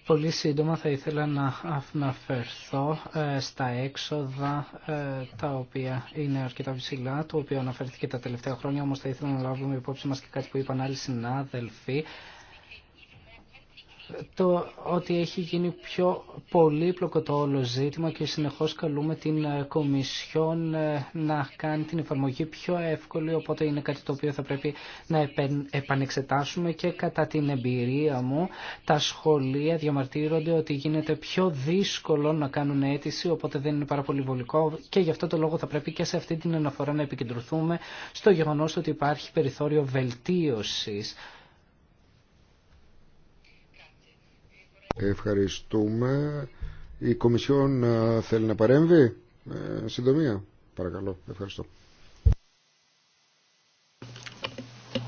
Πολύ σύντομα θα ήθελα να αναφερθώ ε, στα έξοδα ε, τα οποία είναι αρκετά ψηλά, το οποίο αναφέρθηκε τα τελευταία χρόνια, όμως θα ήθελα να λάβουμε υπόψη μας και κάτι που είπαν άλλοι συνάδελφοι, το ότι έχει γίνει πιο πολύπλοκο το όλο ζήτημα και συνεχώς καλούμε την ε, Κομισιόν ε, να κάνει την εφαρμογή πιο εύκολη, οπότε είναι κάτι το οποίο θα πρέπει να επανεξετάσουμε και κατά την εμπειρία μου τα σχολεία διαμαρτύρονται ότι γίνεται πιο δύσκολο να κάνουν αίτηση, οπότε δεν είναι πάρα πολύ βολικό και γι' αυτό το λόγο θα πρέπει και σε αυτή την αναφορά να επικεντρωθούμε στο γεγονός ότι υπάρχει περιθώριο βελτίωσης Ευχαριστούμε. Η Κομισιόν ε, θέλει να παρέμβει. Ε, συντομία, παρακαλώ. Ευχαριστώ.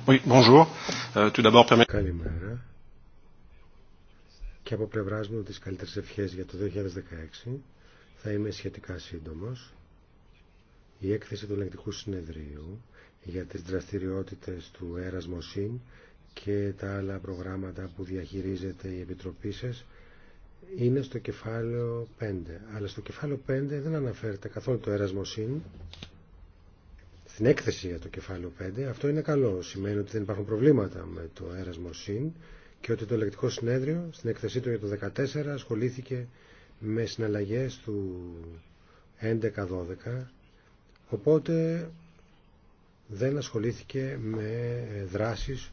Oui, bonjour. Euh, tout d'abord, Καλημέρα. Και από πλευρά μου τι καλύτερε ευχέ για το 2016. Θα είμαι σχετικά σύντομο. Η έκθεση του ελεγκτικού συνεδρίου για τις δραστηριότητες του Erasmus και τα άλλα προγράμματα που διαχειρίζεται η Επιτροπή σας είναι στο κεφάλαιο 5. Αλλά στο κεφάλαιο 5 δεν αναφέρεται καθόλου το Erasmus στην έκθεση για το κεφάλαιο 5. Αυτό είναι καλό. Σημαίνει ότι δεν υπάρχουν προβλήματα με το Erasmus και ότι το ελεκτικό συνέδριο στην έκθεσή του για το 2014 ασχολήθηκε με συναλλαγές του 11-12 οπότε δεν ασχολήθηκε με δράσεις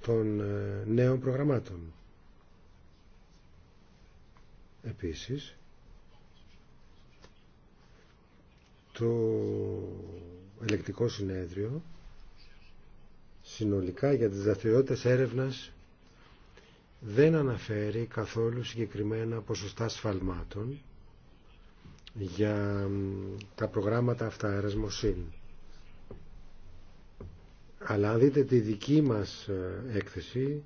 των ε, νέων προγραμμάτων. Επίσης, το ελεκτικό συνέδριο συνολικά για τις δραστηριότητες έρευνας δεν αναφέρει καθόλου συγκεκριμένα ποσοστά σφαλμάτων για τα προγράμματα αυτά, αερασμοσύνη αλλά αν δείτε τη δική μας ε, έκθεση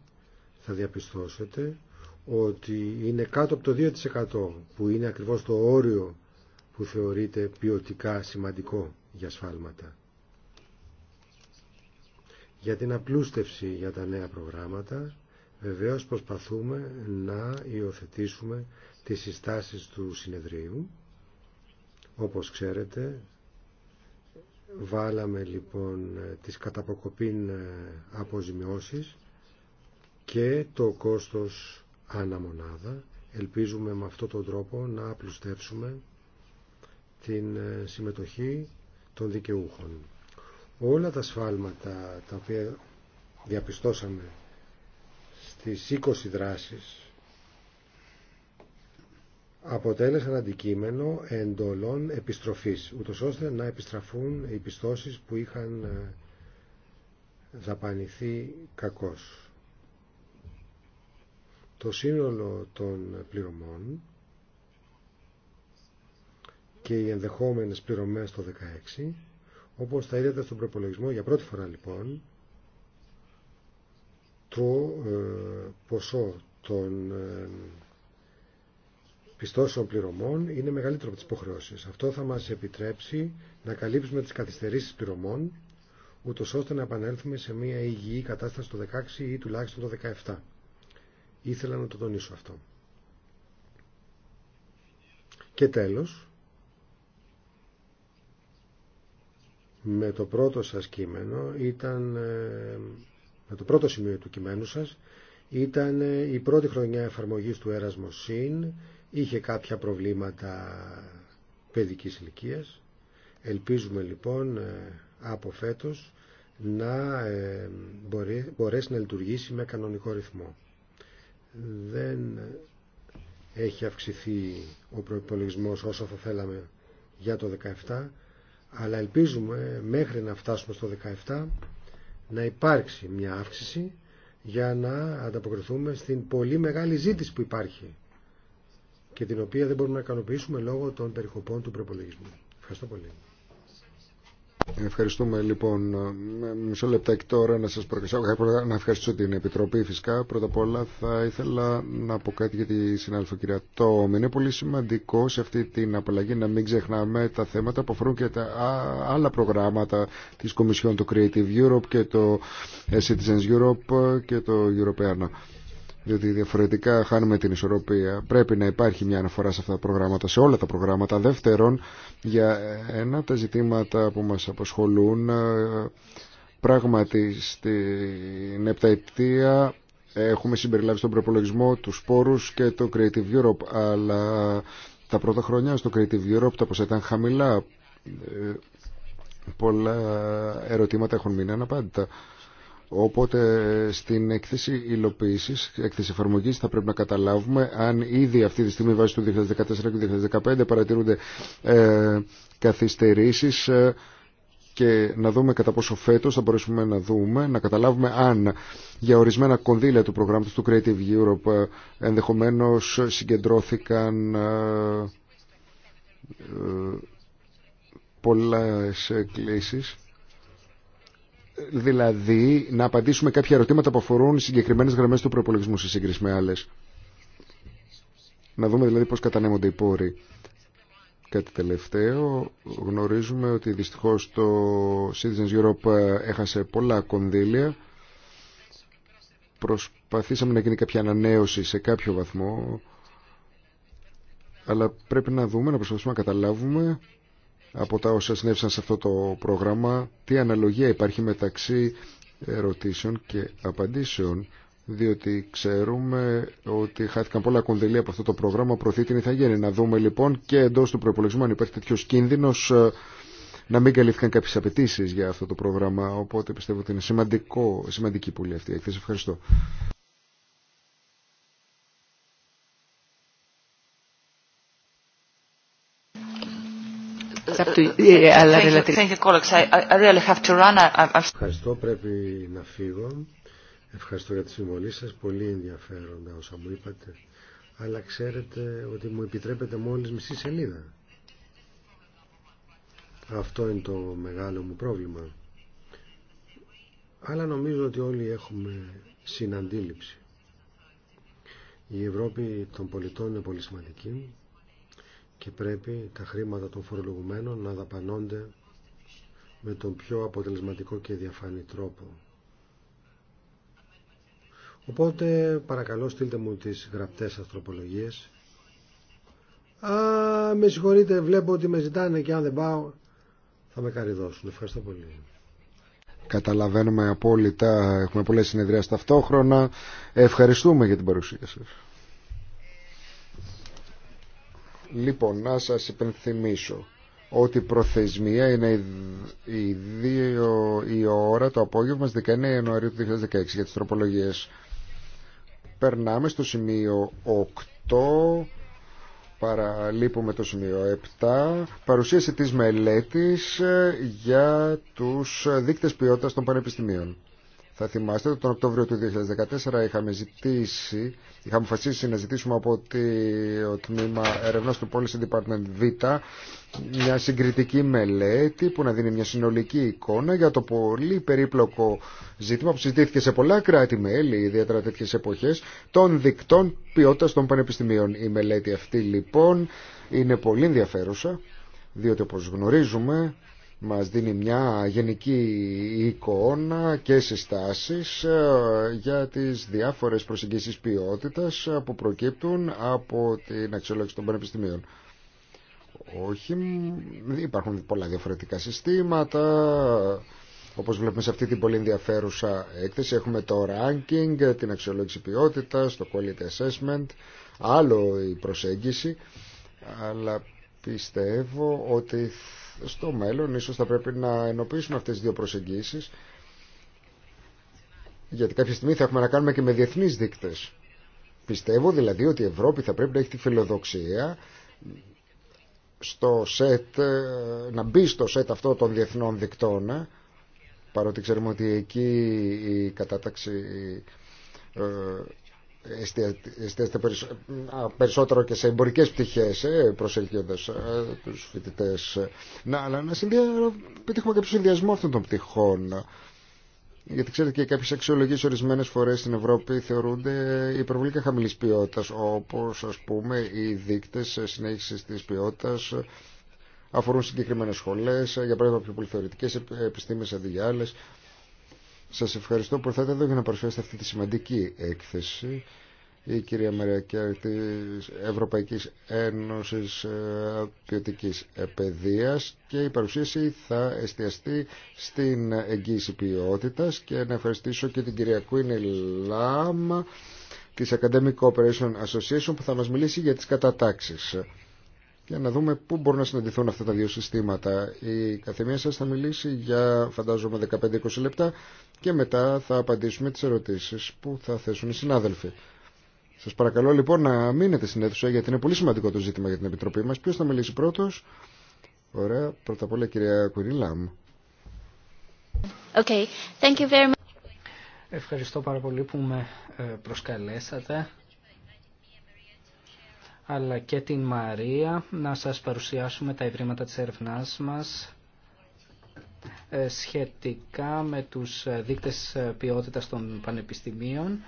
θα διαπιστώσετε ότι είναι κάτω από το 2% που είναι ακριβώς το όριο που θεωρείται ποιοτικά σημαντικό για σφάλματα. Για την απλούστευση για τα νέα προγράμματα βεβαίως προσπαθούμε να υιοθετήσουμε τις συστάσεις του συνεδρίου. Όπως ξέρετε Βάλαμε λοιπόν ε, τις καταποκοπήν ε, αποζημιώσεις και το κόστος αναμονάδα. Ελπίζουμε με αυτόν τον τρόπο να απλουστεύσουμε την ε, συμμετοχή των δικαιούχων. Όλα τα σφάλματα τα οποία διαπιστώσαμε στις 20 δράσεις αποτέλεσαν αντικείμενο εντολών επιστροφής, ούτως ώστε να επιστραφούν οι πιστώσεις που είχαν ε, δαπανηθεί κακώς. Το σύνολο των πληρωμών και οι ενδεχόμενες πληρωμές το 16, όπως θα είδατε στον προπολογισμό για πρώτη φορά λοιπόν, το ε, ποσό των ε, πιστώσεων πληρωμών είναι μεγαλύτερο από τις υποχρεώσεις. Αυτό θα μας επιτρέψει να καλύψουμε τις καθυστερήσεις πληρωμών, ούτω ώστε να επανέλθουμε σε μια υγιή κατάσταση το 16 ή τουλάχιστον το 17. Ήθελα να το τονίσω αυτό. Και τέλος, με το πρώτο σας κείμενο ήταν, ε, με το πρώτο σημείο του κειμένου σας, ήταν ε, η πρώτη χρονιά εφαρμογής του Erasmus είχε κάποια προβλήματα παιδικής ηλικία. Ελπίζουμε λοιπόν ε, από φέτος να ε, μπορέσει να λειτουργήσει με κανονικό ρυθμό. Δεν έχει αυξηθεί ο προϋπολογισμός όσο θα θέλαμε για το 17, αλλά ελπίζουμε μέχρι να φτάσουμε στο 17 να υπάρξει μια αύξηση για να ανταποκριθούμε στην πολύ μεγάλη ζήτηση που υπάρχει και την οποία δεν μπορούμε να ικανοποιήσουμε λόγω των περικοπών του προπολογισμού. Ευχαριστώ πολύ. Ευχαριστούμε λοιπόν. Μισό λεπτάκι τώρα να σας προκαλέσω. Να ευχαριστήσω την Επιτροπή φυσικά. Πρώτα απ' όλα θα ήθελα να πω κάτι για τη συνάδελφο κυρία Τόμ. Είναι πολύ σημαντικό σε αυτή την απαλλαγή να μην ξεχνάμε τα θέματα που αφορούν και τα άλλα προγράμματα της Κομισιόν, του Creative Europe και το Citizens Europe και το Europeana διότι διαφορετικά χάνουμε την ισορροπία. Πρέπει να υπάρχει μια αναφορά σε αυτά τα προγράμματα, σε όλα τα προγράμματα. Δεύτερον, για ένα από τα ζητήματα που μας απασχολούν, ε, πράγματι στην επταετία έχουμε συμπεριλάβει στον προπολογισμό τους σπόρους και το Creative Europe, αλλά τα πρώτα χρόνια στο Creative Europe τα ποσά ήταν χαμηλά. Ε, πολλά ερωτήματα έχουν μείνει αναπάντητα. Οπότε στην έκθεση υλοποίηση, έκθεση εφαρμογή, θα πρέπει να καταλάβουμε αν ήδη αυτή τη στιγμή βάσει του 2014 και του 2015 παρατηρούνται ε, καθυστερήσει ε, και να δούμε κατά πόσο φέτο θα μπορέσουμε να δούμε, να καταλάβουμε αν για ορισμένα κονδύλια του προγράμματος του Creative Europe ε, ενδεχομένω συγκεντρώθηκαν. Ε, ε, πολλές εκκλήσεις δηλαδή να απαντήσουμε κάποια ερωτήματα που αφορούν συγκεκριμένες γραμμές του προπολογισμού σε σύγκριση με άλλες. Να δούμε δηλαδή πώς κατανέμονται οι πόροι. Κάτι τελευταίο, γνωρίζουμε ότι δυστυχώς το Citizens Europe ε, έχασε πολλά κονδύλια. Προσπαθήσαμε να γίνει κάποια ανανέωση σε κάποιο βαθμό, αλλά πρέπει να δούμε, να προσπαθήσουμε να καταλάβουμε από τα όσα συνέβησαν σε αυτό το πρόγραμμα, τι αναλογία υπάρχει μεταξύ ερωτήσεων και απαντήσεων, διότι ξέρουμε ότι χάθηκαν πολλά κονδυλία από αυτό το πρόγραμμα, προωθεί την γίνει Να δούμε λοιπόν και εντό του προπολογισμού αν υπάρχει τέτοιο κίνδυνο ε, να μην καλύφθηκαν κάποιε απαιτήσει για αυτό το πρόγραμμα. Οπότε πιστεύω ότι είναι σημαντικό, σημαντική πολύ αυτή η έκθεση. Ευχαριστώ. Ευχαριστώ, πρέπει να φύγω. Ευχαριστώ για τη συμβολή σας, πολύ ενδιαφέροντα όσα μου είπατε. Αλλά ξέρετε ότι μου επιτρέπετε μόλις μισή σελίδα. Αυτό είναι το μεγάλο μου πρόβλημα. Αλλά νομίζω ότι όλοι έχουμε συναντήληψη. Η Ευρώπη των πολιτών είναι πολύ σημαντική και πρέπει τα χρήματα των φορολογουμένων να δαπανώνται με τον πιο αποτελεσματικό και διαφανή τρόπο. Οπότε παρακαλώ στείλτε μου τις γραπτές αστροπολογίες. Α, με συγχωρείτε, βλέπω ότι με ζητάνε και αν δεν πάω θα με καριδώσουν. Ευχαριστώ πολύ. Καταλαβαίνουμε απόλυτα, έχουμε πολλές συνεδρίες ταυτόχρονα. Ευχαριστούμε για την παρουσία σας. Λοιπόν, να σας υπενθυμίσω ότι η προθεσμία είναι η 2 η ώρα το απόγευμα στις 19 Ιανουαρίου του 2016 για τις τροπολογίες. Περνάμε στο σημείο 8, παραλείπουμε το σημείο 7, παρουσίαση της μελέτης ε, για τους δείκτες ποιότητας των πανεπιστημίων. Θα θυμάστε ότι τον Οκτώβριο του 2014 είχαμε ζητήσει, είχαμε φασίσει να ζητήσουμε από το τμήμα Ερευνά του Policy Department Β μια συγκριτική μελέτη που να δίνει μια συνολική εικόνα για το πολύ περίπλοκο ζήτημα που συζητήθηκε σε πολλά κράτη-μέλη, ιδιαίτερα τέτοιε εποχέ, των δικτών ποιότητα των πανεπιστημίων. Η μελέτη αυτή λοιπόν είναι πολύ ενδιαφέρουσα, διότι όπω γνωρίζουμε μας δίνει μια γενική εικόνα και συστάσεις ε, για τις διάφορες προσεγγίσεις ποιότητας ε, που προκύπτουν από την αξιολόγηση των πανεπιστημίων. Όχι, υπάρχουν πολλά διαφορετικά συστήματα, όπως βλέπουμε σε αυτή την πολύ ενδιαφέρουσα έκθεση έχουμε το ranking, την αξιολόγηση ποιότητας, το quality assessment, άλλο η προσέγγιση, αλλά πιστεύω ότι στο μέλλον ίσως θα πρέπει να ενοποιήσουμε αυτές τις δύο προσεγγίσεις γιατί κάποια στιγμή θα έχουμε να κάνουμε και με διεθνείς δείκτες. Πιστεύω δηλαδή ότι η Ευρώπη θα πρέπει να έχει τη φιλοδοξία στο σετ, ε, να μπει στο σετ αυτό των διεθνών δικτών ε, παρότι ξέρουμε ότι εκεί η κατάταξη ε, εστιάζεται περισσότερο και σε εμπορικέ πτυχέ, ε, προσελκύοντας ε, τους φοιτητές να, αλλά να συνδυα... πετύχουμε κάποιο συνδυασμό αυτών των πτυχών γιατί ξέρετε και κάποιε αξιολογίε ορισμένε φορέ στην Ευρώπη θεωρούνται υπερβολικά χαμηλή ποιότητα, όπω α πούμε οι δείκτε συνέχιση τη ποιότητα αφορούν συγκεκριμένε σχολέ, για παράδειγμα πιο πολυθεωρητικέ επιστήμες αντί για άλλε. Σας ευχαριστώ που ήρθατε εδώ για να παρουσιάσετε αυτή τη σημαντική έκθεση. Η κυρία Μαριακέρ της Ευρωπαϊκής Ένωσης ε, Ποιοτικής Επαιδείας και η παρουσίαση θα εστιαστεί στην εγγύηση ποιότητας και να ευχαριστήσω και την κυρία Κουίνι Λάμα της Academic Cooperation Association που θα μας μιλήσει για τις κατατάξεις για να δούμε πού μπορούν να συναντηθούν αυτά τα δύο συστήματα. Η καθεμία σας θα μιλήσει για φαντάζομαι 15-20 λεπτά και μετά θα απαντήσουμε τις ερωτήσεις που θα θέσουν οι συνάδελφοι. Σας παρακαλώ λοιπόν να μείνετε στην αίθουσα γιατί είναι πολύ σημαντικό το ζήτημα για την Επιτροπή μας. Ποιος θα μιλήσει πρώτος. Ωραία, πρώτα απ' όλα κυρία Κουριλάμ. Okay. Ευχαριστώ πάρα πολύ που με ε, προσκαλέσατε αλλά και την Μαρία να σας παρουσιάσουμε τα ευρήματα της έρευνάς μας ε, σχετικά με τους ε, δείκτες ε, ποιότητας των πανεπιστημίων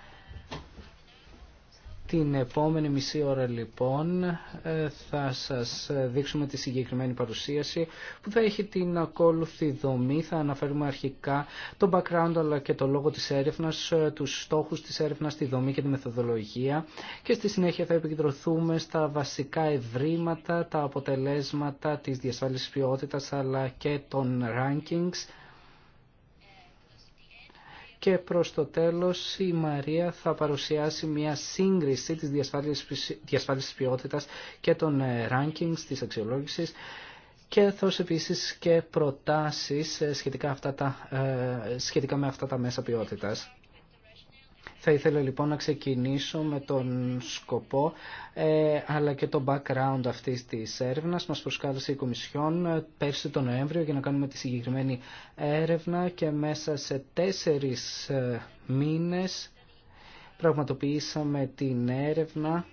την επόμενη μισή ώρα λοιπόν ε, θα σας δείξουμε τη συγκεκριμένη παρουσίαση που θα έχει την ακόλουθη δομή. Θα αναφέρουμε αρχικά το background αλλά και το λόγο της έρευνας, ε, τους στόχους της έρευνας, τη δομή και τη μεθοδολογία και στη συνέχεια θα επικεντρωθούμε στα βασικά ευρήματα, τα αποτελέσματα της διασφάλισης ποιότητας αλλά και των rankings και προς το τέλος η Μαρία θα παρουσιάσει μια σύγκριση της διασφάλισης ποιότητας και των ε, rankings της αξιολόγησης και θα επίσης και προτάσεις ε, σχετικά, αυτά τα, ε, σχετικά με αυτά τα μέσα ποιότητας. Θα ήθελα λοιπόν να ξεκινήσω με τον σκοπό ε, αλλά και το background αυτής της έρευνας. Μας προσκάλεσε η Κομισιόν ε, πέρσι τον Νοέμβριο για να κάνουμε τη συγκεκριμένη έρευνα και μέσα σε τέσσερις ε, μήνες πραγματοποιήσαμε την έρευνα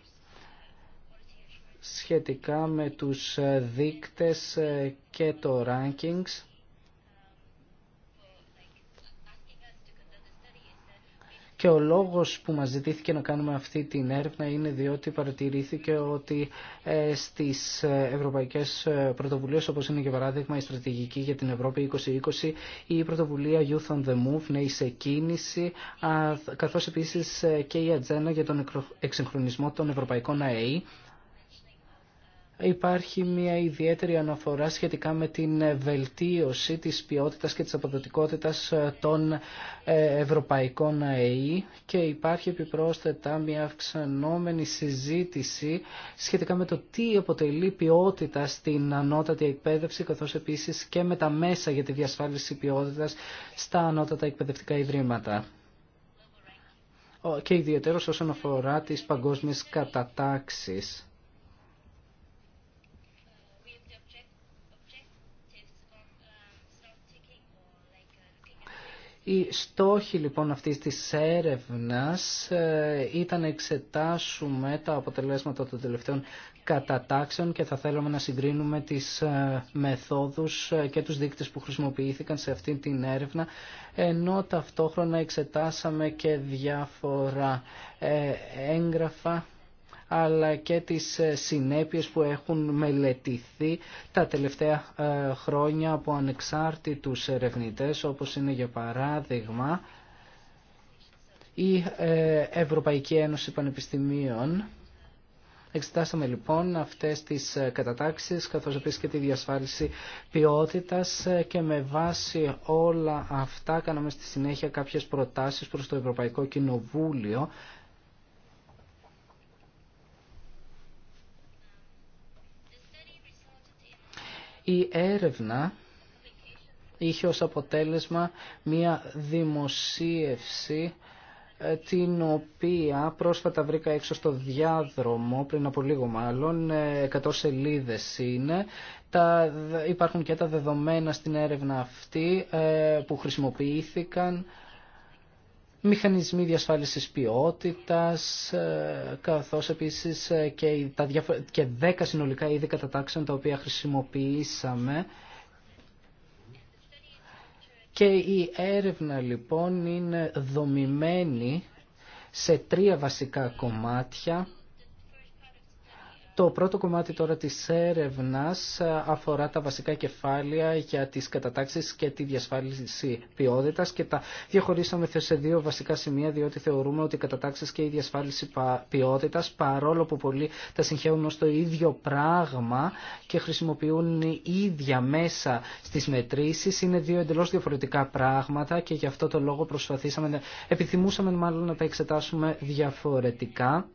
σχετικά με τους δείκτες και το rankings Και ο λόγος που μας ζητήθηκε να κάνουμε αυτή την έρευνα είναι διότι παρατηρήθηκε ότι ε, στις ε, ευρωπαϊκές ε, πρωτοβουλίες όπως είναι για παράδειγμα η στρατηγική για την Ευρώπη 2020 η πρωτοβουλία Youth on the Move, νέοι σε κίνηση καθώς επίσης και η ατζένα για τον εξυγχρονισμό των ευρωπαϊκών ΑΕΗ Υπάρχει μια ιδιαίτερη αναφορά σχετικά με την βελτίωση της ποιότητας και της αποδοτικότητας ε, των ε, ευρωπαϊκών ΑΕΗ και υπάρχει επιπρόσθετα μια αυξανόμενη συζήτηση σχετικά με το τι αποτελεί ποιότητα στην ανώτατη εκπαίδευση καθώς επίσης και με τα μέσα για τη διασφάλιση ποιότητας στα ανώτατα εκπαιδευτικά ιδρύματα και ιδιαίτερως όσον αφορά τις παγκόσμιες κατατάξεις Η στόχοι λοιπόν αυτής της έρευνας ε, ήταν να εξετάσουμε τα αποτελέσματα των τελευταίων κατατάξεων και θα θέλαμε να συγκρίνουμε τις ε, μεθόδους ε, και τους δείκτες που χρησιμοποιήθηκαν σε αυτή την έρευνα ενώ ταυτόχρονα εξετάσαμε και διάφορα έγγραφα αλλά και τις ε, συνέπειες που έχουν μελετηθεί τα τελευταία ε, χρόνια από ανεξάρτητους ερευνητές όπως είναι για παράδειγμα η ε, Ευρωπαϊκή Ένωση Πανεπιστημίων. Εξετάσαμε λοιπόν αυτές τις κατατάξεις καθώς επίσης και τη διασφάλιση ποιότητας και με βάση όλα αυτά κάναμε στη συνέχεια κάποιες προτάσεις προς το Ευρωπαϊκό Κοινοβούλιο Η έρευνα είχε ως αποτέλεσμα μία δημοσίευση ε, την οποία πρόσφατα βρήκα έξω στο διάδρομο, πριν από λίγο μάλλον, 100 ε, σελίδες είναι. Τα, υπάρχουν και τα δεδομένα στην έρευνα αυτή ε, που χρησιμοποιήθηκαν μηχανισμοί διασφάλισης ποιότητας, ε, καθώς επίσης ε, και, τα και 10 συνολικά είδη κατατάξεων τα οποία χρησιμοποιήσαμε. Και η έρευνα λοιπόν είναι δομημένη σε τρία βασικά κομμάτια το πρώτο κομμάτι τώρα της έρευνας αφορά τα βασικά κεφάλαια για τις κατατάξεις και τη διασφάλιση ποιότητας και τα διαχωρίσαμε σε δύο βασικά σημεία διότι θεωρούμε ότι οι κατατάξεις και η διασφάλιση ποιότητας παρόλο που πολλοί τα συγχαίουν ως το ίδιο πράγμα και χρησιμοποιούν ίδια μέσα στις μετρήσεις είναι δύο εντελώς διαφορετικά πράγματα και γι' αυτό το λόγο προσπαθήσαμε, επιθυμούσαμε μάλλον να τα εξετάσουμε διαφορετικά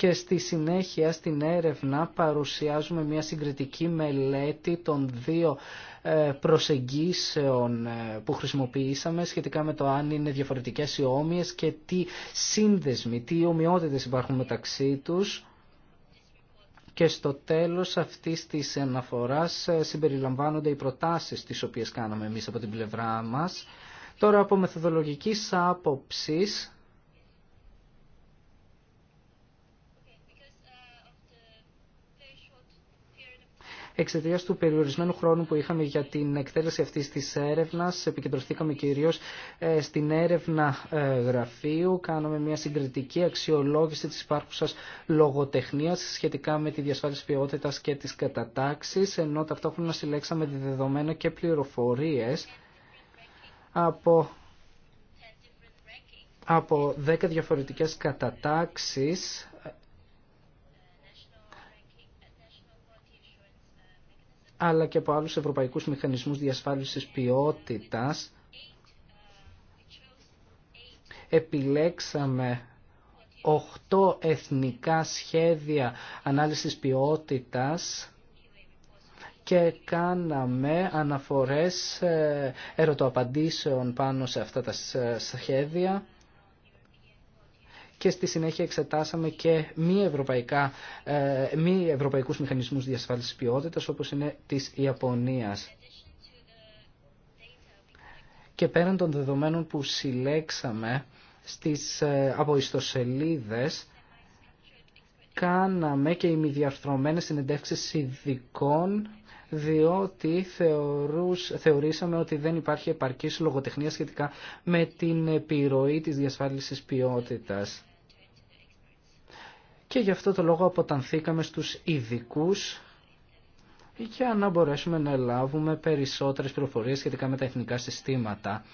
και στη συνέχεια στην έρευνα παρουσιάζουμε μια συγκριτική μελέτη των δύο ε, προσεγγίσεων ε, που χρησιμοποιήσαμε σχετικά με το αν είναι διαφορετικές οι όμοιες και τι σύνδεσμοι, τι ομοιότητες υπάρχουν μεταξύ τους και στο τέλος αυτής της αναφοράς ε, συμπεριλαμβάνονται οι προτάσεις τις οποίες κάναμε εμείς από την πλευρά μας. Τώρα από μεθοδολογικής άποψης Εξαιτία του περιορισμένου χρόνου που είχαμε για την εκτέλεση αυτής της έρευνας, επικεντρωθήκαμε κυρίως ε, στην έρευνα ε, γραφείου. Κάναμε μια συγκριτική αξιολόγηση της υπάρχουσα λογοτεχνία σχετικά με τη διασφάλιση ποιότητας και τις κατατάξεις, ενώ ταυτόχρονα συλλέξαμε δεδομένα και πληροφορίες από από 10 διαφορετικές κατατάξεις αλλά και από άλλους ευρωπαϊκούς μηχανισμούς διασφάλισης ποιότητας. Επιλέξαμε 8 εθνικά σχέδια ανάλυσης ποιότητας και κάναμε αναφορές ε, ερωτοαπαντήσεων πάνω σε αυτά τα σχέδια και στη συνέχεια εξετάσαμε και μη, ευρωπαϊκά, ε, μη ευρωπαϊκούς μηχανισμούς διασφάλισης ποιότητας όπως είναι της Ιαπωνίας. Και πέραν των δεδομένων που συλλέξαμε στις, ε, από ιστοσελίδες, κάναμε και ημιδιαρθρωμένες συνεντεύξεις ειδικών διότι θεωρούς, θεωρήσαμε ότι δεν υπάρχει επαρκής λογοτεχνία σχετικά με την επιρροή της διασφάλισης ποιότητας και γι' αυτό το λόγο αποτανθήκαμε στους ειδικού για να μπορέσουμε να λάβουμε περισσότερες πληροφορίες σχετικά με τα εθνικά συστήματα.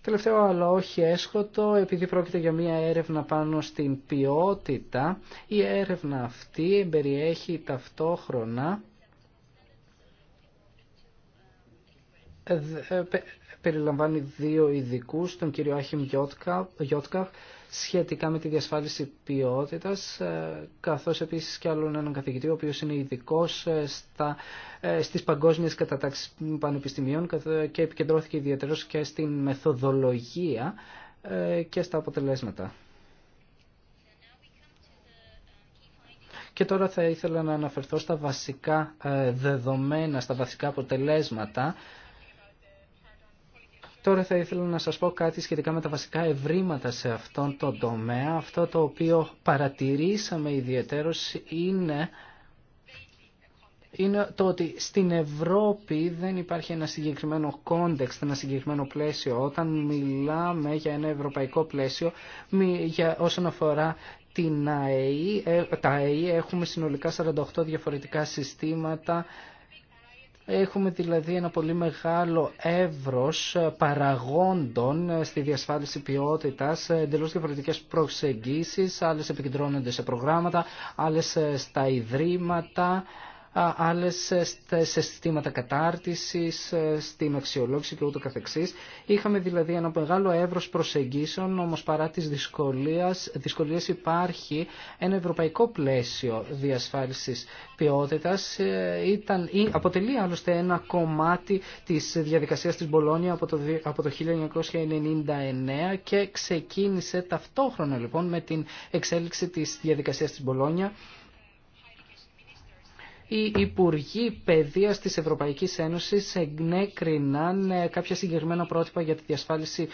Τελευταίο αλλά όχι έσχοτο, επειδή πρόκειται για μια έρευνα πάνω στην ποιότητα, η έρευνα αυτή περιέχει ταυτόχρονα ε, ε, περιλαμβάνει δύο ειδικού, τον κύριο Άχιμ Γιώτκα, σχετικά με τη διασφάλιση ποιότητα, ε, καθώς επίση και άλλον έναν καθηγητή, ο οποίος είναι ειδικό ε, στι ε, στις παγκόσμιες πανεπιστημίων και επικεντρώθηκε ιδιαίτερω και στην μεθοδολογία και στα αποτελέσματα. Και τώρα θα ήθελα να αναφερθώ στα βασικά δεδομένα, στα βασικά αποτελέσματα Τώρα θα ήθελα να σας πω κάτι σχετικά με τα βασικά ευρήματα σε αυτόν τον τομέα. Αυτό το οποίο παρατηρήσαμε ιδιαίτερος είναι είναι το ότι στην Ευρώπη δεν υπάρχει ένα συγκεκριμένο κόντεξ, ένα συγκεκριμένο πλαίσιο. Όταν μιλάμε για ένα ευρωπαϊκό πλαίσιο, για, όσον αφορά την ΑΕΗ, ε, τα ΑΕΗ έχουμε συνολικά 48 διαφορετικά συστήματα Έχουμε δηλαδή ένα πολύ μεγάλο εύρος παραγόντων στη διασφάλιση ποιότητας, εντελώς διαφορετικές προσεγγίσεις, άλλες επικεντρώνονται σε προγράμματα, άλλες στα ιδρύματα, Άλλε ε, σε συστήματα κατάρτισης, ε, στην αξιολόγηση και ούτω καθεξής. Είχαμε δηλαδή ένα μεγάλο εύρο προσεγγίσεων, όμως παρά τις δυσκολίες, υπάρχει ένα ευρωπαϊκό πλαίσιο διασφάλισης ποιότητας. Ε, αποτελεί άλλωστε ένα κομμάτι της διαδικασίας της Μπολόνια από το, από το 1999 και ξεκίνησε ταυτόχρονα λοιπόν με την εξέλιξη τη διαδικασία τη Μπολόνια οι Υπουργοί παιδεία τη Ευρωπαϊκή Ένωση εγκνέκριναν ε, κάποια συγκεκριμένα πρότυπα για τη διασφάλιση,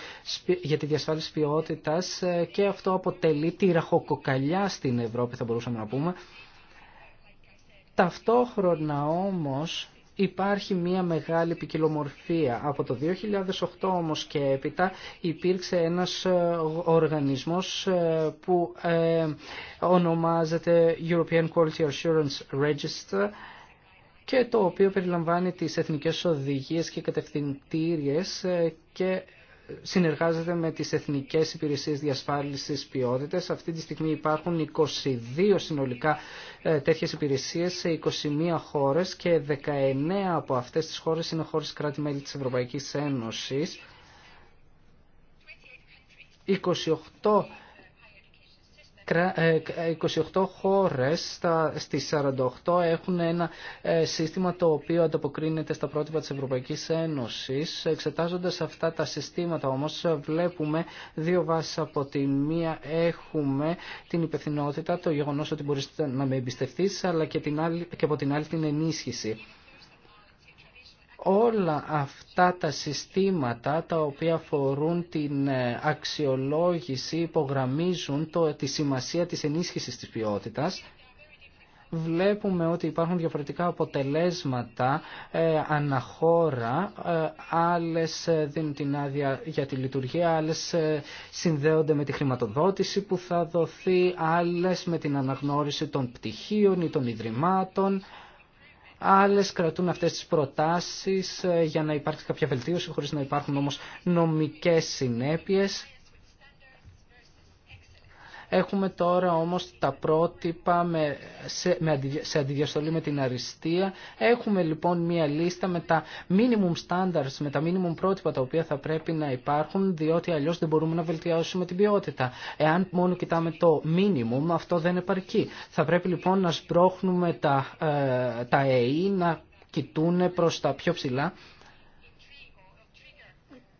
για τη διασφάλιση ποιότητας ε, και αυτό αποτελεί τη ραχοκοκαλιά στην Ευρώπη θα μπορούσαμε να πούμε. Ταυτόχρονα όμως υπάρχει μια μεγάλη ποικιλομορφία. Από το 2008 όμως και έπειτα υπήρξε ένας ε, οργανισμός ε, που ε, ονομάζεται European Quality Assurance Register και το οποίο περιλαμβάνει τις εθνικές οδηγίες και κατευθυντήριες και συνεργάζεται με τις Εθνικές Υπηρεσίες Διασφάλισης Ποιότητας. Αυτή τη στιγμή υπάρχουν 22 συνολικά ε, τέτοιες υπηρεσίες σε 21 χώρες και 19 από αυτές τις χώρες είναι χώρες κράτη-μέλη της Ευρωπαϊκής Ένωσης. 28 28 ε, ε, χώρες στις 48 έχουν ένα ε, σύστημα το οποίο ανταποκρίνεται στα πρότυπα της Ευρωπαϊκής Ένωσης. Εξετάζοντας αυτά τα συστήματα όμως βλέπουμε δύο βάσεις από τη μία έχουμε την υπευθυνότητα, το γεγονός ότι μπορείς να με εμπιστευτείς αλλά και, την άλλη, και από την άλλη την ενίσχυση όλα αυτά τα συστήματα τα οποία φορούν την ε, αξιολόγηση υπογραμμίζουν το, τη σημασία της ενίσχυσης της ποιότητας βλέπουμε ότι υπάρχουν διαφορετικά αποτελέσματα ε, αναχώρα, ε, άλλες ε, δίνουν την άδεια για τη λειτουργία, άλλες συνδέονται με τη χρηματοδότηση που θα δοθεί, άλλες με την αναγνώριση των πτυχίων ή των ιδρυμάτων, Άλλε κρατούν αυτέ τι προτάσει ε, για να υπάρξει κάποια βελτίωση χωρί να υπάρχουν όμω νομικέ συνέπειε. Έχουμε τώρα όμως τα πρότυπα με, σε, με, αντιδιαστολή με την αριστεία. Έχουμε λοιπόν μία λίστα με τα minimum standards, με τα minimum πρότυπα τα οποία θα πρέπει να υπάρχουν, διότι αλλιώς δεν μπορούμε να βελτιώσουμε την ποιότητα. Εάν μόνο κοιτάμε το minimum, αυτό δεν επαρκεί. Θα πρέπει λοιπόν να σπρώχνουμε τα, ε, τα ΕΗ, να κοιτούν προς τα πιο ψηλά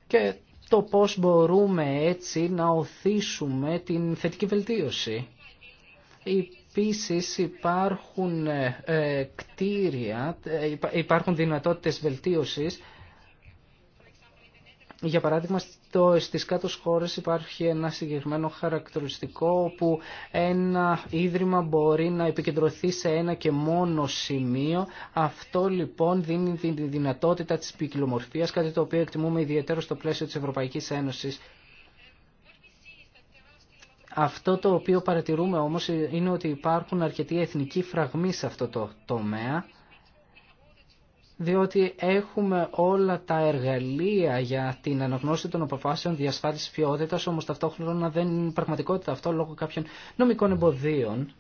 και το πώς μπορούμε έτσι να οθήσουμε την θετική βελτίωση. Επίσης υπάρχουν ε, ε, κτίρια, ε, υπάρχουν δυνατότητες βελτίωσης. Για παράδειγμα το, στις κάτω χώρες υπάρχει ένα συγκεκριμένο χαρακτηριστικό όπου ένα ίδρυμα μπορεί να επικεντρωθεί σε ένα και μόνο σημείο. Αυτό λοιπόν δίνει τη δυνατότητα της ποικιλομορφίας, κάτι το οποίο εκτιμούμε ιδιαίτερο στο πλαίσιο της Ευρωπαϊκής Ένωσης. Αυτό το οποίο παρατηρούμε όμως είναι ότι υπάρχουν αρκετοί εθνικοί φραγμοί σε αυτό το τομέα διότι έχουμε όλα τα εργαλεία για την αναγνώριση των αποφάσεων διασφάλισης ποιότητας, όμως ταυτόχρονα δεν είναι πραγματικότητα αυτό λόγω κάποιων νομικών εμποδίων.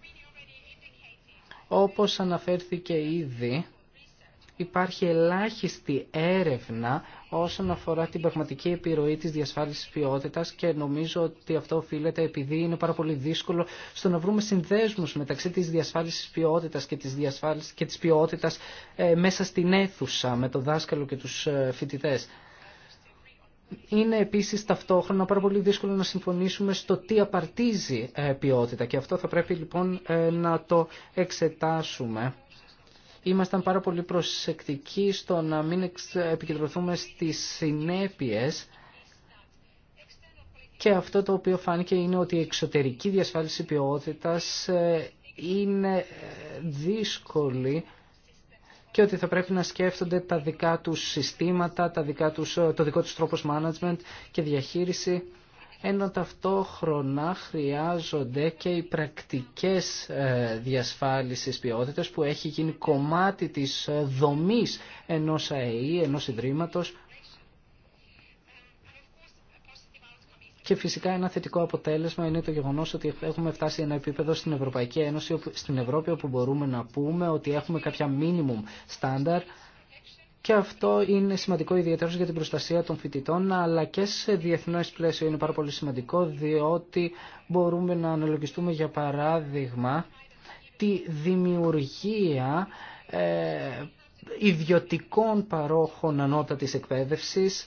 Όπως αναφέρθηκε ήδη, υπάρχει ελάχιστη έρευνα όσον αφορά την πραγματική επιρροή της διασφάλισης ποιότητας και νομίζω ότι αυτό οφείλεται επειδή είναι πάρα πολύ δύσκολο στο να βρούμε συνδέσμους μεταξύ της διασφάλισης ποιότητας και της, διασφάλισης και της ποιότητας ε, μέσα στην αίθουσα με το δάσκαλο και τους ε, φοιτητές. Είναι επίσης ταυτόχρονα πάρα πολύ δύσκολο να συμφωνήσουμε στο τι απαρτίζει ε, ποιότητα και αυτό θα πρέπει λοιπόν να το εξετάσουμε ήμασταν πάρα πολύ προσεκτικοί στο να μην επικεντρωθούμε στις συνέπειες και αυτό το οποίο φάνηκε είναι ότι η εξωτερική διασφάλιση ποιότητας ε, είναι ε, δύσκολη και ότι θα πρέπει να σκέφτονται τα δικά τους συστήματα, τα δικά τους, ε, το δικό τους τρόπος management και διαχείριση ενώ ταυτόχρονα χρειάζονται και οι πρακτικές ε, διασφάλισης ποιότητας που έχει γίνει κομμάτι της ε, δομής ενός ΑΕΗ, ενός Ιδρύματος Και φυσικά ένα θετικό αποτέλεσμα είναι το γεγονός ότι έχουμε φτάσει ένα επίπεδο στην Ευρωπαϊκή Ένωση, στην Ευρώπη, όπου μπορούμε να πούμε ότι έχουμε κάποια minimum standard και αυτό είναι σημαντικό ιδιαίτερα για την προστασία των φοιτητών, αλλά και σε διεθνέ πλαίσιο είναι πάρα πολύ σημαντικό, διότι μπορούμε να αναλογιστούμε για παράδειγμα τη δημιουργία ε, ιδιωτικών παρόχων ανώτατης εκπαίδευσης,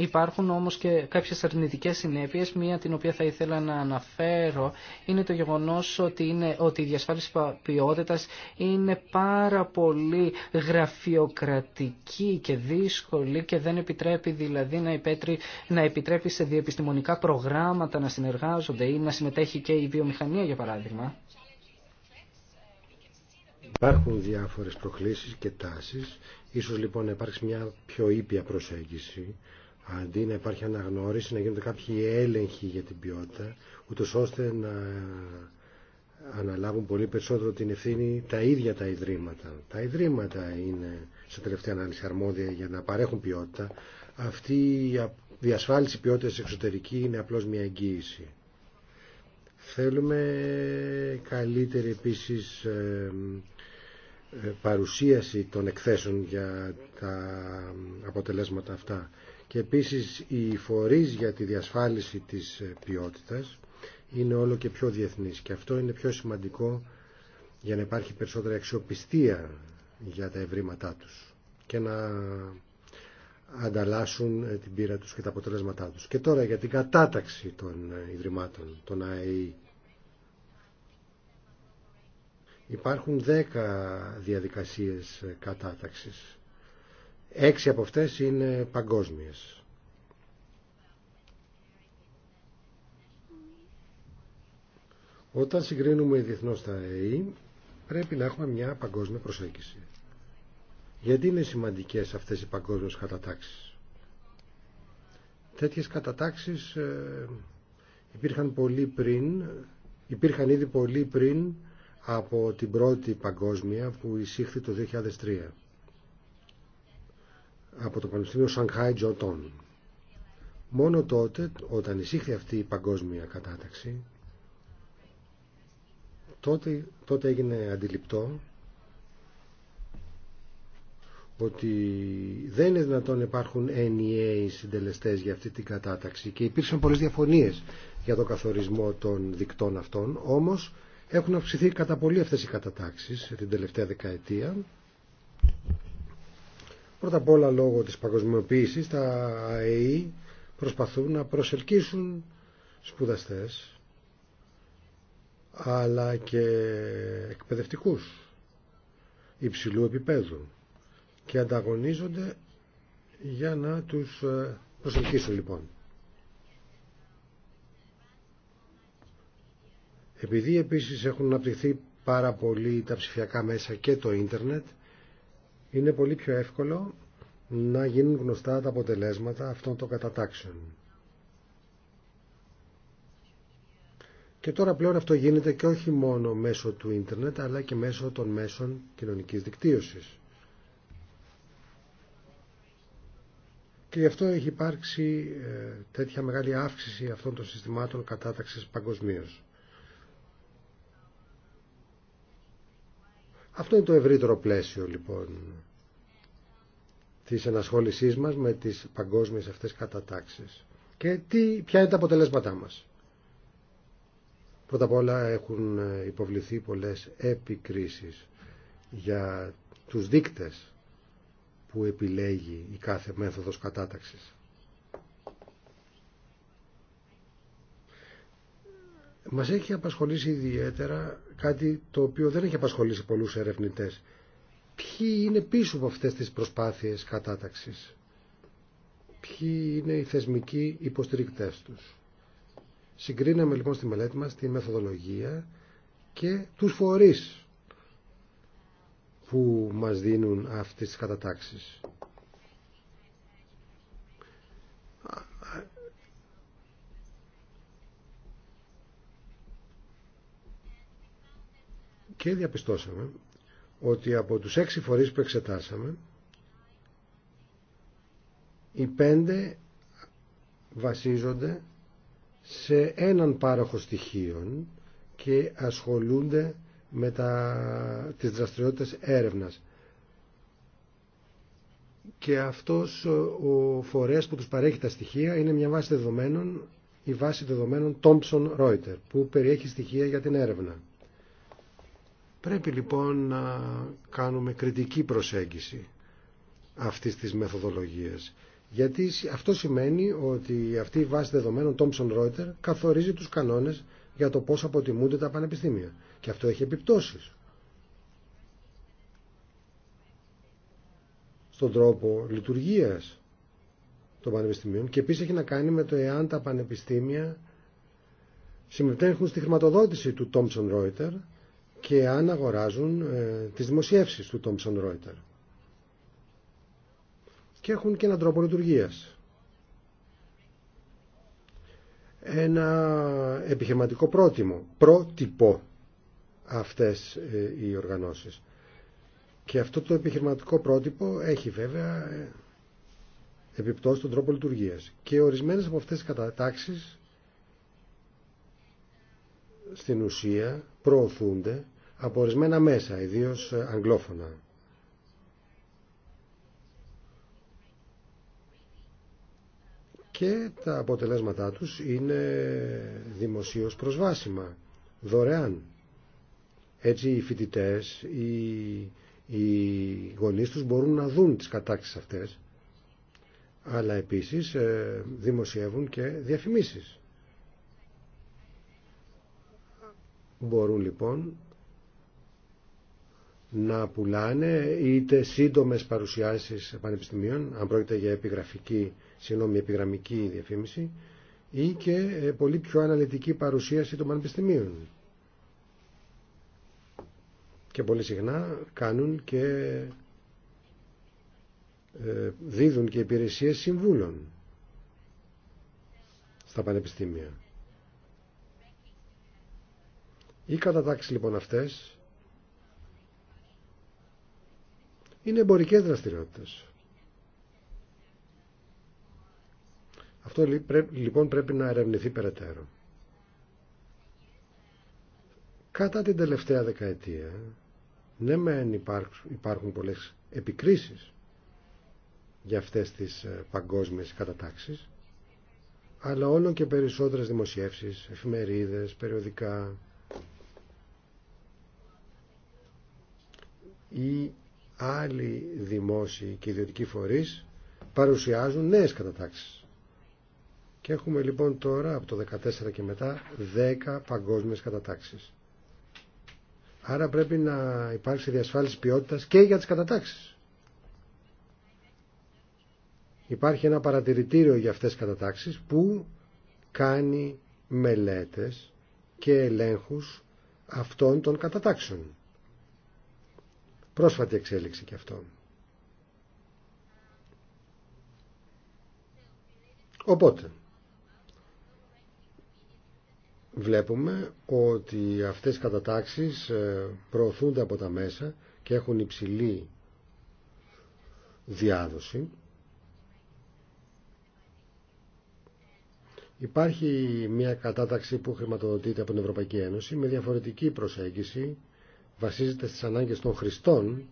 Υπάρχουν όμως και κάποιες αρνητικές συνέπειες. Μία την οποία θα ήθελα να αναφέρω είναι το γεγονός ότι, είναι, ότι η διασφάλιση ποιότητας είναι πάρα πολύ γραφειοκρατική και δύσκολη και δεν επιτρέπει δηλαδή να, υπέτρει, να επιτρέπει σε διεπιστημονικά προγράμματα να συνεργάζονται ή να συμμετέχει και η βιομηχανία για παράδειγμα. Υπάρχουν διάφορες προκλήσεις και τάσεις. Ίσως λοιπόν να υπάρξει μια πιο ήπια προσέγγιση Αντί να υπάρχει αναγνώριση, να γίνονται κάποιοι έλεγχοι για την ποιότητα, ούτω ώστε να αναλάβουν πολύ περισσότερο την ευθύνη τα ίδια τα ιδρύματα. Τα ιδρύματα είναι σε τελευταία ανάλυση αρμόδια για να παρέχουν ποιότητα. Αυτή η διασφάλιση ποιότητας εξωτερική είναι απλώς μια εγγύηση. Θέλουμε καλύτερη επίσης ε, παρουσίαση των εκθέσεων για τα αποτελέσματα αυτά και επίσης οι φορείς για τη διασφάλιση της ε, ποιότητας είναι όλο και πιο διεθνείς και αυτό είναι πιο σημαντικό για να υπάρχει περισσότερη αξιοπιστία για τα ευρήματά τους και να ανταλλάσσουν ε, την πείρα τους και τα αποτελέσματά τους. Και τώρα για την κατάταξη των ε, ιδρυμάτων, των ΑΕΗ. Υπάρχουν 10 διαδικασίες κατάταξης Έξι από αυτές είναι παγκόσμιες. Όταν συγκρίνουμε διεθνώς τα ΕΕ, πρέπει να έχουμε μια παγκόσμια προσέγγιση. Γιατί είναι σημαντικές αυτές οι παγκόσμιες κατατάξεις. Τέτοιες κατατάξεις ε, υπήρχαν πολύ πριν, υπήρχαν ήδη πολύ πριν από την πρώτη παγκόσμια που εισήχθη το 2003 από το Πανεπιστήμιο Σανχάι Τζοτών. Μόνο τότε, όταν εισήχθη αυτή η παγκόσμια κατάταξη, τότε, τότε έγινε αντιληπτό ότι δεν είναι δυνατόν να υπάρχουν ενιαίοι e συντελεστές για αυτή την κατάταξη και υπήρξαν πολλές διαφωνίες για τον καθορισμό των δικτών αυτών, όμως έχουν αυξηθεί κατά πολύ αυτές οι κατατάξεις την τελευταία δεκαετία Πρώτα απ' όλα λόγω της παγκοσμιοποίησης τα ΑΕΗ προσπαθούν να προσελκύσουν σπουδαστές αλλά και εκπαιδευτικούς υψηλού επίπεδου και ανταγωνίζονται για να τους ε, προσελκύσουν λοιπόν. Επειδή επίσης έχουν αναπτυχθεί πάρα πολύ τα ψηφιακά μέσα και το ίντερνετ, είναι πολύ πιο εύκολο να γίνουν γνωστά τα αποτελέσματα αυτών των κατατάξεων. Και τώρα πλέον αυτό γίνεται και όχι μόνο μέσω του ίντερνετ, αλλά και μέσω των μέσων κοινωνικής δικτύωσης. Και γι' αυτό έχει υπάρξει ε, τέτοια μεγάλη αύξηση αυτών των συστημάτων κατάταξης παγκοσμίω. Αυτό είναι το ευρύτερο πλαίσιο λοιπόν της ενασχόλησής μας με τις παγκόσμιες αυτές κατατάξεις. Και τι, ποια είναι τα αποτελέσματά μας. Πρώτα απ' όλα έχουν υποβληθεί πολλές επικρίσεις για τους δείκτες που επιλέγει η κάθε μέθοδος κατάταξης. Μας έχει απασχολήσει ιδιαίτερα κάτι το οποίο δεν έχει απασχολήσει πολλούς ερευνητές ποιοι είναι πίσω από αυτές τις προσπάθειες κατάταξης. Ποιοι είναι οι θεσμικοί υποστηρικτές τους. Συγκρίναμε λοιπόν στη μελέτη μας τη μεθοδολογία και τους φορείς που μας δίνουν αυτές τις κατατάξεις. Και διαπιστώσαμε ότι από τους έξι φορείς που εξετάσαμε οι πέντε βασίζονται σε έναν πάροχο στοιχείων και ασχολούνται με τα, τις δραστηριότητες έρευνας. Και αυτός ο φορέας που τους παρέχει τα στοιχεία είναι μια βάση δεδομένων, η βάση δεδομένων δεδομένων Reuters, που περιέχει στοιχεία για την έρευνα. Πρέπει λοιπόν να κάνουμε κριτική προσέγγιση αυτής της μεθοδολογίας. Γιατί αυτό σημαίνει ότι αυτή η βάση δεδομένων Thomson Reuters καθορίζει τους κανόνες για το πώς αποτιμούνται τα πανεπιστήμια. Και αυτό έχει επιπτώσεις. Στον τρόπο λειτουργίας των πανεπιστήμιων και επίσης έχει να κάνει με το εάν τα πανεπιστήμια συμμετέχουν στη χρηματοδότηση του Thomson Reuters και αν αγοράζουν ε, τις δημοσιεύσεις του Thomson Reuters. Και έχουν και έναν τρόπο λειτουργίας. Ένα επιχειρηματικό πρότυπο πρότυπο αυτές ε, οι οργανώσεις. Και αυτό το επιχειρηματικό πρότυπο έχει βέβαια ε, επιπτώσει τον τρόπο λειτουργίας. Και ορισμένες από αυτές τις κατατάξεις στην ουσία προωθούνται από ορισμένα μέσα, ιδίως αγγλόφωνα. Και τα αποτελέσματά τους είναι δημοσίως προσβάσιμα, δωρεάν. Έτσι οι φοιτητές, οι, οι γονείς τους μπορούν να δουν τις κατάξεις αυτές, αλλά επίσης ε, δημοσιεύουν και διαφημίσεις. μπορούν λοιπόν να πουλάνε είτε σύντομες παρουσιάσεις πανεπιστημίων, αν πρόκειται για επιγραφική, συγγνώμη, επιγραμμική διαφήμιση, ή και ε, πολύ πιο αναλυτική παρουσίαση των πανεπιστημίων. Και πολύ συχνά κάνουν και ε, δίδουν και υπηρεσίες συμβούλων στα πανεπιστήμια. Οι κατατάξεις λοιπόν αυτές είναι εμπορικές δραστηριότητες. Αυτό λοιπόν πρέπει να ερευνηθεί περαιτέρω. Κατά την τελευταία δεκαετία, ναι μεν υπάρχουν πολλές επικρίσεις για αυτές τις ε, παγκόσμιες κατατάξεις, αλλά όλο και περισσότερες δημοσιεύσεις, εφημερίδες, περιοδικά, ή άλλοι δημόσιοι και ιδιωτικοί φορείς παρουσιάζουν νέες κατατάξεις. Και έχουμε λοιπόν τώρα από το 14 και μετά 10 παγκόσμιες κατατάξεις. Άρα πρέπει να υπάρξει διασφάλιση ποιότητας και για τις κατατάξεις. Υπάρχει ένα παρατηρητήριο για αυτές τις κατατάξεις που κάνει μελέτες και ελέγχους αυτών των κατατάξεων. Πρόσφατη εξέλιξη και αυτό. Οπότε, βλέπουμε ότι αυτές οι κατατάξεις ε, προωθούνται από τα μέσα και έχουν υψηλή διάδοση. Υπάρχει μια κατάταξη που χρηματοδοτείται από την Ευρωπαϊκή Ένωση με διαφορετική προσέγγιση βασίζεται στις ανάγκες των χριστών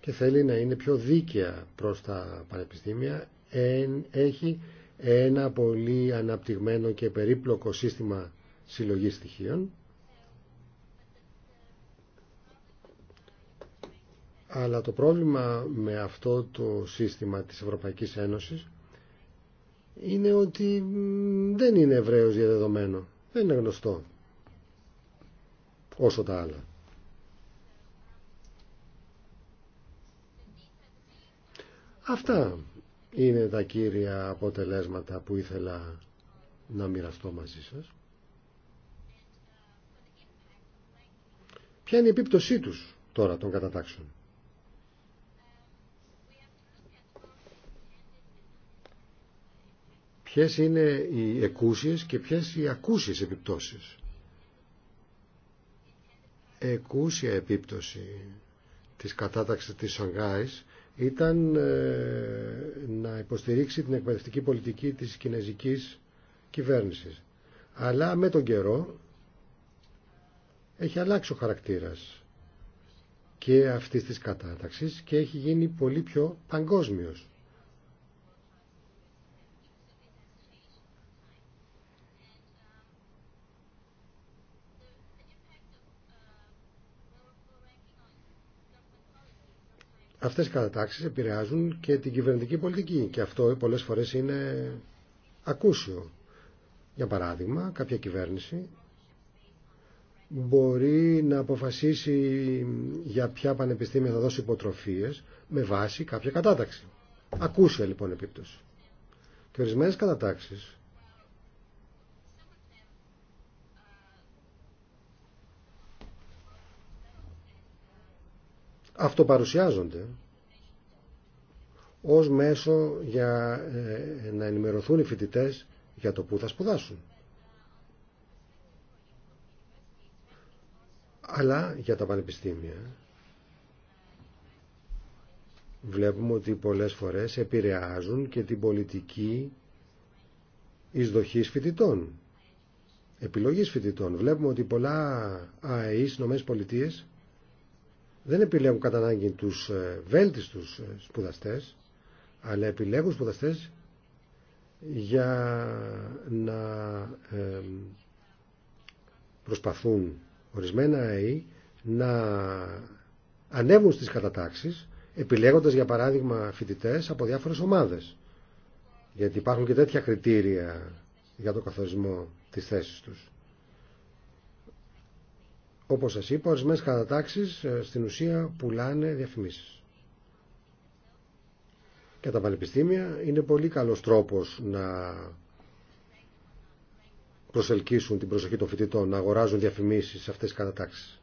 και θέλει να είναι πιο δίκαια προς τα πανεπιστήμια έχει ένα πολύ αναπτυγμένο και περίπλοκο σύστημα συλλογής στοιχείων αλλά το πρόβλημα με αυτό το σύστημα της Ευρωπαϊκής Ένωσης είναι ότι δεν είναι ευραίως διαδεδομένο, δεν είναι γνωστό όσο τα άλλα. Αυτά είναι τα κύρια αποτελέσματα που ήθελα να μοιραστώ μαζί σας. Ποια είναι η επίπτωσή τους τώρα των κατατάξεων. Ποιες είναι οι εκούσιες και ποιες οι ακούσιες επιπτώσεις εκούσια επίπτωση της κατάταξης της Σανγκάης ήταν ε, να υποστηρίξει την εκπαιδευτική πολιτική της κινέζικης κυβέρνησης. Αλλά με τον καιρό έχει αλλάξει ο χαρακτήρας και αυτής της κατάταξης και έχει γίνει πολύ πιο παγκόσμιος. αυτές οι κατατάξεις επηρεάζουν και την κυβερνητική πολιτική και αυτό πολλές φορές είναι ακούσιο. Για παράδειγμα, κάποια κυβέρνηση μπορεί να αποφασίσει για ποια πανεπιστήμια θα δώσει υποτροφίες με βάση κάποια κατάταξη. Ακούσια λοιπόν επίπτωση. Και ορισμένε κατατάξεις αυτοπαρουσιάζονται ως μέσο για ε, να ενημερωθούν οι φοιτητές για το που θα σπουδάσουν. Αλλά για τα πανεπιστήμια βλέπουμε ότι πολλές φορές επηρεάζουν και την πολιτική εισδοχής φοιτητών, επιλογής φοιτητών. Βλέπουμε ότι πολλά ΑΕΗ στις νομές πολιτείες δεν επιλέγουν κατά ανάγκη τους ε, βέλτιστους ε, σπουδαστές, αλλά επιλέγουν σπουδαστές για να ε, προσπαθούν ορισμένα ΑΕΗ να ανέβουν στις κατατάξεις, επιλέγοντας για παράδειγμα φοιτητές από διάφορες ομάδες. Γιατί υπάρχουν και τέτοια κριτήρια για το καθορισμό της θέσης τους. Όπως σας είπα, ορισμένες κατατάξεις ε, στην ουσία πουλάνε διαφημίσεις. Και τα πανεπιστήμια είναι πολύ καλός τρόπος να προσελκύσουν την προσοχή των φοιτητών, να αγοράζουν διαφημίσεις σε αυτές τις κατατάξεις.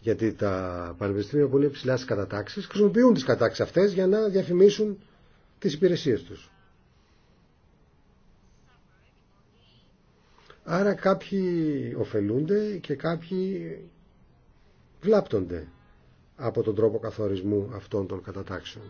Γιατί τα πανεπιστήμια που είναι ψηλά στις κατατάξεις χρησιμοποιούν τις κατατάξεις αυτές για να διαφημίσουν τις υπηρεσίες τους. Άρα κάποιοι ωφελούνται και κάποιοι βλάπτονται από τον τρόπο καθορισμού αυτών των κατατάξεων.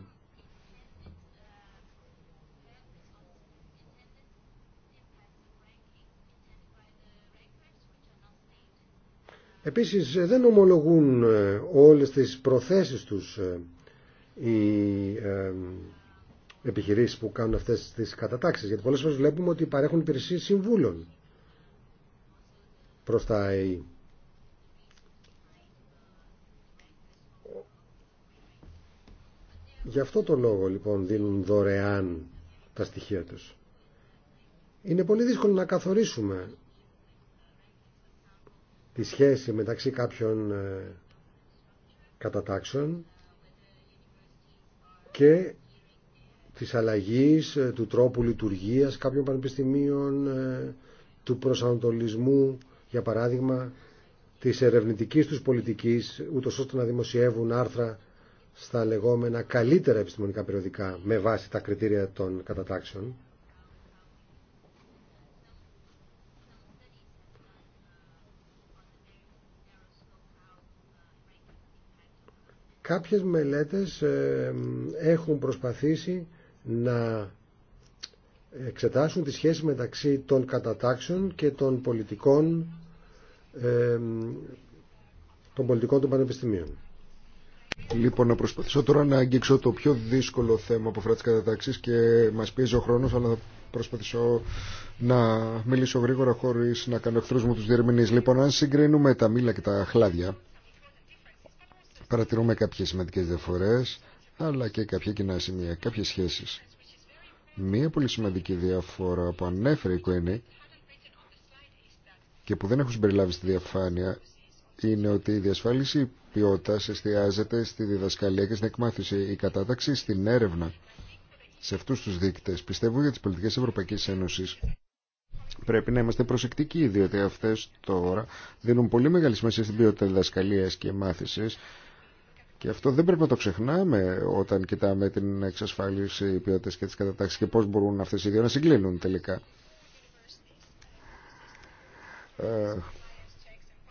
Επίσης ε, δεν ομολογούν ε, όλες τις προθέσεις τους ε, οι επιχειρήσεις που κάνουν αυτές τις κατατάξεις, γιατί πολλές φορές βλέπουμε ότι παρέχουν υπηρεσίες συμβούλων προς τα ΑΕΗ. Γι' αυτό το λόγο λοιπόν δίνουν δωρεάν τα στοιχεία τους. Είναι πολύ δύσκολο να καθορίσουμε τη σχέση μεταξύ κάποιων ε, κατατάξεων και της αλλαγής ε, του τρόπου λειτουργίας κάποιων πανεπιστημίων, ε, του προσανατολισμού για παράδειγμα, της ερευνητικής τους πολιτικής, ούτως ώστε να δημοσιεύουν άρθρα στα λεγόμενα καλύτερα επιστημονικά περιοδικά με βάση τα κριτήρια των κατατάξεων. Κάποιες μελέτες ε, έχουν προσπαθήσει να εξετάσουν τη σχέση μεταξύ των κατατάξεων και των πολιτικών των πολιτικών των πανεπιστημίων. Λοιπόν, να προσπαθήσω τώρα να αγγίξω το πιο δύσκολο θέμα που αφορά τι κατατάξει και μα πιέζει ο χρόνο, αλλά θα προσπαθήσω να μιλήσω γρήγορα χωρί να κάνω εχθρού μου του διερμηνεί. Λοιπόν, αν συγκρίνουμε τα μήλα και τα χλάδια, παρατηρούμε κάποιε σημαντικέ διαφορέ, αλλά και κάποια κοινά σημεία, κάποιε σχέσει. Μία πολύ σημαντική διαφορά που ανέφερε η Κουένη και που δεν έχω συμπεριλάβει στη διαφάνεια είναι ότι η διασφάλιση ποιότητας εστιάζεται στη διδασκαλία και στην εκμάθηση, η κατάταξη στην έρευνα. Σε αυτού τους δείκτες πιστεύω για τις πολιτικές Ευρωπαϊκής Ένωση. πρέπει να είμαστε προσεκτικοί, διότι αυτές τώρα δίνουν πολύ μεγάλη σημασία στην ποιότητα διδασκαλία και μάθηση. Και αυτό δεν πρέπει να το ξεχνάμε όταν κοιτάμε την εξασφάλιση ποιότητα και τι κατατάξει και πώς μπορούν αυτές οι δύο να συγκλίνουν τελικά. Ε,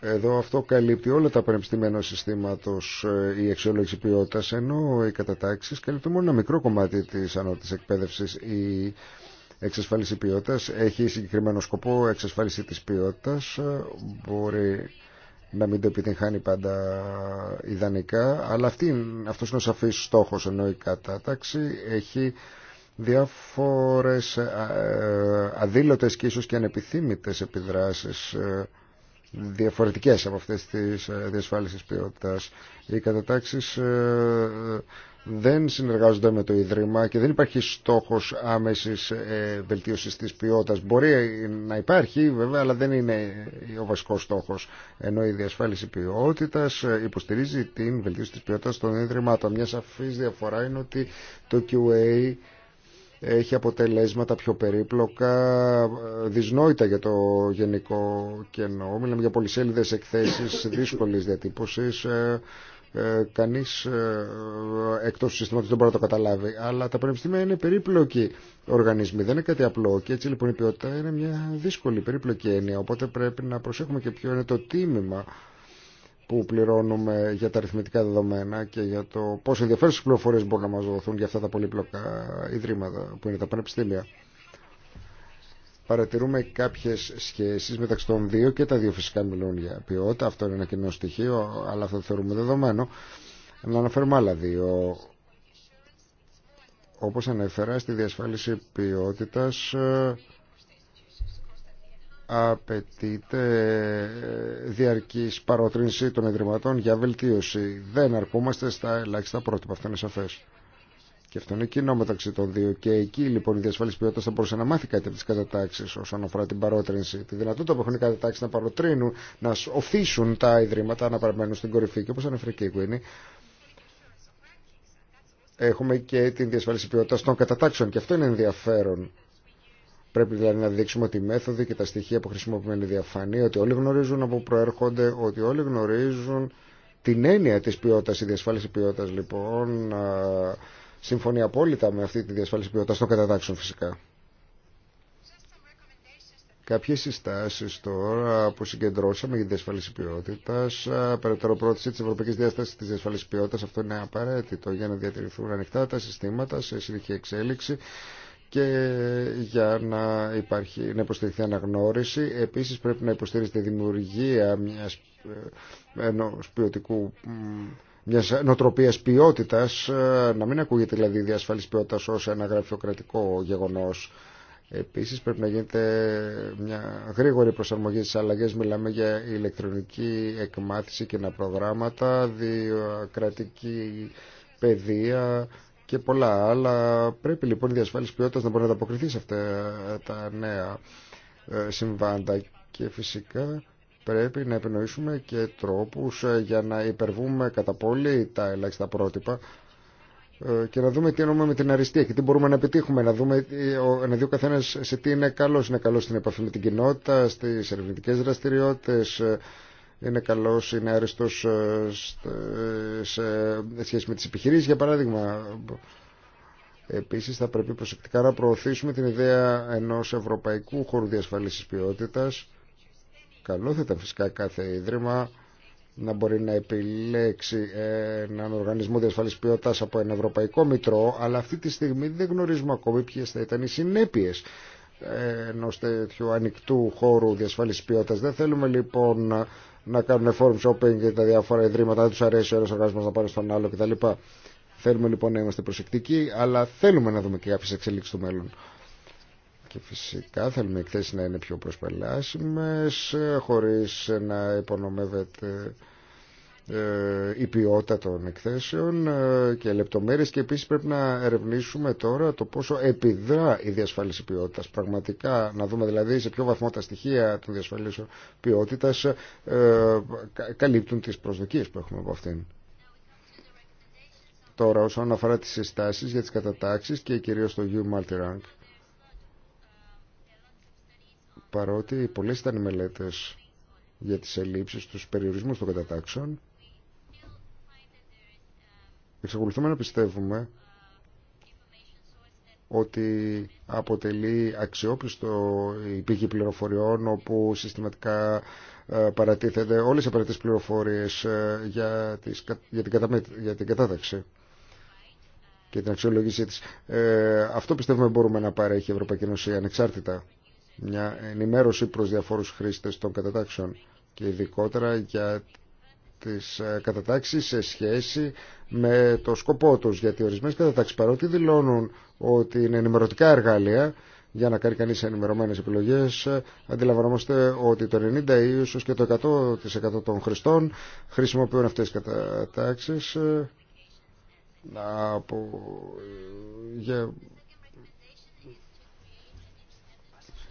εδώ αυτό καλύπτει όλα τα πανεπιστήμια συστήματος ε, η αξιολόγηση ποιότητας ενώ οι κατατάξει καλύπτουν μόνο ένα μικρό κομμάτι της ανώτης εκπαίδευσης. Η εξασφάλιση ποιότητας έχει συγκεκριμένο σκοπό εξασφάλιση της ποιότητας. Ε, μπορεί να μην το επιτυγχάνει πάντα ιδανικά, αλλά αυτή, αυτός είναι ο σαφής στόχος, ενώ η κατάταξη έχει διάφορες ε, ε, αδήλωτες και ίσως και ανεπιθύμητες επιδράσεις ε, διαφορετικές από αυτές τις διασφάλισης ποιότητας. Οι κατατάξεις δεν συνεργάζονται με το Ίδρυμα και δεν υπάρχει στόχος άμεσης ε, βελτίωσης της ποιότητας. Μπορεί να υπάρχει βέβαια, αλλά δεν είναι ο βασικός στόχος. Ενώ η διασφάλιση ποιότητας ε, υποστηρίζει την βελτίωση της ποιότητας των Ίδρυματων. Μια σαφής διαφορά είναι ότι το QA έχει αποτελέσματα πιο περίπλοκα, ε, δυσνόητα για το γενικό κενό. Μιλάμε για πολυσέλιδες εκθέσεις δύσκολης διατύπωσης ε, κανείς ε, εκτός του συστήματος δεν μπορεί να το καταλάβει. Αλλά τα πανεπιστήμια είναι περίπλοκοι οργανισμοί, δεν είναι κάτι απλό και έτσι λοιπόν η ποιότητα είναι μια δύσκολη περίπλοκη έννοια. Οπότε πρέπει να προσέχουμε και ποιο είναι το τίμημα που πληρώνουμε για τα αριθμητικά δεδομένα και για το πόσο ενδιαφέρουσε πληροφορίε μπορούν να μας δοθούν για αυτά τα πολύπλοκα ιδρύματα που είναι τα πανεπιστήμια παρατηρούμε κάποιες σχέσεις μεταξύ των δύο και τα δύο φυσικά μιλούν για ποιότητα. Αυτό είναι ένα κοινό στοιχείο, αλλά αυτό το θεωρούμε δεδομένο. Να αναφέρουμε άλλα δύο. Όπως ανέφερα, στη διασφάλιση ποιότητας ε, απαιτείται ε, διαρκής παρότρινση των ιδρυματών για βελτίωση. Δεν αρκούμαστε στα ελάχιστα πρότυπα, αυτό είναι σαφέ. Και αυτό είναι κοινό μεταξύ των δύο. Και εκεί λοιπόν η διασφάλιση ποιότητα θα μπορούσε να μάθει κάτι από τι κατατάξει όσον αφορά την παρότρινση. Τη δυνατότητα που έχουν οι κατατάξει να παροτρύνουν, να οφείσουν τα ιδρύματα να παραμένουν στην κορυφή. Και όπω ανέφερε και η Κουίνη, έχουμε και την διασφάλιση ποιότητα των κατατάξεων. Και αυτό είναι ενδιαφέρον. Πρέπει δηλαδή να δείξουμε ότι οι μέθοδοι και τα στοιχεία που χρησιμοποιούμε είναι διαφανή, ότι όλοι γνωρίζουν από προέρχονται, ότι όλοι γνωρίζουν την έννοια τη ποιότητα η διασφάλιση ποιότητα λοιπόν Συμφωνεί απόλυτα με αυτή τη διασφάλιση ποιότητα των κατατάξεων φυσικά. Κάποιε συστάσεις τώρα που συγκεντρώσαμε για τη διασφάλιση ποιότητα. περαιτέρω πρόθεση τη Ευρωπαϊκή Διάσταση τη Διασφάλιση Ποιότητα. αυτό είναι απαραίτητο για να διατηρηθούν ανοιχτά τα συστήματα σε συνεχή εξέλιξη και για να, υπάρχει, να υποστηριχθεί αναγνώριση. Επίσης πρέπει να υποστηρίζεται η δημιουργία μιας ε, ενός ποιοτικού μιας νοτροπίας ποιότητας, ε, να μην ακούγεται δηλαδή η διασφαλής ποιότητας ως ένα γραφειοκρατικό γεγονός. Επίσης πρέπει να γίνεται μια γρήγορη προσαρμογή στις αλλαγές. Μιλάμε για ηλεκτρονική εκμάθηση και να προγράμματα, κρατική παιδεία και πολλά άλλα. Πρέπει λοιπόν η διασφάλιση ποιότητας να μπορεί να ανταποκριθεί σε αυτά τα νέα ε, συμβάντα. Και φυσικά πρέπει να επινοήσουμε και τρόπους ε, για να υπερβούμε κατά πολύ τα ελάχιστα πρότυπα ε, και να δούμε τι εννοούμε με την αριστεία και τι μπορούμε να επιτύχουμε, να, δούμε, ε, να δει ο καθένα σε τι είναι καλό. Είναι καλό στην επαφή με την κοινότητα, στι ερευνητικέ δραστηριότητε, είναι καλό, είναι άριστο σε σχέση με τι επιχειρήσει, για παράδειγμα. Επίσης θα πρέπει προσεκτικά να προωθήσουμε την ιδέα ενός ευρωπαϊκού χώρου διασφαλίσης ποιότητας Καλό θα ήταν φυσικά κάθε ίδρυμα να μπορεί να επιλέξει έναν οργανισμό διασφαλής ποιότητας από ένα ευρωπαϊκό μητρό, αλλά αυτή τη στιγμή δεν γνωρίζουμε ακόμη ποιε θα ήταν οι συνέπειες ε, ενό τέτοιου ανοιχτού χώρου διασφαλής ποιότητας. Δεν θέλουμε λοιπόν να κάνουν forum shopping για τα διάφορα ιδρύματα, δεν του αρέσει ο ένας οργανισμός να πάρει στον άλλο κτλ. Θέλουμε λοιπόν να είμαστε προσεκτικοί, αλλά θέλουμε να δούμε και κάποιε εξελίξει στο μέλλον. Και φυσικά θέλουμε οι εκθέσεις να είναι πιο προσπελάσιμες, χωρίς να υπονομεύεται ε, η ποιότητα των εκθέσεων ε, και λεπτομέρειες και επίσης πρέπει να ερευνήσουμε τώρα το πόσο επιδρά η διασφάλιση ποιότητας πραγματικά να δούμε δηλαδή σε ποιο βαθμό τα στοιχεία των διασφαλίσεων ποιότητας ε, καλύπτουν τις προσδοκίες που έχουμε από αυτήν τώρα όσον αφορά τις συστάσεις για τις κατατάξεις και κυρίως το u rank παρότι πολλές ήταν οι μελέτες για τις ελλείψεις, τους περιορισμούς των κατατάξεων, εξακολουθούμε να πιστεύουμε ότι αποτελεί αξιόπιστο η πηγή πληροφοριών όπου συστηματικά ε, παρατίθεται όλες οι απαραίτητες πληροφορίες ε, για, την, κατάταξη και την αξιολογήσή της. Ε, αυτό πιστεύουμε μπορούμε να παρέχει η Ευρωπαϊκή Ένωση ανεξάρτητα μια ενημέρωση προς διαφόρους χρήστες των κατατάξεων και ειδικότερα για τις ε, κατατάξεις σε σχέση με το σκοπό τους. Γιατί ορισμένες κατατάξεις παρότι δηλώνουν ότι είναι ενημερωτικά εργαλεία για να κάνει κανείς ενημερωμένες επιλογές ε, αντιλαμβανόμαστε ότι το 90% ή ίσως και το 100% των χρηστών χρησιμοποιούν αυτές τις κατατάξεις ε, από... για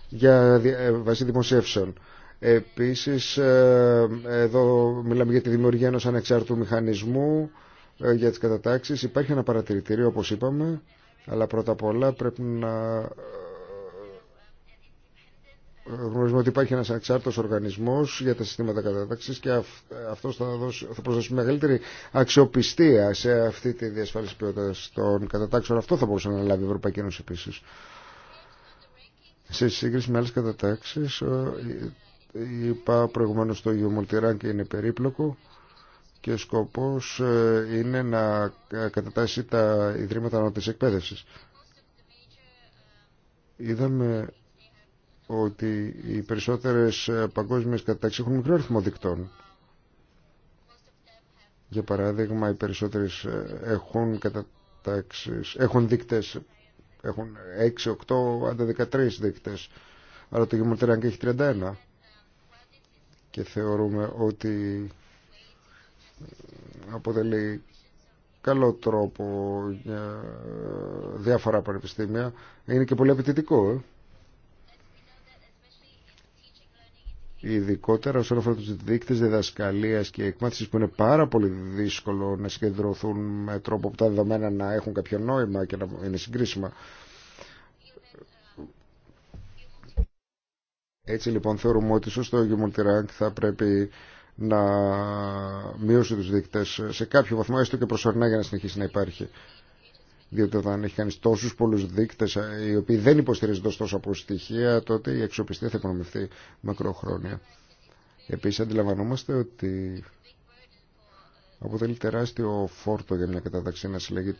για ε, βάση δημοσίευσεων. Επίσης, ε, εδώ μιλάμε για τη δημιουργία ενός ανεξάρτητου μηχανισμού ε, για τις κατατάξεις. Υπάρχει ένα παρατηρητήριο, όπως είπαμε, αλλά πρώτα απ' όλα πρέπει να γνωρίζουμε ότι υπάρχει ένας ανεξάρτητος οργανισμός για τα συστήματα κατατάξεις και αυτός θα, δώσει, θα μεγαλύτερη αξιοπιστία σε αυτή τη διασφάλιση ποιότητας των κατατάξεων. Αυτό θα μπορούσε να λάβει η Ευρωπαϊκή Ένωση επίσης. Σε σύγκριση με άλλες κατατάξεις, είπα προηγουμένως το και είναι περίπλοκο και σκοπός ε, είναι να ε, κατατάσει τα Ιδρύματα Ανώτης Εκπαίδευσης. Είδαμε ότι οι περισσότερες ε, παγκόσμιες κατατάξεις έχουν μικρό αριθμό δικτών. Για παράδειγμα, οι περισσότερες έχουν έχουν δείκτες έχουν 6, 8, άντα 13 δείκτες. Αλλά το και έχει 31. Και θεωρούμε ότι αποτελεί καλό τρόπο για διάφορα πανεπιστήμια. Είναι και πολύ απαιτητικό. Ε? ειδικότερα όσον αφορά τους δείκτες διδασκαλίας και εκμάθησης που είναι πάρα πολύ δύσκολο να συγκεντρωθούν με τρόπο που τα δεδομένα να έχουν κάποιο νόημα και να είναι συγκρίσιμα. Έτσι λοιπόν θεωρούμε ότι σωστό το Multirank θα πρέπει να μειώσει τους δείκτες σε κάποιο βαθμό έστω και προσωρινά για να συνεχίσει να υπάρχει. Διότι όταν έχει κανεί τόσου πολλού δείκτες, οι οποίοι δεν υποστηρίζονται τόσο από στοιχεία, τότε η αξιοπιστία θα υπονομηθεί μακροχρόνια. Επίση, αντιλαμβανόμαστε ότι αποτελεί τεράστιο φόρτο για μια κατάταξη να συλλέγει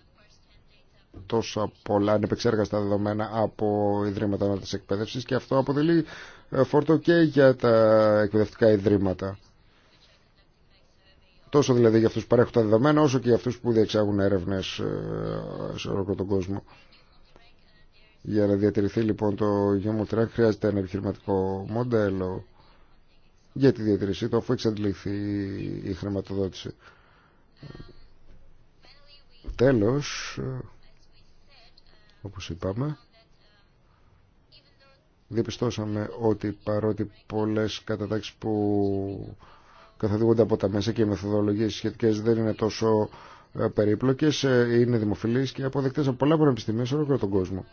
τόσα πολλά ανεπεξέργαστα δεδομένα από ιδρύματα ανώτατη εκπαίδευση και αυτό αποτελεί ε, φόρτο και για τα εκπαιδευτικά ιδρύματα. Τόσο δηλαδή για αυτούς που παρέχουν τα δεδομένα, όσο και για αυτούς που διεξάγουν έρευνες ε, σε όλο τον κόσμο. Για να διατηρηθεί λοιπόν το Human χρειάζεται ένα επιχειρηματικό μοντέλο για τη διατηρησή του αφού εξαντληθεί η χρηματοδότηση. Τέλος, ε, όπως είπαμε, διαπιστώσαμε ότι παρότι πολλές κατατάξεις που καθοδηγούνται από τα μέσα και οι μεθοδολογίες σχετικές δεν είναι τόσο ε, περίπλοκες, ε, είναι δημοφιλείς και αποδεκτές από πολλά πανεπιστήμια σε όλο τον κόσμο.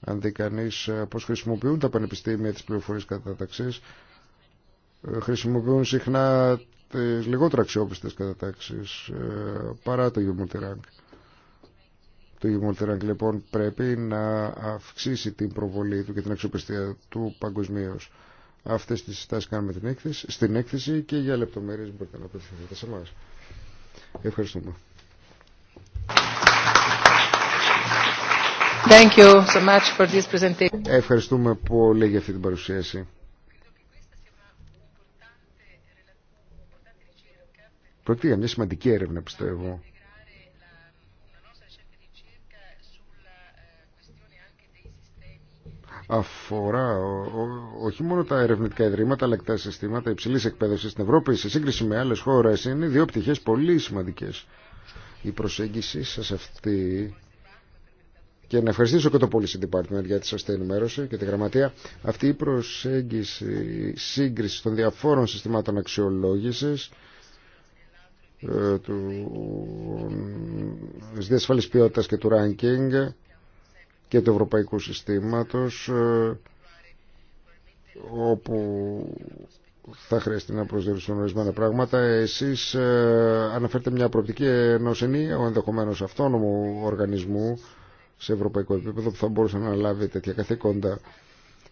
Αν δει κανεί ε, πώς χρησιμοποιούν τα πανεπιστήμια της πληροφορίας καταταξής, χρησιμοποιούν συχνά τις λιγότερα αξιόπιστες κατατάξεις παρά το Multirank. Το Multirank λοιπόν πρέπει να αυξήσει την προβολή του και την αξιοπιστία του παγκοσμίω. Αυτέ τι συστάσει κάνουμε την έκθεση, στην έκθεση και για λεπτομέρειε μπορείτε να απευθυνθείτε σε εμά. Ευχαριστούμε. Thank you so much Ευχαριστούμε πολύ για αυτή την παρουσίαση. Πρόκειται για μια σημαντική έρευνα, πιστεύω. αφορά όχι μόνο τα ερευνητικά ιδρύματα αλλά και τα συστήματα υψηλής εκπαίδευσης στην Ευρώπη σε σύγκριση με άλλες χώρες είναι δύο πτυχές πολύ σημαντικές. Η προσέγγιση σας αυτή και να ευχαριστήσω και το Policy Department για τη σωστή ενημέρωση και τη γραμματεία. Αυτή η προσέγγιση σύγκριση των διαφόρων συστημάτων αξιολόγησης ε, του της διασφαλής ποιότητας και του ranking και του ευρωπαϊκού συστήματος ε, όπου θα χρειαστεί να προσδιοριστούν ορισμένα πράγματα. Εσείς ε, αναφέρετε μια προοπτική ενός ο ενδεχομένως αυτόνομου οργανισμού σε ευρωπαϊκό επίπεδο που θα μπορούσε να λάβει τέτοια καθήκοντα.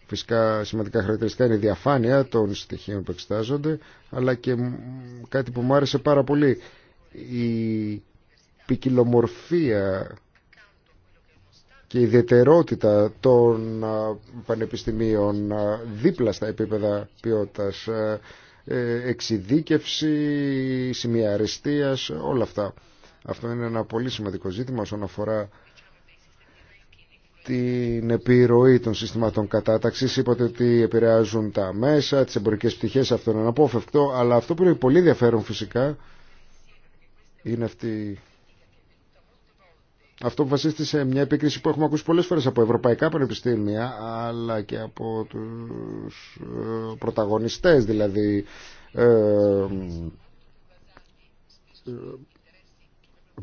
Φυσικά σημαντικά χαρακτηριστικά είναι η διαφάνεια των στοιχείων που εξετάζονται, αλλά και κάτι που μου άρεσε πάρα πολύ, η ποικιλομορφία και η ιδιαιτερότητα των πανεπιστημίων δίπλα στα επίπεδα ποιότητας, ε, εξειδίκευση, σημεία αριστείας, όλα αυτά. Αυτό είναι ένα πολύ σημαντικό ζήτημα όσον αφορά την επιρροή των συστημάτων κατάταξης. Είπατε ότι επηρεάζουν τα μέσα, τις εμπορικές πτυχές, αυτό είναι αναπόφευκτο, αλλά αυτό που είναι πολύ ενδιαφέρον φυσικά είναι αυτή αυτό που βασίζεται σε μια επίκριση που έχουμε ακούσει πολλές φορές από ευρωπαϊκά πανεπιστήμια αλλά και από τους ε, πρωταγωνιστές δηλαδή ε, ε,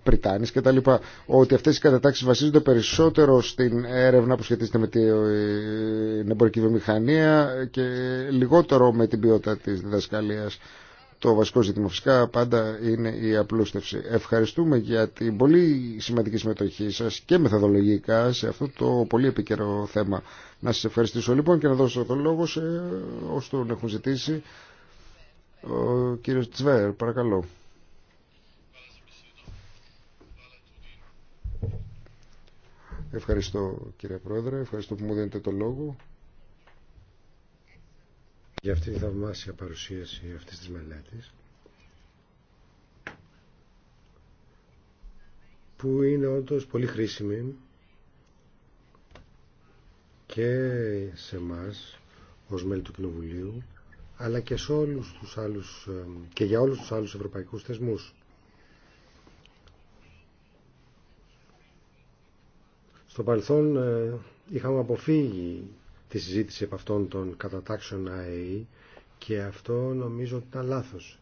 Πριτάνης και τα λοιπά, ότι αυτές οι κατατάξεις βασίζονται περισσότερο στην έρευνα που σχετίζεται με την εμπορική βιομηχανία και λιγότερο με την ποιότητα της διδασκαλίας. Το βασικό ζήτημα φυσικά πάντα είναι η απλούστευση. Ευχαριστούμε για την πολύ σημαντική συμμετοχή σας και μεθοδολογικά σε αυτό το πολύ επίκαιρο θέμα. Να σας ευχαριστήσω λοιπόν και να δώσω τον λόγο σε όσου τον έχουν ζητήσει. Ο κύριος Τσβέρ, παρακαλώ. Ευχαριστώ κύριε Πρόεδρε, ευχαριστώ που μου δίνετε το λόγο για αυτή τη θαυμάσια παρουσίαση αυτής της μελέτης που είναι όντως πολύ χρήσιμη και σε μας ως μέλη του Κοινοβουλίου αλλά και, σε όλους τους άλλους, και για όλους τους άλλους ευρωπαϊκούς θεσμούς. Στο παρελθόν ε, είχαμε αποφύγει τη συζήτηση από αυτών των κατατάξεων ΑΕΗ και αυτό νομίζω ότι ήταν λάθος.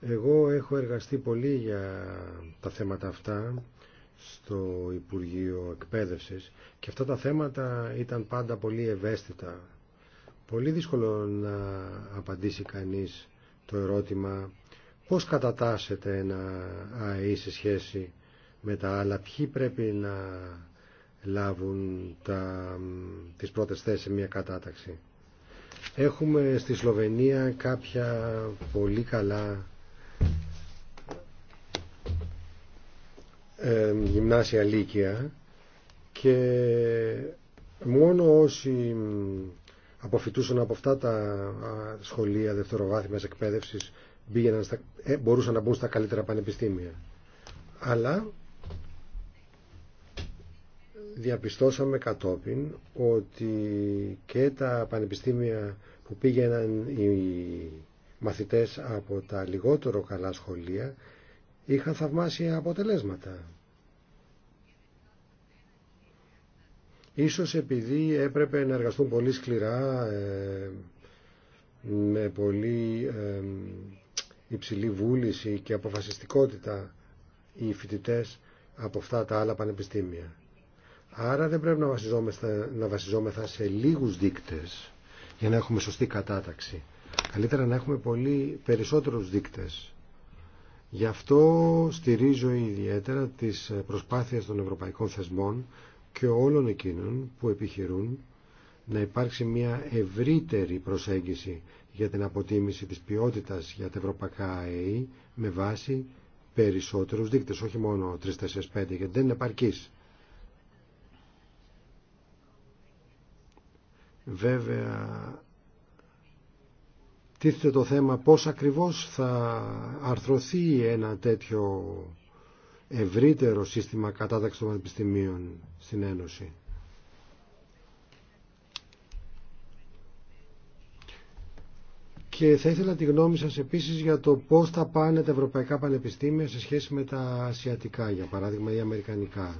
Εγώ έχω εργαστεί πολύ για τα θέματα αυτά στο Υπουργείο Εκπαίδευσης και αυτά τα θέματα ήταν πάντα πολύ ευαίσθητα. Πολύ δύσκολο να απαντήσει κανείς το ερώτημα πώς κατατάσσεται ένα ΑΕΗ σε σχέση με τα άλλα, ποιοι πρέπει να λάβουν τα, τις πρώτες θέσεις σε μια κατάταξη. Έχουμε στη Σλοβενία κάποια πολύ καλά ε, γυμνάσια λύκεια και μόνο όσοι αποφυτούσαν από αυτά τα σχολεία δευτεροβάθμιας εκπαίδευσης στα, ε, μπορούσαν να μπουν στα καλύτερα πανεπιστήμια. Αλλά διαπιστώσαμε κατόπιν ότι και τα πανεπιστήμια που πήγαιναν οι μαθητές από τα λιγότερο καλά σχολεία είχαν θαυμάσια αποτελέσματα. Ίσως επειδή έπρεπε να εργαστούν πολύ σκληρά, ε, με πολύ ε, υψηλή βούληση και αποφασιστικότητα οι φοιτητές από αυτά τα άλλα πανεπιστήμια. Άρα δεν πρέπει να βασιζόμεθα, σε λίγους δείκτες για να έχουμε σωστή κατάταξη. Καλύτερα να έχουμε πολύ περισσότερους δείκτες. Γι' αυτό στηρίζω ιδιαίτερα τις προσπάθειες των ευρωπαϊκών θεσμών και όλων εκείνων που επιχειρούν να υπάρξει μια ευρύτερη προσέγγιση για την αποτίμηση της ποιότητας για τα ευρωπαϊκά ΑΕΗ με βάση περισσότερους δείκτες, όχι μόνο 3, 4, 5, γιατί δεν είναι επαρκής. Βέβαια, τίθεται το θέμα πώς ακριβώς θα αρθρωθεί ένα τέτοιο ευρύτερο σύστημα κατάταξη των πανεπιστημίων στην Ένωση. Και θα ήθελα τη γνώμη σας επίσης για το πώς θα πάνε τα ευρωπαϊκά πανεπιστήμια σε σχέση με τα ασιατικά, για παράδειγμα, ή αμερικανικά.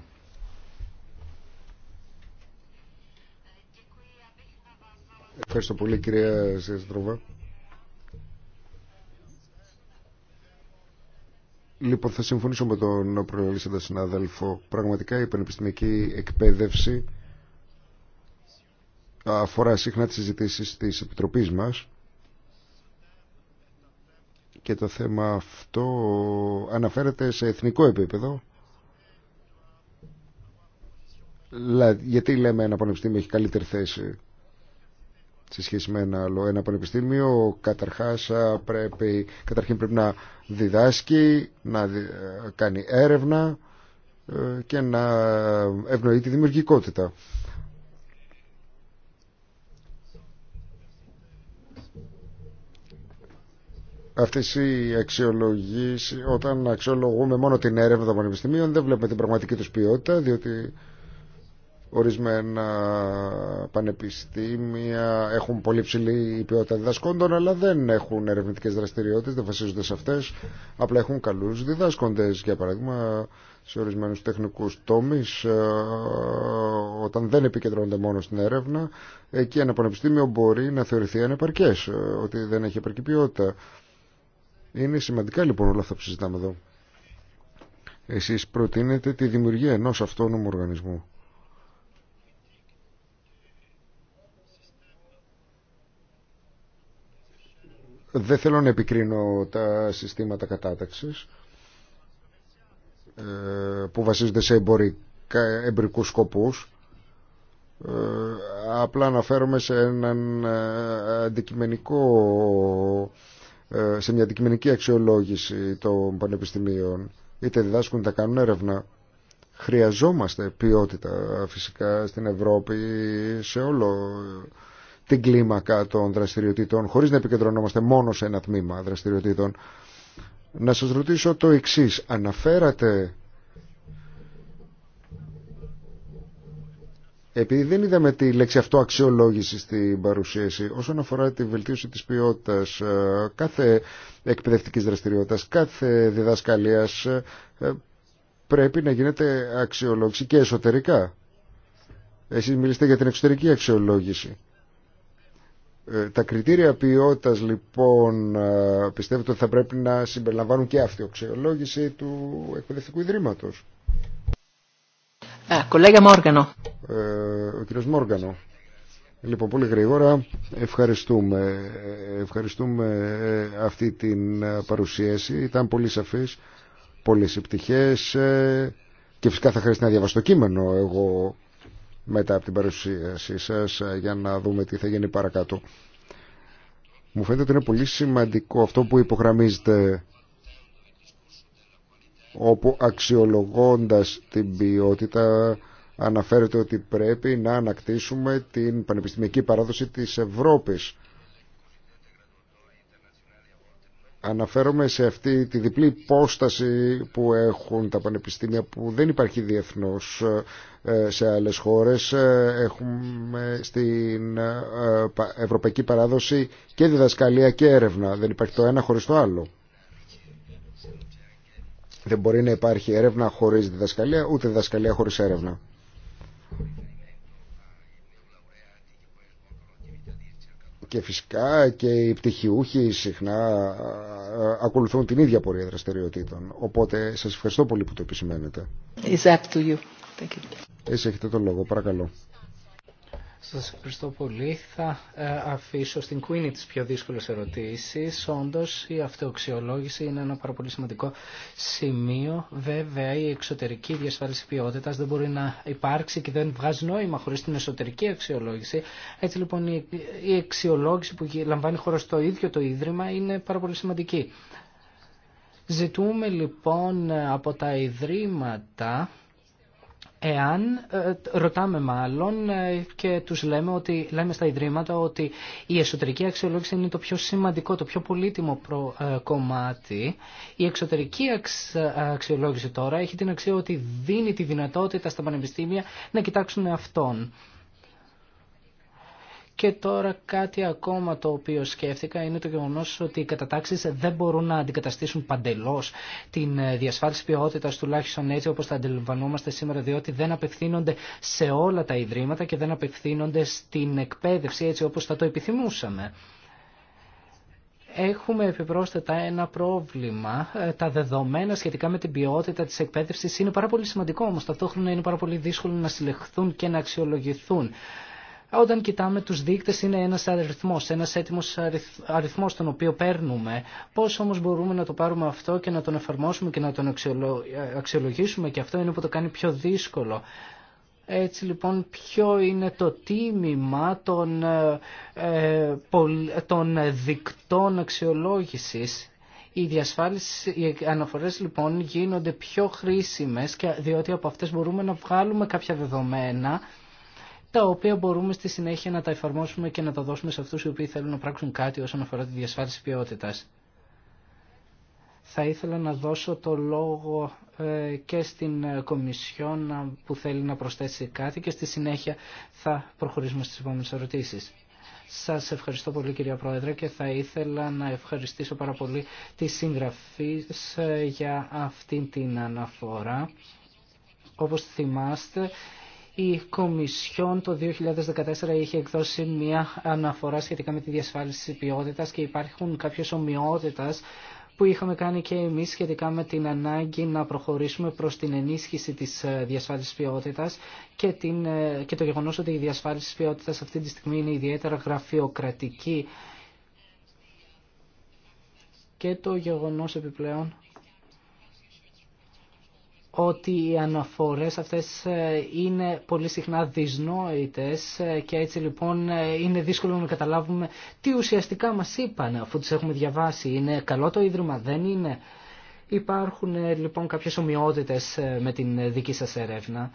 Ευχαριστώ πολύ κυρία Σεστρόβα. Λοιπόν, θα συμφωνήσω με τον προελίσσαντα συνάδελφο. Πραγματικά η πανεπιστημιακή εκπαίδευση αφορά συχνά τις συζητήσεις της Επιτροπής μας και το θέμα αυτό αναφέρεται σε εθνικό επίπεδο γιατί λέμε ένα πανεπιστήμιο έχει καλύτερη θέση σε σχέση με ένα Ένα πανεπιστήμιο καταρχάς πρέπει, καταρχήν πρέπει να διδάσκει, να ε, κάνει έρευνα ε, και να ευνοεί τη δημιουργικότητα. Αυτές οι αξιολογήσει, όταν αξιολογούμε μόνο την έρευνα των πανεπιστημίων, δεν βλέπουμε την πραγματική τους ποιότητα, διότι Ορισμένα πανεπιστήμια έχουν πολύ ψηλή ποιότητα διδασκόντων, αλλά δεν έχουν ερευνητικές δραστηριότητες, δεν βασίζονται σε αυτές, απλά έχουν καλούς διδάσκοντες. Για παράδειγμα, σε ορισμένους τεχνικούς τόμεις, ε, όταν δεν επικεντρώνονται μόνο στην έρευνα, εκεί ένα πανεπιστήμιο μπορεί να θεωρηθεί ανεπαρκές, ε, ότι δεν έχει επαρκή ποιότητα. Είναι σημαντικά λοιπόν όλα αυτά που συζητάμε εδώ. Εσείς προτείνετε τη δημιουργία ενός αυτόνομου οργανισμού. Δεν θέλω να επικρίνω τα συστήματα κατάταξης ε, που βασίζονται σε εμπορικα, εμπορικούς σκοπούς. Ε, απλά αναφέρομαι σε έναν ε, αντικειμενικό σε μια αντικειμενική αξιολόγηση των πανεπιστημίων είτε διδάσκουν τα κάνουν έρευνα χρειαζόμαστε ποιότητα φυσικά στην Ευρώπη σε όλο την κλίμακα των δραστηριοτήτων χωρίς να επικεντρωνόμαστε μόνο σε ένα τμήμα δραστηριοτήτων. Να σας ρωτήσω το εξής. Αναφέρατε Επειδή δεν είδαμε τη λέξη αυτό αξιολόγηση στην παρουσίαση όσον αφορά τη βελτίωση της ποιότητας ε, κάθε εκπαιδευτικής δραστηριότητας, κάθε διδασκαλίας ε, πρέπει να γίνεται αξιολόγηση και εσωτερικά. Εσείς μιλήσετε για την εξωτερική αξιολόγηση. Ε, τα κριτήρια ποιότητας λοιπόν ε, πιστεύετε ότι θα πρέπει να συμπεριλαμβάνουν και αυτή αξιολόγηση του εκπαιδευτικού ιδρύματος. Ε, κολέγια Μόργανο. ο κύριος Μόργανο. Λοιπόν, πολύ γρήγορα ευχαριστούμε, ευχαριστούμε αυτή την παρουσίαση. Ήταν πολύ σαφής, πολλές επιτυχές και φυσικά θα χρειαστεί να διαβάσω κείμενο εγώ μετά από την παρουσίασή σας ε, για να δούμε τι θα γίνει παρακάτω. Μου φαίνεται ότι είναι πολύ σημαντικό αυτό που υπογραμμίζεται όπου αξιολογώντας την ποιότητα αναφέρεται ότι πρέπει να ανακτήσουμε την πανεπιστημιακή παράδοση της Ευρώπης Αναφέρομαι σε αυτή τη διπλή υπόσταση που έχουν τα πανεπιστήμια που δεν υπάρχει διεθνώς ε, σε άλλες χώρες. Ε, έχουμε στην ε, ευρωπαϊκή παράδοση και διδασκαλία και έρευνα. Δεν υπάρχει το ένα χωρίς το άλλο. Δεν μπορεί να υπάρχει έρευνα χωρίς διδασκαλία, ούτε διδασκαλία χωρίς έρευνα. και φυσικά και οι πτυχιούχοι συχνά ακολουθούν την ίδια πορεία δραστηριοτήτων. Οπότε σας ευχαριστώ πολύ που το επισημαίνετε. It's up to you. Thank you. έχετε τον λόγο, παρακαλώ. Σας ευχαριστώ πολύ. Θα ε, αφήσω στην κουίνη τις πιο δύσκολες ερωτήσεις. Όντως η αυτοξιολόγηση είναι ένα πάρα πολύ σημαντικό σημείο. Βέβαια η εξωτερική διασφάλιση ποιότητας δεν μπορεί να υπάρξει και δεν βγάζει νόημα χωρίς την εσωτερική αξιολόγηση. Έτσι λοιπόν η αξιολόγηση που λαμβάνει χώρα στο ίδιο το Ίδρυμα είναι πάρα πολύ σημαντική. Ζητούμε λοιπόν από τα Ιδρύματα Εάν ε, ρωτάμε μάλλον ε, και τους λέμε, ότι, λέμε στα Ιδρύματα ότι η εσωτερική αξιολόγηση είναι το πιο σημαντικό, το πιο πολύτιμο ε, κομμάτι. Η εξωτερική αξιολόγηση τώρα έχει την αξία ότι δίνει τη δυνατότητα στα πανεπιστήμια να κοιτάξουν αυτόν. Και τώρα κάτι ακόμα το οποίο σκέφτηκα είναι το γεγονό ότι οι κατατάξει δεν μπορούν να αντικαταστήσουν παντελώ την ε, διασφάλιση ποιότητα, τουλάχιστον έτσι όπω τα αντιλαμβανόμαστε σήμερα, διότι δεν απευθύνονται σε όλα τα ιδρύματα και δεν απευθύνονται στην εκπαίδευση έτσι όπω θα το επιθυμούσαμε. Έχουμε επιπρόσθετα ένα πρόβλημα. Ε, τα δεδομένα σχετικά με την ποιότητα τη εκπαίδευση είναι πάρα πολύ σημαντικό, όμω ταυτόχρονα είναι πάρα πολύ δύσκολο να συλλεχθούν και να αξιολογηθούν. Όταν κοιτάμε τους δείκτες είναι ένας αριθμός, ένας έτοιμος αριθμός τον οποίο παίρνουμε. Πώς όμως μπορούμε να το πάρουμε αυτό και να τον εφαρμόσουμε και να τον αξιολογήσουμε και αυτό είναι που το κάνει πιο δύσκολο. Έτσι λοιπόν ποιο είναι το τίμημα των, ε, των δικτών αξιολόγησης. Οι, διασφάλιση, οι αναφορές λοιπόν γίνονται πιο χρήσιμες διότι από αυτές μπορούμε να βγάλουμε κάποια δεδομένα τα οποία μπορούμε στη συνέχεια να τα εφαρμόσουμε και να τα δώσουμε σε αυτούς οι οποίοι θέλουν να πράξουν κάτι όσον αφορά τη διασφάλιση ποιότητας. Θα ήθελα να δώσω το λόγο ε, και στην ε, Κομισιόν που θέλει να προσθέσει κάτι και στη συνέχεια θα προχωρήσουμε στις επόμενες ερωτήσεις. Σας ευχαριστώ πολύ κυρία Πρόεδρε και θα ήθελα να ευχαριστήσω πάρα πολύ τη συγγραφή ε, για αυτήν την αναφορά. Όπως θυμάστε, η Κομισιόν το 2014 είχε εκδώσει μια αναφορά σχετικά με τη διασφάλιση ποιότητας και υπάρχουν κάποιες ομοιότητας που είχαμε κάνει και εμείς σχετικά με την ανάγκη να προχωρήσουμε προς την ενίσχυση της ε, διασφάλισης ποιότητας και, ε, και το γεγονός ότι η διασφάλιση ποιότητας αυτή τη στιγμή είναι ιδιαίτερα γραφειοκρατική και το γεγονός επιπλέον ότι οι αναφορές αυτές ε, είναι πολύ συχνά δυσνόητες ε, και έτσι λοιπόν ε, είναι δύσκολο να καταλάβουμε τι ουσιαστικά μας είπαν αφού τις έχουμε διαβάσει. Είναι καλό το Ίδρυμα, δεν είναι. Υπάρχουν λοιπόν κάποιες ομοιότητες με την δική σας έρευνα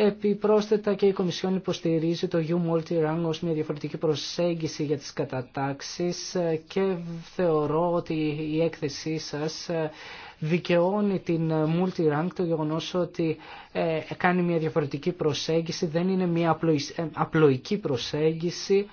Επιπρόσθετα και η Κομισιόν υποστηρίζει το U multi rank ως μια διαφορετική προσέγγιση για τις κατατάξεις και θεωρώ ότι η έκθεσή σας δικαιώνει την multi-rank το γεγονός ότι ε, κάνει μια διαφορετική προσέγγιση, δεν είναι μια ε, απλοϊκή προσέγγιση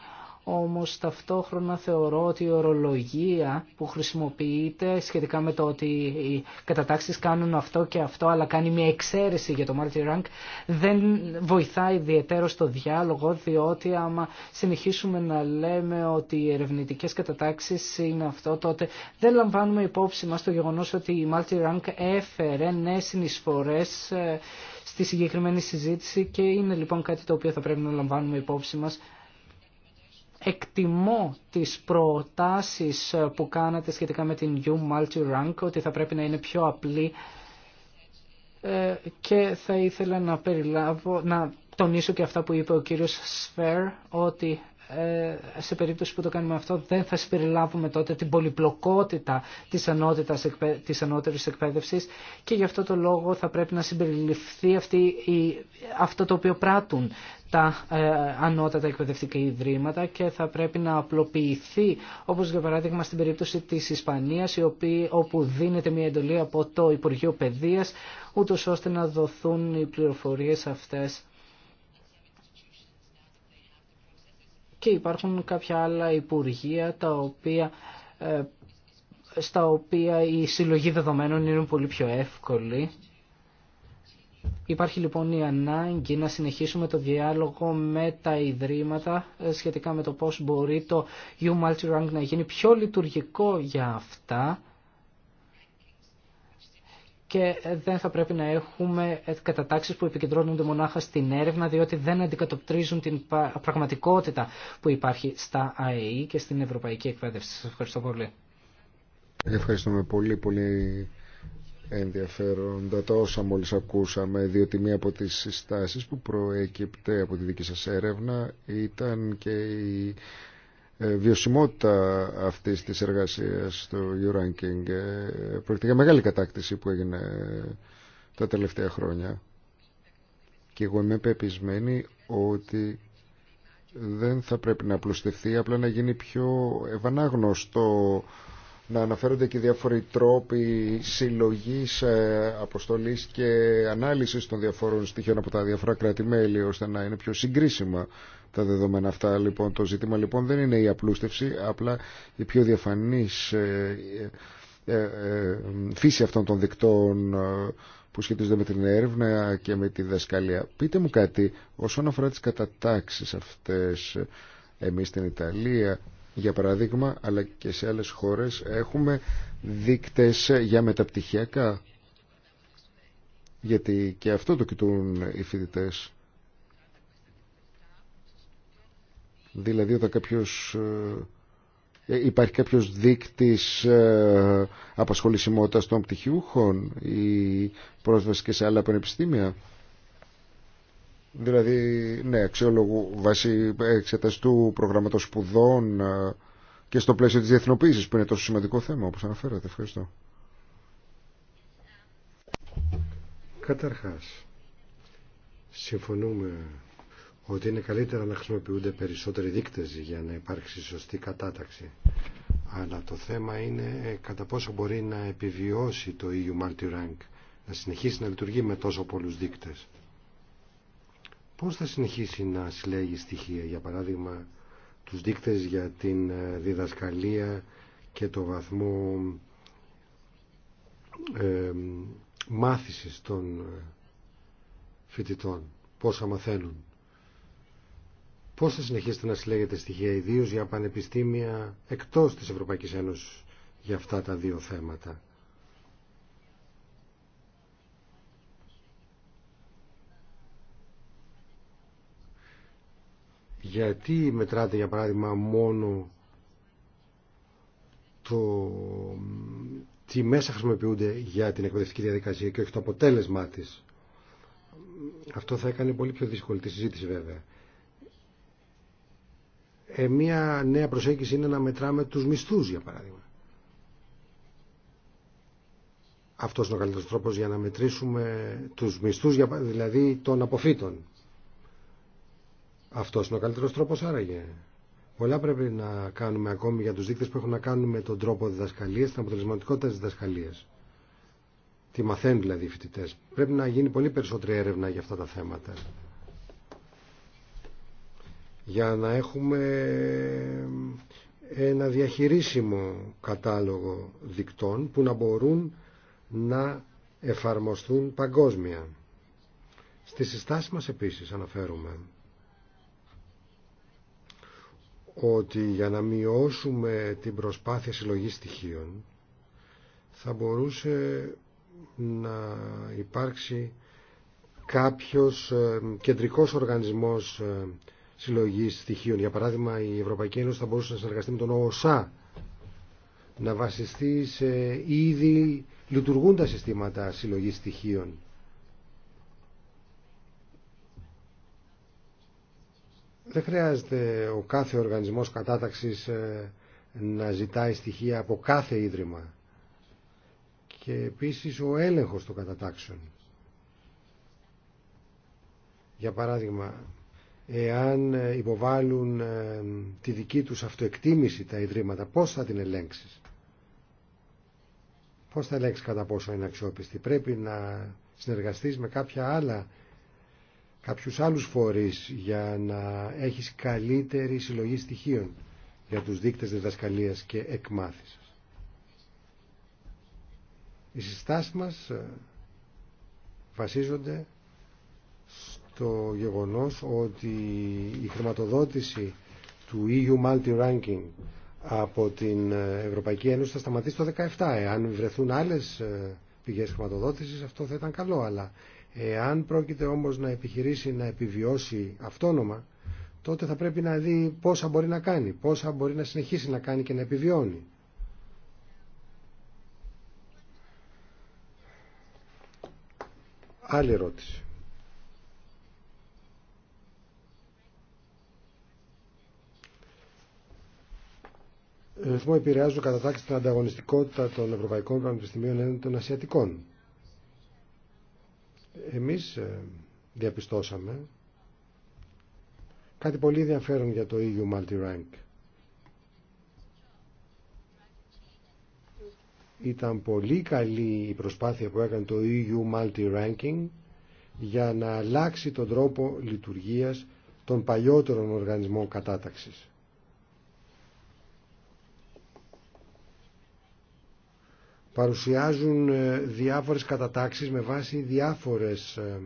όμως ταυτόχρονα θεωρώ ότι η ορολογία που χρησιμοποιείται σχετικά με το ότι οι κατατάξεις κάνουν αυτό και αυτό αλλά κάνει μια εξαίρεση για το multi rank δεν βοηθάει ιδιαίτερο στο διάλογο διότι άμα συνεχίσουμε να λέμε ότι οι ερευνητικές κατατάξεις είναι αυτό τότε δεν λαμβάνουμε υπόψη μας το γεγονός ότι η multi rank έφερε νέες συνεισφορές ε, στη συγκεκριμένη συζήτηση και είναι λοιπόν κάτι το οποίο θα πρέπει να λαμβάνουμε υπόψη μας εκτιμώ τις προτάσεις που κάνατε σχετικά με την U Multi-Rank, ότι θα πρέπει να είναι πιο απλή ε, και θα ήθελα να περιλάβω, να τονίσω και αυτά που είπε ο κύριος Σφέρ, ότι ε, σε περίπτωση που το κάνουμε αυτό δεν θα συμπεριλάβουμε τότε την πολυπλοκότητα της, ανώτητας, της ανώτερης εκπαίδευσης και γι' αυτό το λόγο θα πρέπει να συμπεριληφθεί αυτό το οποίο πράττουν τα ε, ανώτατα εκπαιδευτικά ιδρύματα και θα πρέπει να απλοποιηθεί, όπως για παράδειγμα στην περίπτωση της Ισπανίας, η οποία, όπου δίνεται μια εντολή από το Υπουργείο Παιδείας, ούτως ώστε να δοθούν οι πληροφορίες αυτές και υπάρχουν κάποια άλλα υπουργεία τα οποία, ε, στα οποία η συλλογή δεδομένων είναι πολύ πιο εύκολη Υπάρχει λοιπόν η ανάγκη να συνεχίσουμε το διάλογο με τα ιδρύματα ε, σχετικά με το πώς μπορεί το U rank να γίνει πιο λειτουργικό για αυτά και ε, δεν θα πρέπει να έχουμε ε, κατατάξεις που επικεντρώνονται μονάχα στην έρευνα διότι δεν αντικατοπτρίζουν την πραγματικότητα που υπάρχει στα ΑΕΗ και στην Ευρωπαϊκή Εκπαίδευση. Σας ευχαριστώ πολύ. Ευχαριστούμε πολύ, πολύ ενδιαφέροντα τα όσα μόλις ακούσαμε διότι μία από τις συστάσεις που προέκυπτε από τη δική σας έρευνα ήταν και η ε, βιωσιμότητα αυτής της εργασίας στο U-Ranking ε, πρόκειται μεγάλη κατάκτηση που έγινε ε, τα τελευταία χρόνια και εγώ είμαι πεπισμένη ότι δεν θα πρέπει να απλουστευτεί απλά να γίνει πιο ευανάγνωστο να αναφέρονται και διάφοροι τρόποι συλλογής, ε, αποστολής και ανάλυσης των διαφόρων στοιχείων από τα διάφορα κράτη-μέλη ώστε να είναι πιο συγκρίσιμα τα δεδομένα αυτά. Λοιπόν, το ζήτημα λοιπόν δεν είναι η απλούστευση, απλά η πιο διαφανής ε, ε, φύση αυτών των δικτών που σχετίζονται με την έρευνα και με τη δασκαλία. Πείτε μου κάτι όσον αφορά τις κατατάξεις αυτές εμείς στην Ιταλία για παράδειγμα, αλλά και σε άλλες χώρες έχουμε δείκτες για μεταπτυχιακά. Γιατί και αυτό το κοιτούν οι φοιτητέ. Δηλαδή όταν κάποιος, ε, υπάρχει κάποιος δείκτης ε, απασχολησιμότητας των πτυχιούχων ή πρόσβαση και σε άλλα πανεπιστήμια. Δηλαδή, ναι, αξιόλογου βάσει εξεταστού προγραμματοσπουδών σπουδών ε, και στο πλαίσιο της διεθνοποίησης που είναι τόσο σημαντικό θέμα όπως αναφέρατε. Ευχαριστώ. Καταρχά συμφωνούμε ότι είναι καλύτερα να χρησιμοποιούνται περισσότεροι δείκτες για να υπάρξει σωστή κατάταξη. Αλλά το θέμα είναι ε, κατά πόσο μπορεί να επιβιώσει το EU Multi Rank, να συνεχίσει να λειτουργεί με τόσο πολλούς δείκτες πώς θα συνεχίσει να συλλέγει στοιχεία, για παράδειγμα τους δείκτες για την ε, διδασκαλία και το βαθμό ε, μάθησης των ε, φοιτητών, πόσα μαθαίνουν. Πώς θα συνεχίσετε να συλλέγετε στοιχεία ιδίως για πανεπιστήμια εκτός της Ευρωπαϊκής Ένωσης για αυτά τα δύο θέματα. γιατί μετράτε για παράδειγμα μόνο το τι μέσα χρησιμοποιούνται για την εκπαιδευτική διαδικασία και όχι το αποτέλεσμά της. Αυτό θα έκανε πολύ πιο δύσκολη τη συζήτηση βέβαια. Ε, μια νέα προσέγγιση είναι να μετράμε τους μισθούς για παράδειγμα. Αυτός είναι ο καλύτερος τρόπος για να μετρήσουμε τους μισθούς, δηλαδή των αποφύτων. Αυτό είναι ο καλύτερο τρόπο άραγε. Πολλά πρέπει να κάνουμε ακόμη για του δείκτε που έχουν να κάνουν με τον τρόπο διδασκαλία, την αποτελεσματικότητα τη διδασκαλία. Τι μαθαίνουν δηλαδή οι φοιτητέ. Πρέπει να γίνει πολύ περισσότερη έρευνα για αυτά τα θέματα. Για να έχουμε ένα διαχειρίσιμο κατάλογο δικτών που να μπορούν να εφαρμοστούν παγκόσμια. Στις συστάσεις μας επίσης αναφέρουμε ότι για να μειώσουμε την προσπάθεια συλλογής στοιχείων θα μπορούσε να υπάρξει κάποιος ε, κεντρικός οργανισμός ε, συλλογής στοιχείων. Για παράδειγμα, η Ευρωπαϊκή Ένωση θα μπορούσε να συνεργαστεί με τον ΟΟΣΑ να βασιστεί σε ήδη λειτουργούντα συστήματα συλλογής στοιχείων Δεν χρειάζεται ο κάθε οργανισμός κατάταξης ε, να ζητάει στοιχεία από κάθε ίδρυμα. Και επίσης ο έλεγχος των κατατάξεων. Για παράδειγμα, εάν ε, υποβάλουν ε, τη δική τους αυτοεκτίμηση τα ιδρύματα, πώς θα την ελέγξεις. Πώς θα ελέγξεις κατά πόσο είναι αξιόπιστη. Πρέπει να συνεργαστείς με κάποια άλλα κάποιους άλλους φορείς για να έχεις καλύτερη συλλογή στοιχείων για τους δείκτες διδασκαλίας και εκμάθησης. Οι συστάσεις μας ε, βασίζονται στο γεγονός ότι η χρηματοδότηση του EU Multi Ranking από την ε, Ευρωπαϊκή Ένωση θα σταματήσει το 2017. Αν βρεθούν άλλες ε, πηγές χρηματοδότησης αυτό θα ήταν καλό, αλλά Εάν πρόκειται όμως να επιχειρήσει να επιβιώσει αυτόνομα, τότε θα πρέπει να δει πόσα μπορεί να κάνει, πόσα μπορεί να συνεχίσει να κάνει και να επιβιώνει. Άλλη ερώτηση. ρυθμό επηρεάζουν κατά τάξη την ανταγωνιστικότητα των ευρωπαϊκών πανεπιστημίων έναντι των ασιατικών. Εμείς ε, διαπιστώσαμε κάτι πολύ ενδιαφέρον για το EU rank Ήταν πολύ καλή η προσπάθεια που έκανε το EU Multi-Ranking για να αλλάξει τον τρόπο λειτουργίας των παλιότερων οργανισμών κατάταξης. παρουσιάζουν ε, διάφορες κατατάξεις με βάση, διάφορες, ε,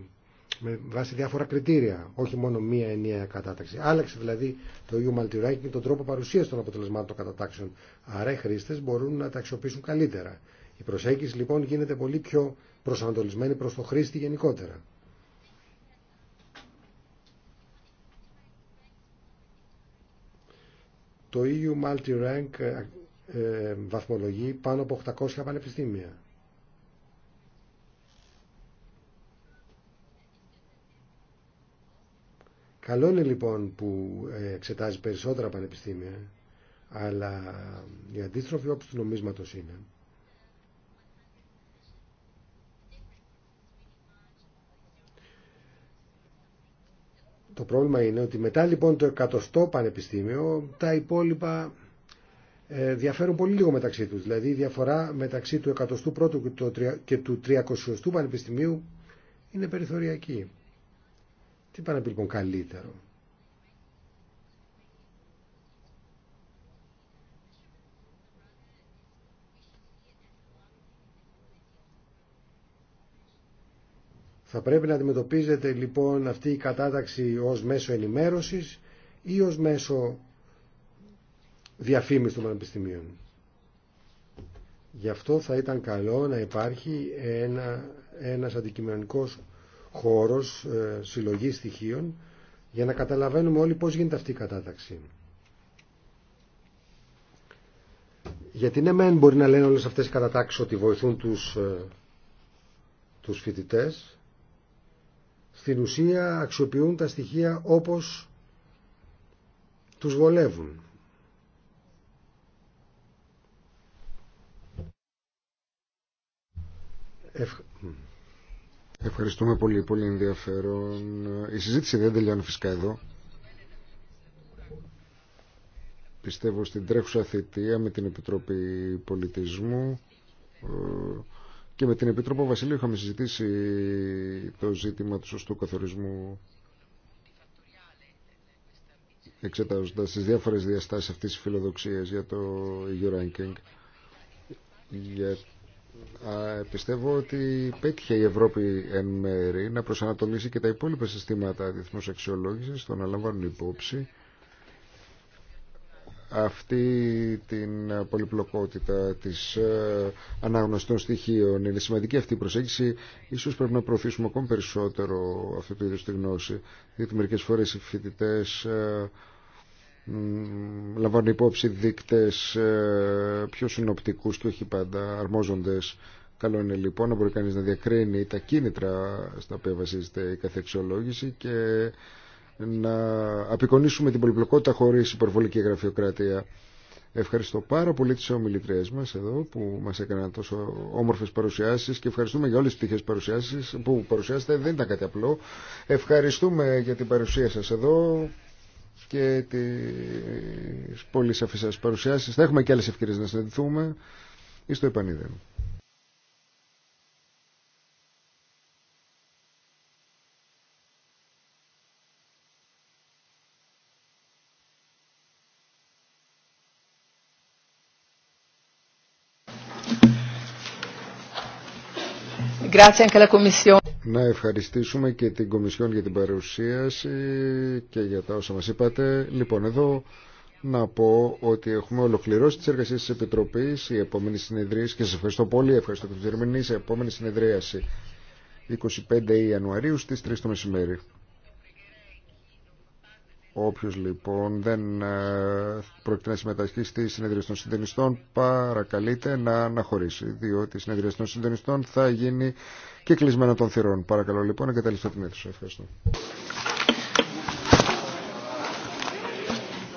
με βάση διάφορα κριτήρια, όχι μόνο μία ενιαία κατάταξη. Άλλαξε δηλαδή το EU με τον τρόπο παρουσίαση των αποτελεσμάτων των κατατάξεων. Άρα οι χρήστε μπορούν να τα αξιοποιήσουν καλύτερα. Η προσέγγιση λοιπόν γίνεται πολύ πιο προσανατολισμένη προς το χρήστη γενικότερα. Το EU Multi-Rank ε, βαθμολογεί πάνω από 800 πανεπιστήμια. Καλό είναι λοιπόν που ε, εξετάζει περισσότερα πανεπιστήμια, αλλά η αντίστροφη όψη του νομίσματος είναι Το πρόβλημα είναι ότι μετά λοιπόν το εκατοστό πανεπιστήμιο τα υπόλοιπα ε, διαφέρουν πολύ λίγο μεταξύ τους. Δηλαδή η διαφορά μεταξύ του 101ου και του 300ου πανεπιστημίου είναι περιθωριακή. Τι πάνε λοιπόν καλύτερο. Θα πρέπει να αντιμετωπίζεται λοιπόν αυτή η κατάταξη ως μέσο ενημέρωσης ή ως μέσο διαφήμιση των πανεπιστημίων. Γι' αυτό θα ήταν καλό να υπάρχει ένα, ένας αντικειμενικός χώρος ε, συλλογής στοιχείων για να καταλαβαίνουμε όλοι πώς γίνεται αυτή η κατάταξη. Γιατί ναι μεν μπορεί να λένε όλες αυτές οι κατατάξεις ότι βοηθούν τους, ε, τους φοιτητές, στην ουσία αξιοποιούν τα στοιχεία όπως τους βολεύουν. Ευχαριστούμε πολύ, πολύ ενδιαφέρον. Η συζήτηση δεν τελειώνει φυσικά εδώ. Πιστεύω στην τρέχουσα θητεία με την Επιτροπή Πολιτισμού ε, και με την Επιτροπή Βασιλείου είχαμε συζητήσει το ζήτημα του σωστού καθορισμού εξετάζοντας τις διάφορες διαστάσεις αυτής της φιλοδοξίας για το EU Ranking για πιστεύω ότι πέτυχε η Ευρώπη εν μέρη να προσανατολίσει και τα υπόλοιπα συστήματα διεθνούς αξιολόγησης στο να λαμβάνουν υπόψη αυτή την πολυπλοκότητα της ε, αναγνωστών στοιχείων. Είναι σημαντική αυτή η προσέγγιση. Ίσως πρέπει να προωθήσουμε ακόμη περισσότερο αυτή του είδους τη γνώση, διότι μερικές φορές οι φοιτητές ε, λαμβάνουν υπόψη δείκτες ε, πιο συνοπτικούς και όχι πάντα αρμόζοντες. Καλό είναι λοιπόν να μπορεί κανείς να διακρίνει τα κίνητρα στα οποία βασίζεται η καθεξιολόγηση και να απεικονίσουμε την πολυπλοκότητα χωρίς υπερβολική γραφειοκρατία. Ευχαριστώ πάρα πολύ τις ομιλητρές μας εδώ που μας έκαναν τόσο όμορφες παρουσιάσεις και ευχαριστούμε για όλες τις τύχες παρουσιάσεις που παρουσιάσετε. Δεν ήταν κάτι απλό. Ευχαριστούμε για την παρουσία σας εδώ και τις πολύ σαφείς σας παρουσιάσεις. Θα έχουμε και άλλες ευκαιρίες να συναντηθούμε. Είστε επανείδερο. Να ευχαριστήσουμε και την Κομισιόν για την παρουσίαση και για τα όσα μας είπατε. Λοιπόν, εδώ να πω ότι έχουμε ολοκληρώσει τις εργασίες της Επιτροπής, η επόμενη συνεδρίαση και σας ευχαριστώ πολύ, ευχαριστώ και τους η επόμενη συνεδρίαση 25 Ιανουαρίου στις 3 το μεσημέρι. Όποιος λοιπόν δεν ε, πρόκειται να συμμετασχεί στη συνεδρία των συντονιστών παρακαλείται να αναχωρήσει διότι η συνεδρία των συντονιστών θα γίνει και κλεισμένο των θυρών. Παρακαλώ λοιπόν να καταλήξω την αίθουσα. Ευχαριστώ.